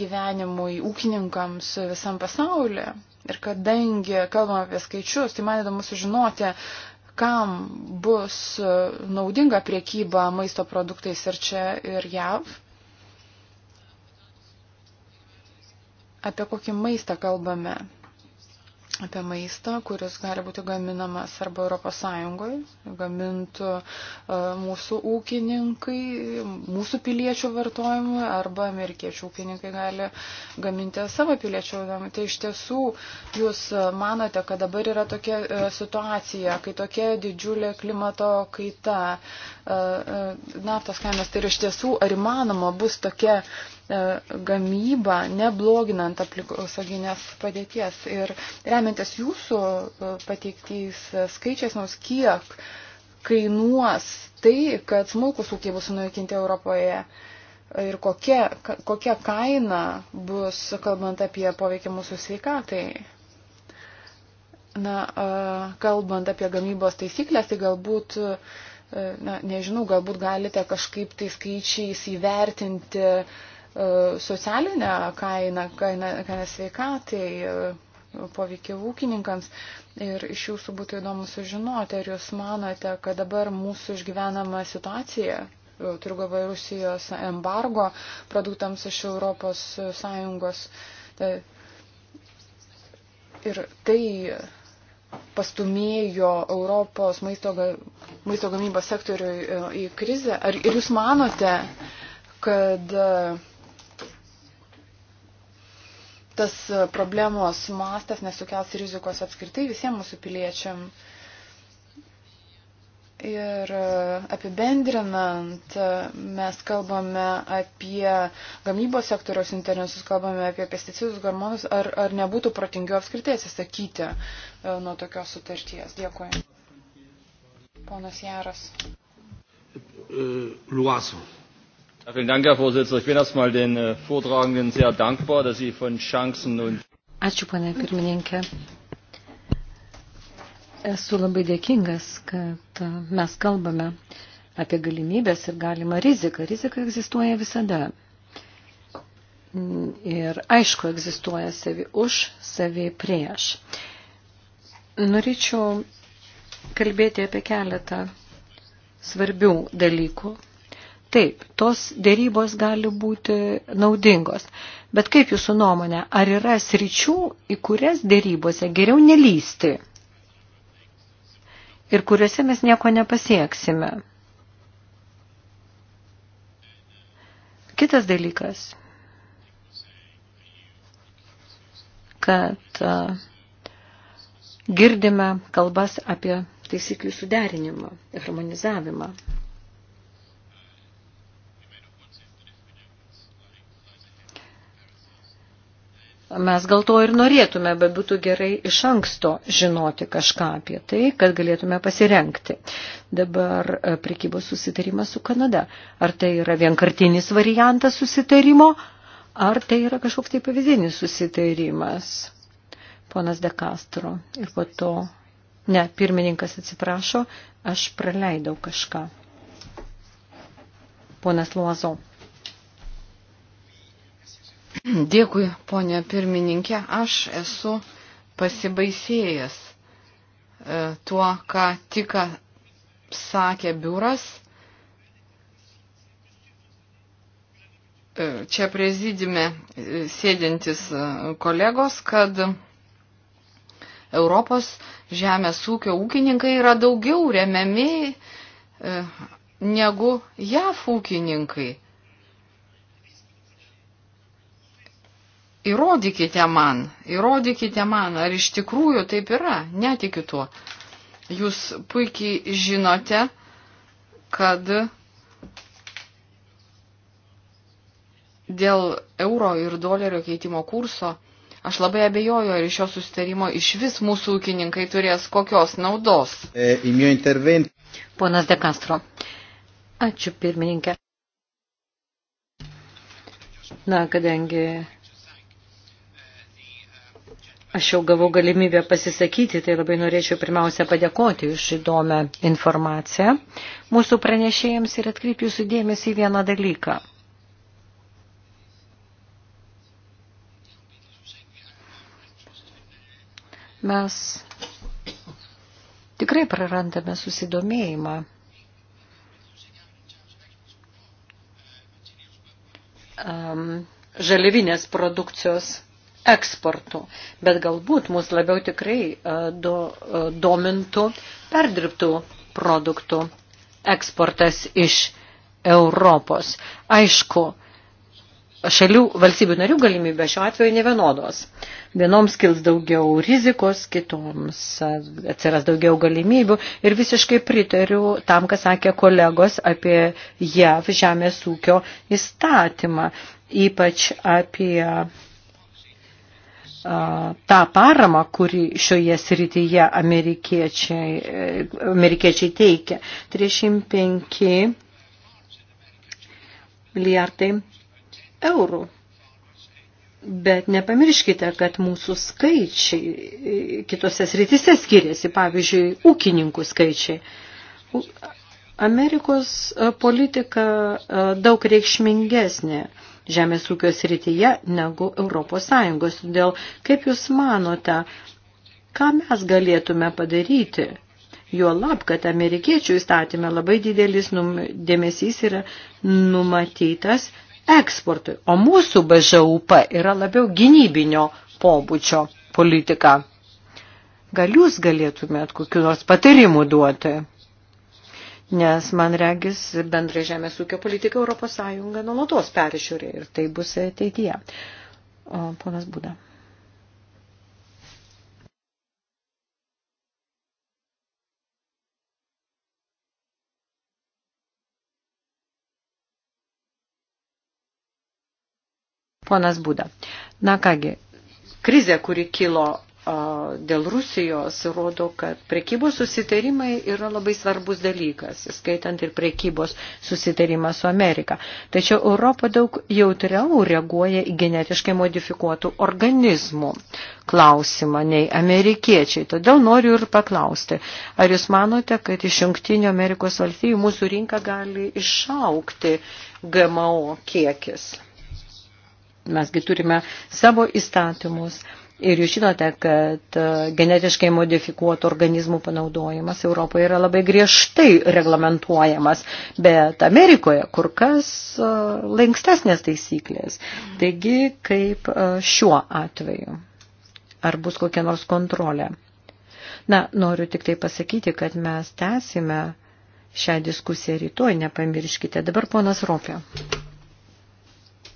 gyvenimui, ūkininkams visam pasaulyje. Ir kadangi kalbam apie skaičius, tai man įdomu sužinoti, kam bus naudinga priekyba maisto produktais ir čia, ir jav. apie kokį maistą kalbame. Apie maistą, kuris gali būti gaminamas arba Europos Sąjungoje, gamintų e, mūsų ūkininkai, mūsų piliečių vartojimui, arba amerikiečių ūkininkai gali gaminti savo piliečių vartojimui. Tai iš tiesų jūs manote, kad dabar yra tokia e, situacija, kai tokia didžiulė klimato kaita, e, naftos kainos, tai iš tiesų ar įmanoma bus tokia E, gamybą, nebloginant aplinkosauginės padėties. Ir remiantis jūsų e, pateiktais skaičiais, nors kiek kainuos tai, kad smulkus ūkiai bus sunaikinti Europoje ir kokia, kokia kaina bus, kalbant apie poveikį mūsų sveikatai. Na, e, kalbant apie gamybos taisyklės, tai galbūt na, nežinau, galbūt galite kažkaip tai skaičiais įvertinti E, socialinę kainą, kainą, kainą sveikatai, e, poveikį ūkininkams. Ir iš jūsų būtų įdomu sužinoti, ar jūs manote, kad dabar mūsų išgyvenama situacija, e, turiu galvoje Rusijos embargo produktams iš Europos Sąjungos. Ir tai pastumėjo Europos maisto, maisto gamybos sektoriui į krizę. Ar ir jūs manote, kad uh, tas e, problemos mastas nesukels rizikos apskritai visiems mūsų piliečiam. Ir e, apibendrinant, e, mes kalbame apie gamybos sektoriaus interesus, kalbame apie pesticidus, hormonus, ar, ar nebūtų protingiau apskritai atsisakyti nuo tokios sutarties. Dėkui. Ponas Jaras. Luaso. Vielen Dank, Herr Vorsitzender. Ich bin erstmal den äh, Vortragenden sehr dankbar, dass Sie von Chancen und. Ačiū, pane pirmininkė. Esu labai dėkingas, kad mes kalbame apie galimybės ir galimą riziką. Rizika egzistuoja visada. Ir aišku, egzistuoja savi už, savi prieš. Norėčiau kalbėti apie keletą svarbių dalykų Taip, tos dėrybos gali būti naudingos. Bet kaip jūsų nuomonė, ar yra sričių, į kurias dėrybose geriau nelysti ir kuriuose mes nieko nepasieksime? Kitas dalykas, kad girdime kalbas apie taisyklių suderinimą, harmonizavimą. Mes gal to ir norėtume, bet būtų gerai iš anksto žinoti kažką apie tai, kad galėtume pasirenkti. Dabar e, prekybos susitarimas su Kanada. Ar tai yra vienkartinis variantas susitarimo, ar tai yra kažkoks tai pavyzdinis susitarimas? Ponas De Castro ir po to. Ne, pirmininkas atsiprašo, aš praleidau kažką. Ponas Luazov. Dėkui, ponė pirmininkė. Aš esu pasibaisėjęs e, tuo, ką tik sakė biuras. E, čia prezidime e, sėdintis kolegos, kad Europos žemės ūkio ūkininkai yra daugiau remiami negu JAF ūkininkai. Įrodykite man, įrodykite man, ar iš tikrųjų taip yra, netikiu tuo. Jūs puikiai žinote, kad dėl euro ir dolerio keitimo kurso Aš labai abejoju, ar iš šio sustarimo iš vis mūsų ūkininkai turės kokios naudos. E, Ponas De Castro. Ačiū pirmininkė. Na, kadangi Aš jau gavau galimybę pasisakyti, tai labai norėčiau pirmiausia padėkoti už įdomią informaciją mūsų pranešėjams ir atkreipti jūsų dėmesį į vieną dalyką. Mes tikrai prarandame susidomėjimą um, žalivinės produkcijos eksportu, bet galbūt mus labiau tikrai e, do, e, domintų perdirbtų produktų eksportas iš Europos. Aišku, šalių valstybių narių galimybė šiuo atveju nevienodos. Vienoms kils daugiau rizikos, kitoms e, atsiras daugiau galimybių ir visiškai pritariu tam, ką sakė kolegos apie JAV žemės ūkio įstatymą, ypač apie tą paramą, kuri šioje srityje amerikiečiai, amerikiečiai teikia. 35 milijardai eurų. Bet nepamirškite, kad mūsų skaičiai kitose srityse skiriasi, pavyzdžiui, ūkininkų skaičiai. Amerikos politika daug reikšmingesnė žemės ūkio srityje negu Europos Sąjungos. Todėl, kaip Jūs manote, ką mes galėtume padaryti? Jo lab, kad amerikiečių įstatymė labai didelis dėmesys yra numatytas eksportui, o mūsų BŽUP yra labiau gynybinio pobūdžio politika. Gal jūs galėtumėt kokiu nors patarimu duoti? Nes, man regis, bendrai žemės ūkio politika Europos Sąjunga nuolatos peržiūrė ir tai bus ateityje. O, ponas Būda. Ponas Būda. Na kągi, krizė, kuri kilo dėl Rusijos rodo, kad prekybos susitarimai yra labai svarbus dalykas, skaitant ir prekybos susitarimą su Amerika. Tačiau Europa daug jautriau reaguoja į genetiškai modifikuotų organizmų klausimą nei amerikiečiai. Todėl noriu ir paklausti, ar jūs manote, kad iš Junktinio Amerikos valstybių mūsų rinka gali išaukti GMO kiekis? Mesgi turime savo įstatymus, Ir jūs žinote, kad e, genetiškai modifikuotų organizmų panaudojimas Europoje yra labai griežtai reglamentuojamas, bet Amerikoje kur kas e, lankstesnės taisyklės. Taigi, kaip e, šiuo atveju? Ar bus kokia nors kontrolė? Na, noriu tik tai pasakyti, kad mes tęsime šią diskusiją rytoj, nepamirškite. Dabar ponas Ropė.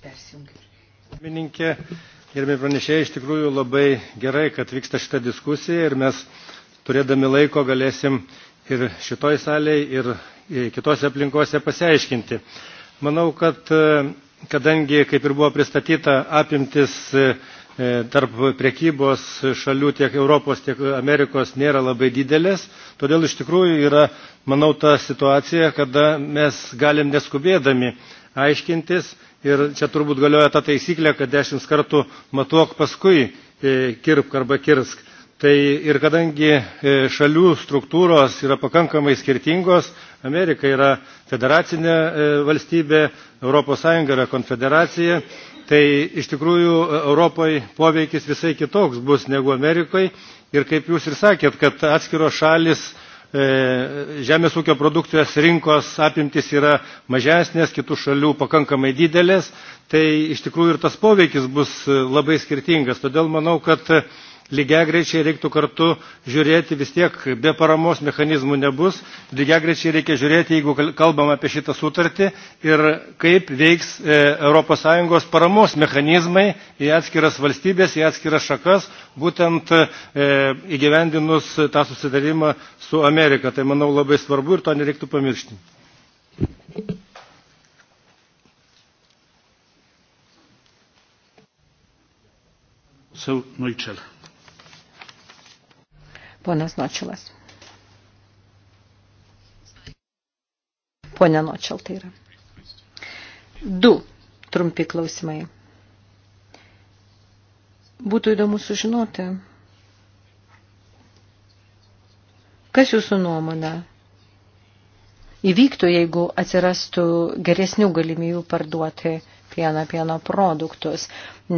Persijungit. Mininkė, Gerbėjai pranešėjai, iš tikrųjų labai gerai, kad vyksta šita diskusija ir mes turėdami laiko galėsim ir šitoj salėje, ir e, kitose aplinkose pasiaiškinti. Manau, kad e, kadangi, kaip ir buvo pristatyta, apimtis e, tarp priekybos šalių tiek Europos, tiek Amerikos nėra labai didelės. Todėl iš tikrųjų yra, manau, ta situacija, kada mes galim neskubėdami aiškintis ir čia turbūt galioja ta taisyklė, kad dešimt kartų matuok paskui e, kirpk arba kirsk. Tai ir kadangi e, šalių struktūros yra pakankamai skirtingos, Amerika yra federacinė e, valstybė, ES yra konfederacija, tai iš tikrųjų Europoje poveikis visai kitoks bus negu Amerikoje. Ir kaip jūs ir sakėt, kad atskiros šalis E, žemės ūkio produkcijos rinkos apimtis yra mažesnės kitų šalių pakankamai didelės tai iš tikrųjų ir tas poveikis bus labai skirtingas todėl manau kad lygiagrečiai reiktų kartu žiūrėti vis tiek be paramos mechanizmų nebus lygiagrečiai reikia žiūrėti jeigu kalbam apie šitą sutartį ir kaip veiks e, europos sąjungos paramos mechanizmai į atskiras valstybes į atskiras šakas būtent e, įgyvendinus tą susitarimą su amerika tai manau labai svarbu ir to nereiktų pamiršti. So, Neuchel. Ponas Nočilas. Pone Nočel, tai yra. Du trumpi klausimai. Būtų įdomu sužinoti, kas jūsų nuomonė įvyktų, jeigu atsirastų geresnių galimybių parduoti pieną, pieno produktus,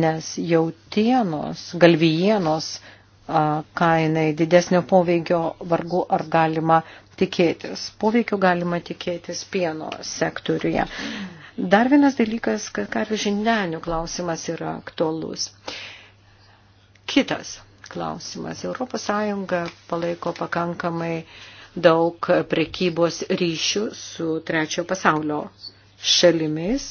nes jautienos, galvijienos kainai didesnio poveikio vargu ar galima tikėtis. Poveikio galima tikėtis pieno sektoriuje. Dar vienas dalykas, kad karvių žindenių klausimas yra aktualus. Kitas klausimas. Europos Sąjunga palaiko pakankamai daug prekybos ryšių su trečiojo pasaulio šalimis.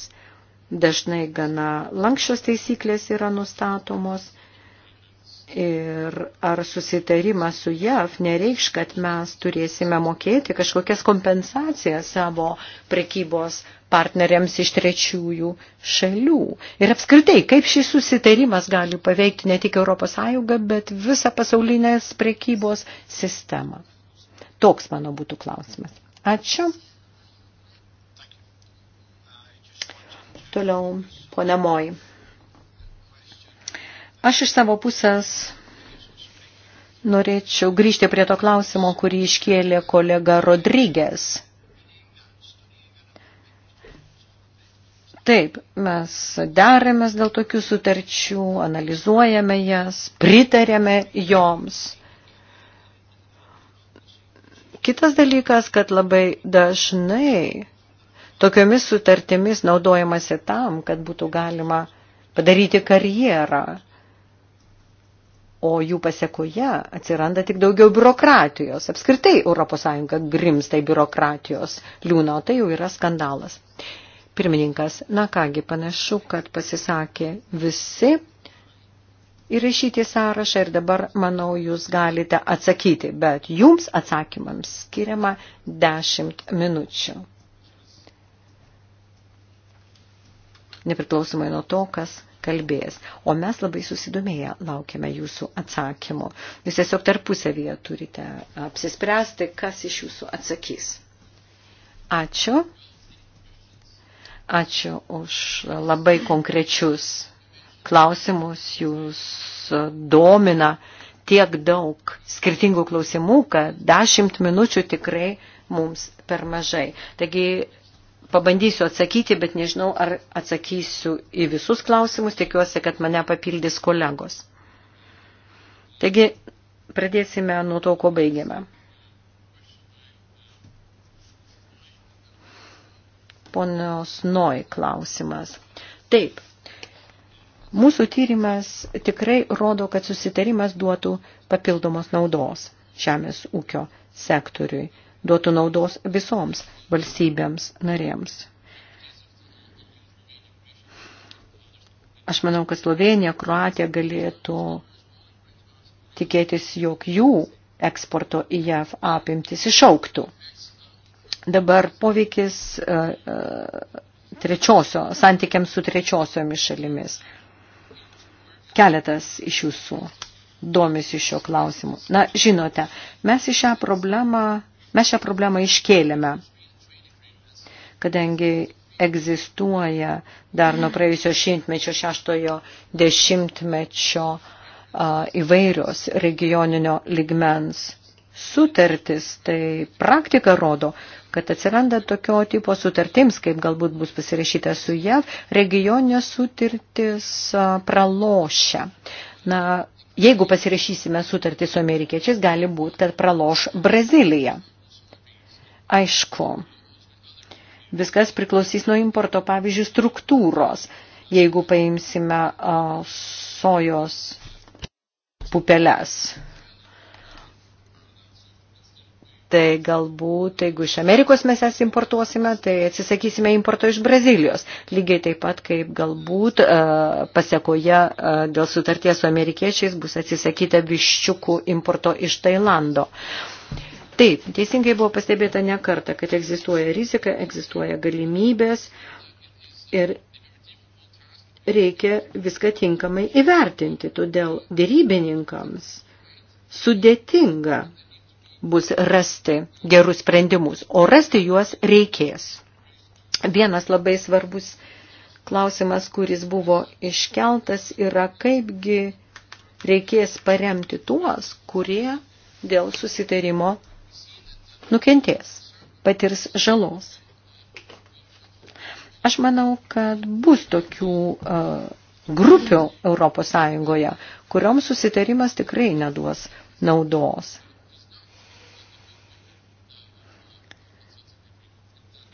Dažnai gana lankščios taisyklės yra nustatomos Ir ar susitarimas su JAV nereikš, kad mes turėsime mokėti kažkokias kompensacijas savo prekybos partneriams iš trečiųjų šalių. Ir apskritai, kaip šis susitarimas gali paveikti ne tik ES, bet visą pasaulinės prekybos sistemą. Toks mano būtų klausimas. Ačiū. Toliau, ponia Moji. Aš iš savo pusės norėčiau grįžti prie to klausimo, kurį iškėlė kolega Rodrygės. Taip, mes darėmės dėl tokių sutarčių, analizuojame jas, pritarėme joms. Kitas dalykas, kad labai dažnai tokiomis sutartimis naudojamasi tam, kad būtų galima padaryti karjerą o jų pasiekoje atsiranda tik daugiau biurokratijos. Apskritai ES grimsta į biurokratijos liūną, o tai jau yra skandalas. Pirmininkas, na kągi, panašu, kad pasisakė visi įrašyti sąrašą ir dabar, manau, jūs galite atsakyti, bet jums atsakymams skiriama 10 minučių. Nepriklausomai nuo to, kas kalbės, o mes labai susidomėję laukiame jūsų atsakymų. Jūs tiesiog tarpusavyje turite apsispręsti, kas iš jūsų atsakys. Ačiū. Ačiū už labai konkrečius klausimus. Jūs domina tiek daug skirtingų klausimų, kad dešimt minučių tikrai mums per mažai. Taigi pabandysiu atsakyti, bet nežinau, ar atsakysiu į visus klausimus, tikiuosi, kad mane papildys kolegos. Taigi, pradėsime nuo to, ko baigėme. Ponios Noj klausimas. Taip, mūsų tyrimas tikrai rodo, kad susitarimas duotų papildomos naudos žemės ūkio sektoriui duotų naudos visoms valstybėms narėms. Aš manau, kad Slovenija, Kroatija galėtų tikėtis, jog jų eksporto į JAV apimtis išauktų. Dabar poveikis e, e, trečiosio, santykiams su trečiosiomis šalimis. Keletas iš jūsų domisi šio klausimu. Na, žinote, mes į šią problemą Mes šią problemą iškėlėme, kadangi egzistuoja dar nuo praėjusio šimtmečio, šeštojo dešimtmečio įvairios regioninio ligmens sutartis, tai praktika rodo, kad atsiranda tokio tipo sutartims, kaip galbūt bus pasirašyta su JAV, regioninė sutartis pralošia. Na, jeigu pasirašysime sutartį su amerikiečiais, gali būti, kad praloš Brazilija aišku. Viskas priklausys nuo importo, pavyzdžiui, struktūros. Jeigu paimsime uh, sojos pupeles, tai galbūt, jeigu iš Amerikos mes jas importuosime, tai atsisakysime importo iš Brazilijos. Lygiai taip pat, kaip galbūt pasiekoje dėl sutarties su amerikiečiais bus atsisakyta viščiukų importo iš Tailando. Taip, teisingai buvo pastebėta ne kartą, kad egzistuoja rizika, egzistuoja galimybės ir reikia viską tinkamai įvertinti. Todėl dėrybininkams sudėtinga bus rasti gerus sprendimus, o rasti juos reikės. Vienas labai svarbus klausimas, kuris buvo iškeltas, yra kaipgi reikės paremti tuos, kurie dėl susitarimo nukentės, patirs žalos. Aš manau, kad bus tokių uh, grupių Europos Sąjungoje, kurioms susitarimas tikrai neduos naudos.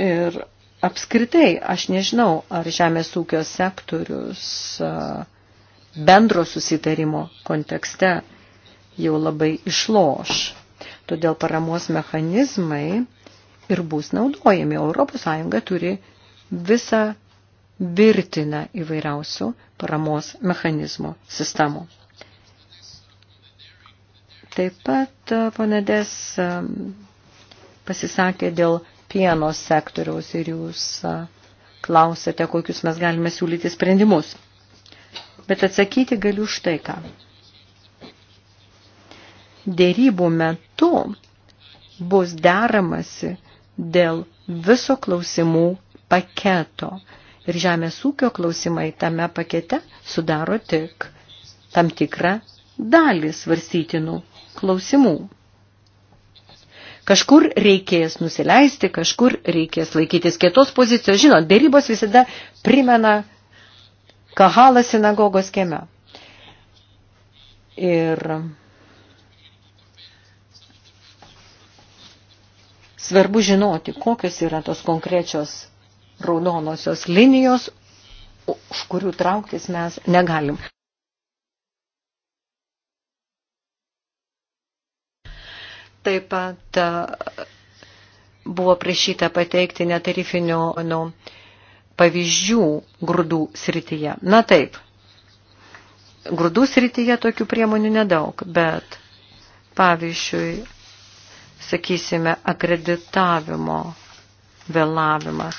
Ir apskritai, aš nežinau, ar žemės ūkio sektorius bendro susitarimo kontekste jau labai išloš. Todėl paramos mechanizmai ir bus naudojami. ES turi visą virtiną įvairiausių paramos mechanizmų sistemų. Taip pat e, ponedės e, pasisakė dėl pieno sektoriaus ir jūs e, klausėte, kokius mes galime siūlyti sprendimus. Bet atsakyti galiu štai ką dėrybų metu bus deramasi dėl viso klausimų paketo. Ir žemės ūkio klausimai tame pakete sudaro tik tam tikrą dalį svarstytinų klausimų. Kažkur reikės nusileisti, kažkur reikės laikytis kietos pozicijos. Žinot, dėrybos visada primena kahalą sinagogos kieme. Ir Svarbu žinoti, kokios yra tos konkrečios raudonosios linijos, už kurių trauktis mes negalim. Taip pat buvo prašyta pateikti netarifinių nu, pavyzdžių grūdų srityje. Na taip, grūdų srityje tokių priemonių nedaug, bet pavyzdžiui, sakysime, akreditavimo vėlavimas.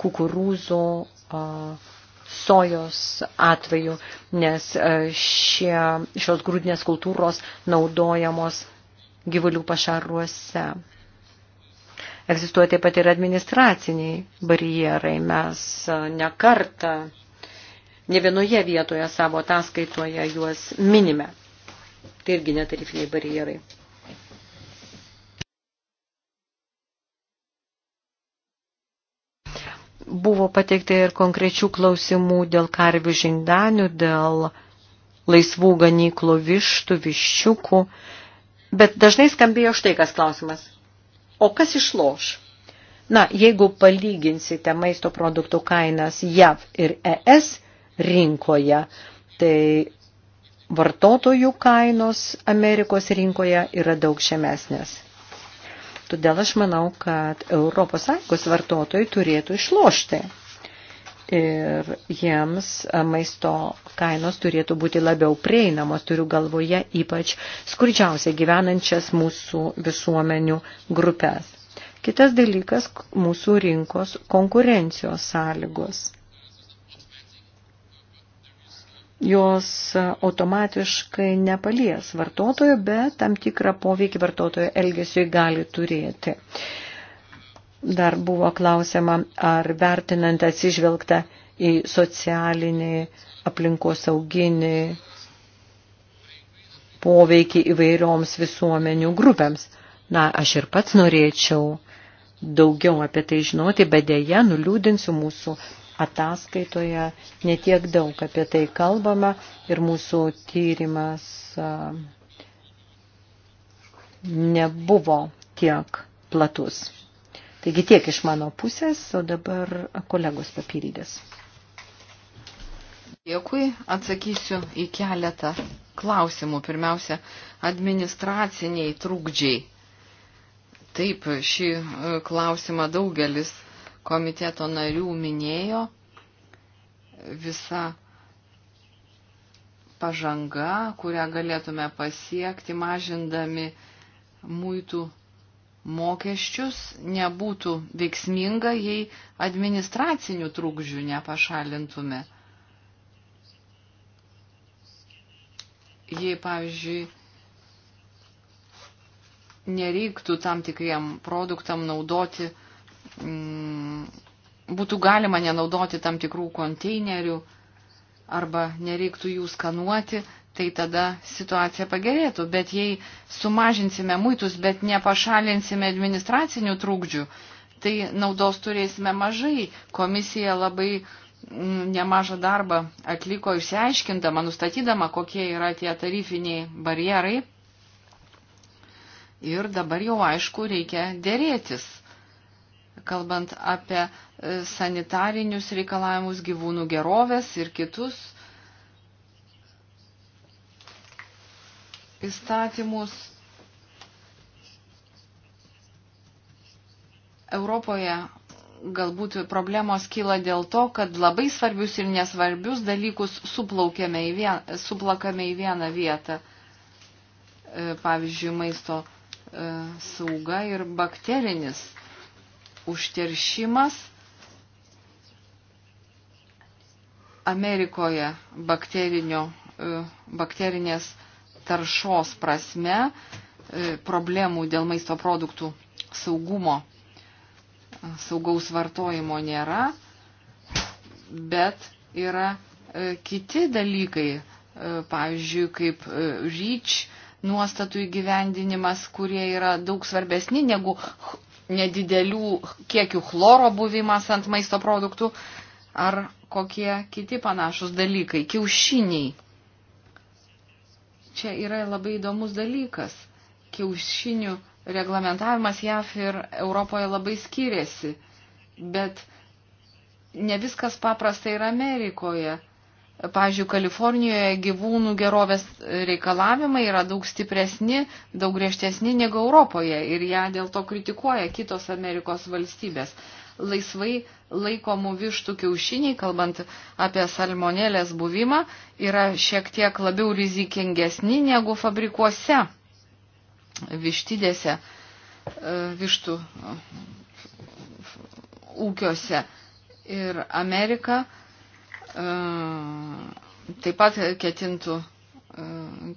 Kukurūzų, sojos atveju, nes šie, šios grūdinės kultūros naudojamos gyvulių pašaruose. Egzistuoja taip pat ir administraciniai barjerai. Mes nekartą ne vienoje vietoje savo ataskaitoje juos minime. Tai irgi netarifiniai barjerai. Buvo pateikta ir konkrečių klausimų dėl karvių žindanių, dėl laisvų ganyklų vištų, viščiukų. Bet dažnai skambėjo štai kas klausimas. O kas išloš? Na, jeigu palyginsite maisto produktų kainas JAV ir ES, rinkoje. Tai vartotojų kainos Amerikos rinkoje yra daug žemesnės. Todėl aš manau, kad ES vartotojai turėtų išlošti ir jiems maisto kainos turėtų būti labiau prieinamos, turiu galvoje ypač skurdžiausiai gyvenančias mūsų visuomenių grupės. Kitas dalykas - mūsų rinkos konkurencijos sąlygos jos automatiškai nepalies vartotojo, bet tam tikrą poveikį vartotojo elgesiui gali turėti. Dar buvo klausima, ar vertinant atsižvelgta į socialinį, aplinkos auginį poveikį įvairioms visuomenių grupėms. Na, aš ir pats norėčiau daugiau apie tai žinoti, bet dėja nuliūdinsiu mūsų ataskaitoje netiek daug apie tai kalbama ir mūsų tyrimas nebuvo tiek platus. Taigi tiek iš mano pusės, o dabar kolegos papildys. Dėkui, atsakysiu į keletą klausimų. Pirmiausia, administraciniai trūkdžiai. Taip, šį e, klausimą daugelis komiteto narių minėjo, visa pažanga, kurią galėtume pasiekti mažindami muitų mokesčius, nebūtų veiksminga, jei administracinių trūkžių nepašalintume. Jei, pavyzdžiui, nereiktų tam tikriem produktam naudoti uh, Mm, būtų galima nenaudoti tam tikrų konteinerių arba nereiktų jų skanuoti, tai tada situacija pagerėtų. Bet jei sumažinsime muitus, bet nepašalinsime administracinių trūkdžių, tai naudos turėsime mažai. Komisija labai mm, nemažą darbą atliko išsiaiškindama, nustatydama, kokie yra tie tarifiniai barjerai. Ir dabar jau aišku, reikia dėrėtis kalbant apie e, sanitarinius reikalavimus gyvūnų gerovės ir kitus įstatymus. Europoje galbūt problemos kyla dėl to, kad labai svarbius ir nesvarbius dalykus suplaukėme į vieną, suplakame į vieną vietą. E, pavyzdžiui, maisto e, sauga ir bakterinis užteršimas Amerikoje e, bakterinės taršos prasme e, problemų dėl maisto produktų saugumo, e, saugaus vartojimo nėra, bet yra kiti dalykai, pavyzdžiui, kaip ryč nuostatų įgyvendinimas, kurie yra daug svarbesni negu nedidelių kiekių chloro buvimas ant maisto produktų ar kokie kiti panašus dalykai, kiaušiniai. Čia yra labai įdomus dalykas. Kiaušinių reglamentavimas JAF ir Europoje labai skiriasi, bet ne viskas paprasta ir Amerikoje. Pavyzdžiui, Kalifornijoje gyvūnų gerovės reikalavimai yra daug stipresni, daug griežtesni negu Europoje ir ją dėl to kritikuoja kitos Amerikos valstybės. Laisvai laikomų vištų kiaušiniai, kalbant apie salmonėlės buvimą, yra šiek tiek labiau rizikingesni negu fabrikuose vištidėse, e, vištų ūkiuose. Ir Amerika uh, E, taip pat ketintų, e,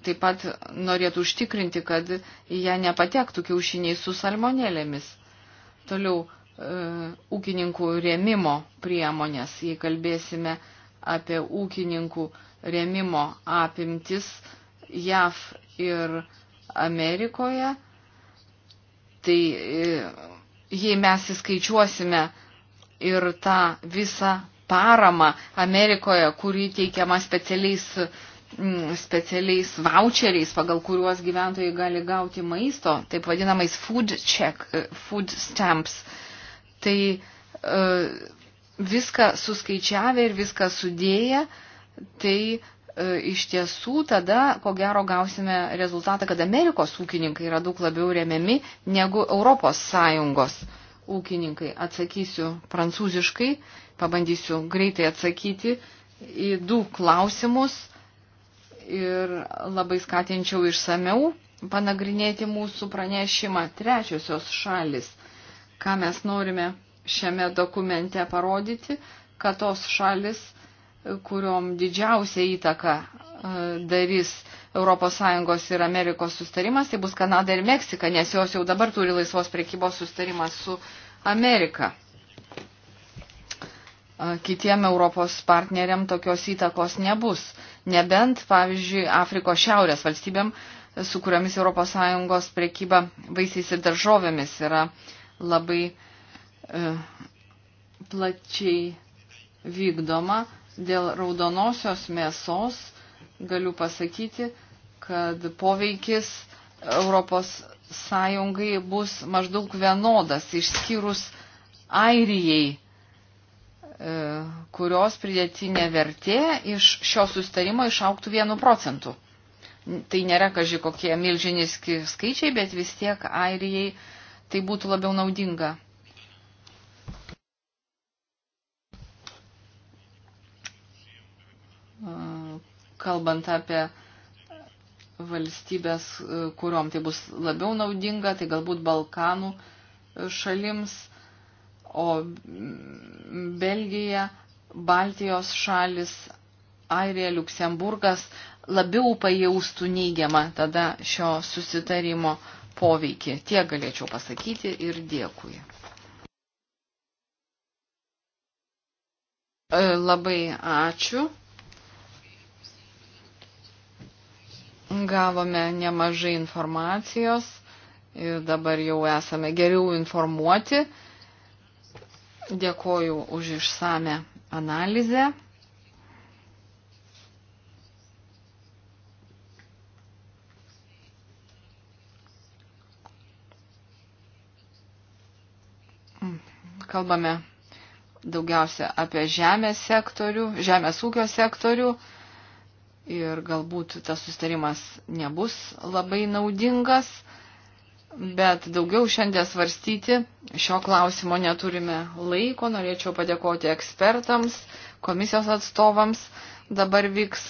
taip pat norėtų užtikrinti, kad jie nepatektų kiaušiniai su salmonėlėmis. Toliau e, ūkininkų rėmimo priemonės, jei kalbėsime apie ūkininkų rėmimo apimtis JAV ir Amerikoje, tai jei mes įskaičiuosime ir tą visą paramą Amerikoje, kuri teikiama specialiais, mm, specialiais voucheriais, pagal kuriuos gyventojai gali gauti maisto, taip vadinamais food check, e, food stamps. Tai e, viską suskaičiavę ir viską sudėję, tai e, iš tiesų tada, ko gero, gausime rezultatą, kad Amerikos ūkininkai yra daug labiau remiami negu Europos Sąjungos ūkininkai. Atsakysiu prancūziškai, pabandysiu greitai atsakyti į du klausimus ir labai skatinčiau išsameu panagrinėti mūsų pranešimą trečiosios šalis, ką mes norime šiame dokumente parodyti, kad tos šalis, kuriuom didžiausia įtaka e, darys ES ir Amerikos sustarimas, tai bus Kanada ir Meksika, nes jos jau dabar turi laisvos prekybos sustarimą su Amerika. Kitiem Europos partneriam tokios įtakos nebus, nebent, pavyzdžiui, Afrikos šiaurės valstybėm, su kuriomis ES prekyba vaisiais ir daržovėmis yra labai e, plačiai vykdoma dėl raudonosios mėsos galiu pasakyti, kad poveikis Europos Sąjungai bus maždaug vienodas, išskyrus Airijai, e, kurios pridėtinė vertė iš šio sustarimo išauktų vienu procentu. Tai nėra kažkai kokie milžiniski skaičiai, bet vis tiek Airijai tai būtų labiau naudinga. kalbant apie valstybės, e, kuriuom tai bus labiau naudinga, tai galbūt Balkanų e, šalims, o Belgija, Baltijos šalis, Airija, Luksemburgas labiau pajaustų neigiamą tada šio susitarimo poveikį. Tie galėčiau pasakyti ir dėkui. E, labai ačiū. Gavome nemažai informacijos ir dabar jau esame geriau informuoti. Dėkoju už išsame analizę. Kalbame daugiausia apie žemės sektorių, žemės ūkio sektorių ir galbūt tas sustarimas nebus labai naudingas, bet daugiau šiandien svarstyti šio klausimo neturime laiko. Norėčiau padėkoti ekspertams, komisijos atstovams. Dabar vyks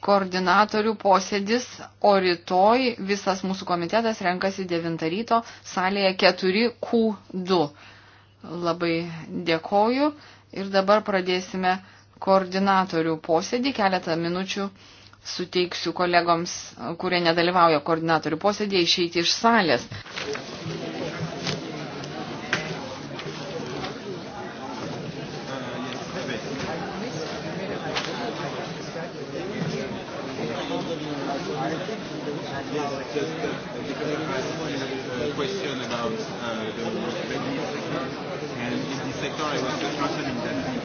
koordinatorių posėdis, o rytoj visas mūsų komitetas renkasi 9 ryto salėje 4Q2. Labai dėkoju ir dabar pradėsime koordinatorių posėdį keletą minučių suteiksiu kolegoms, kurie nedalyvauja koordinatorių posėdėje, išeiti iš salės. Yes, just uh, because I had a question about uh, the, the sector, and in this sector I was just mentioning that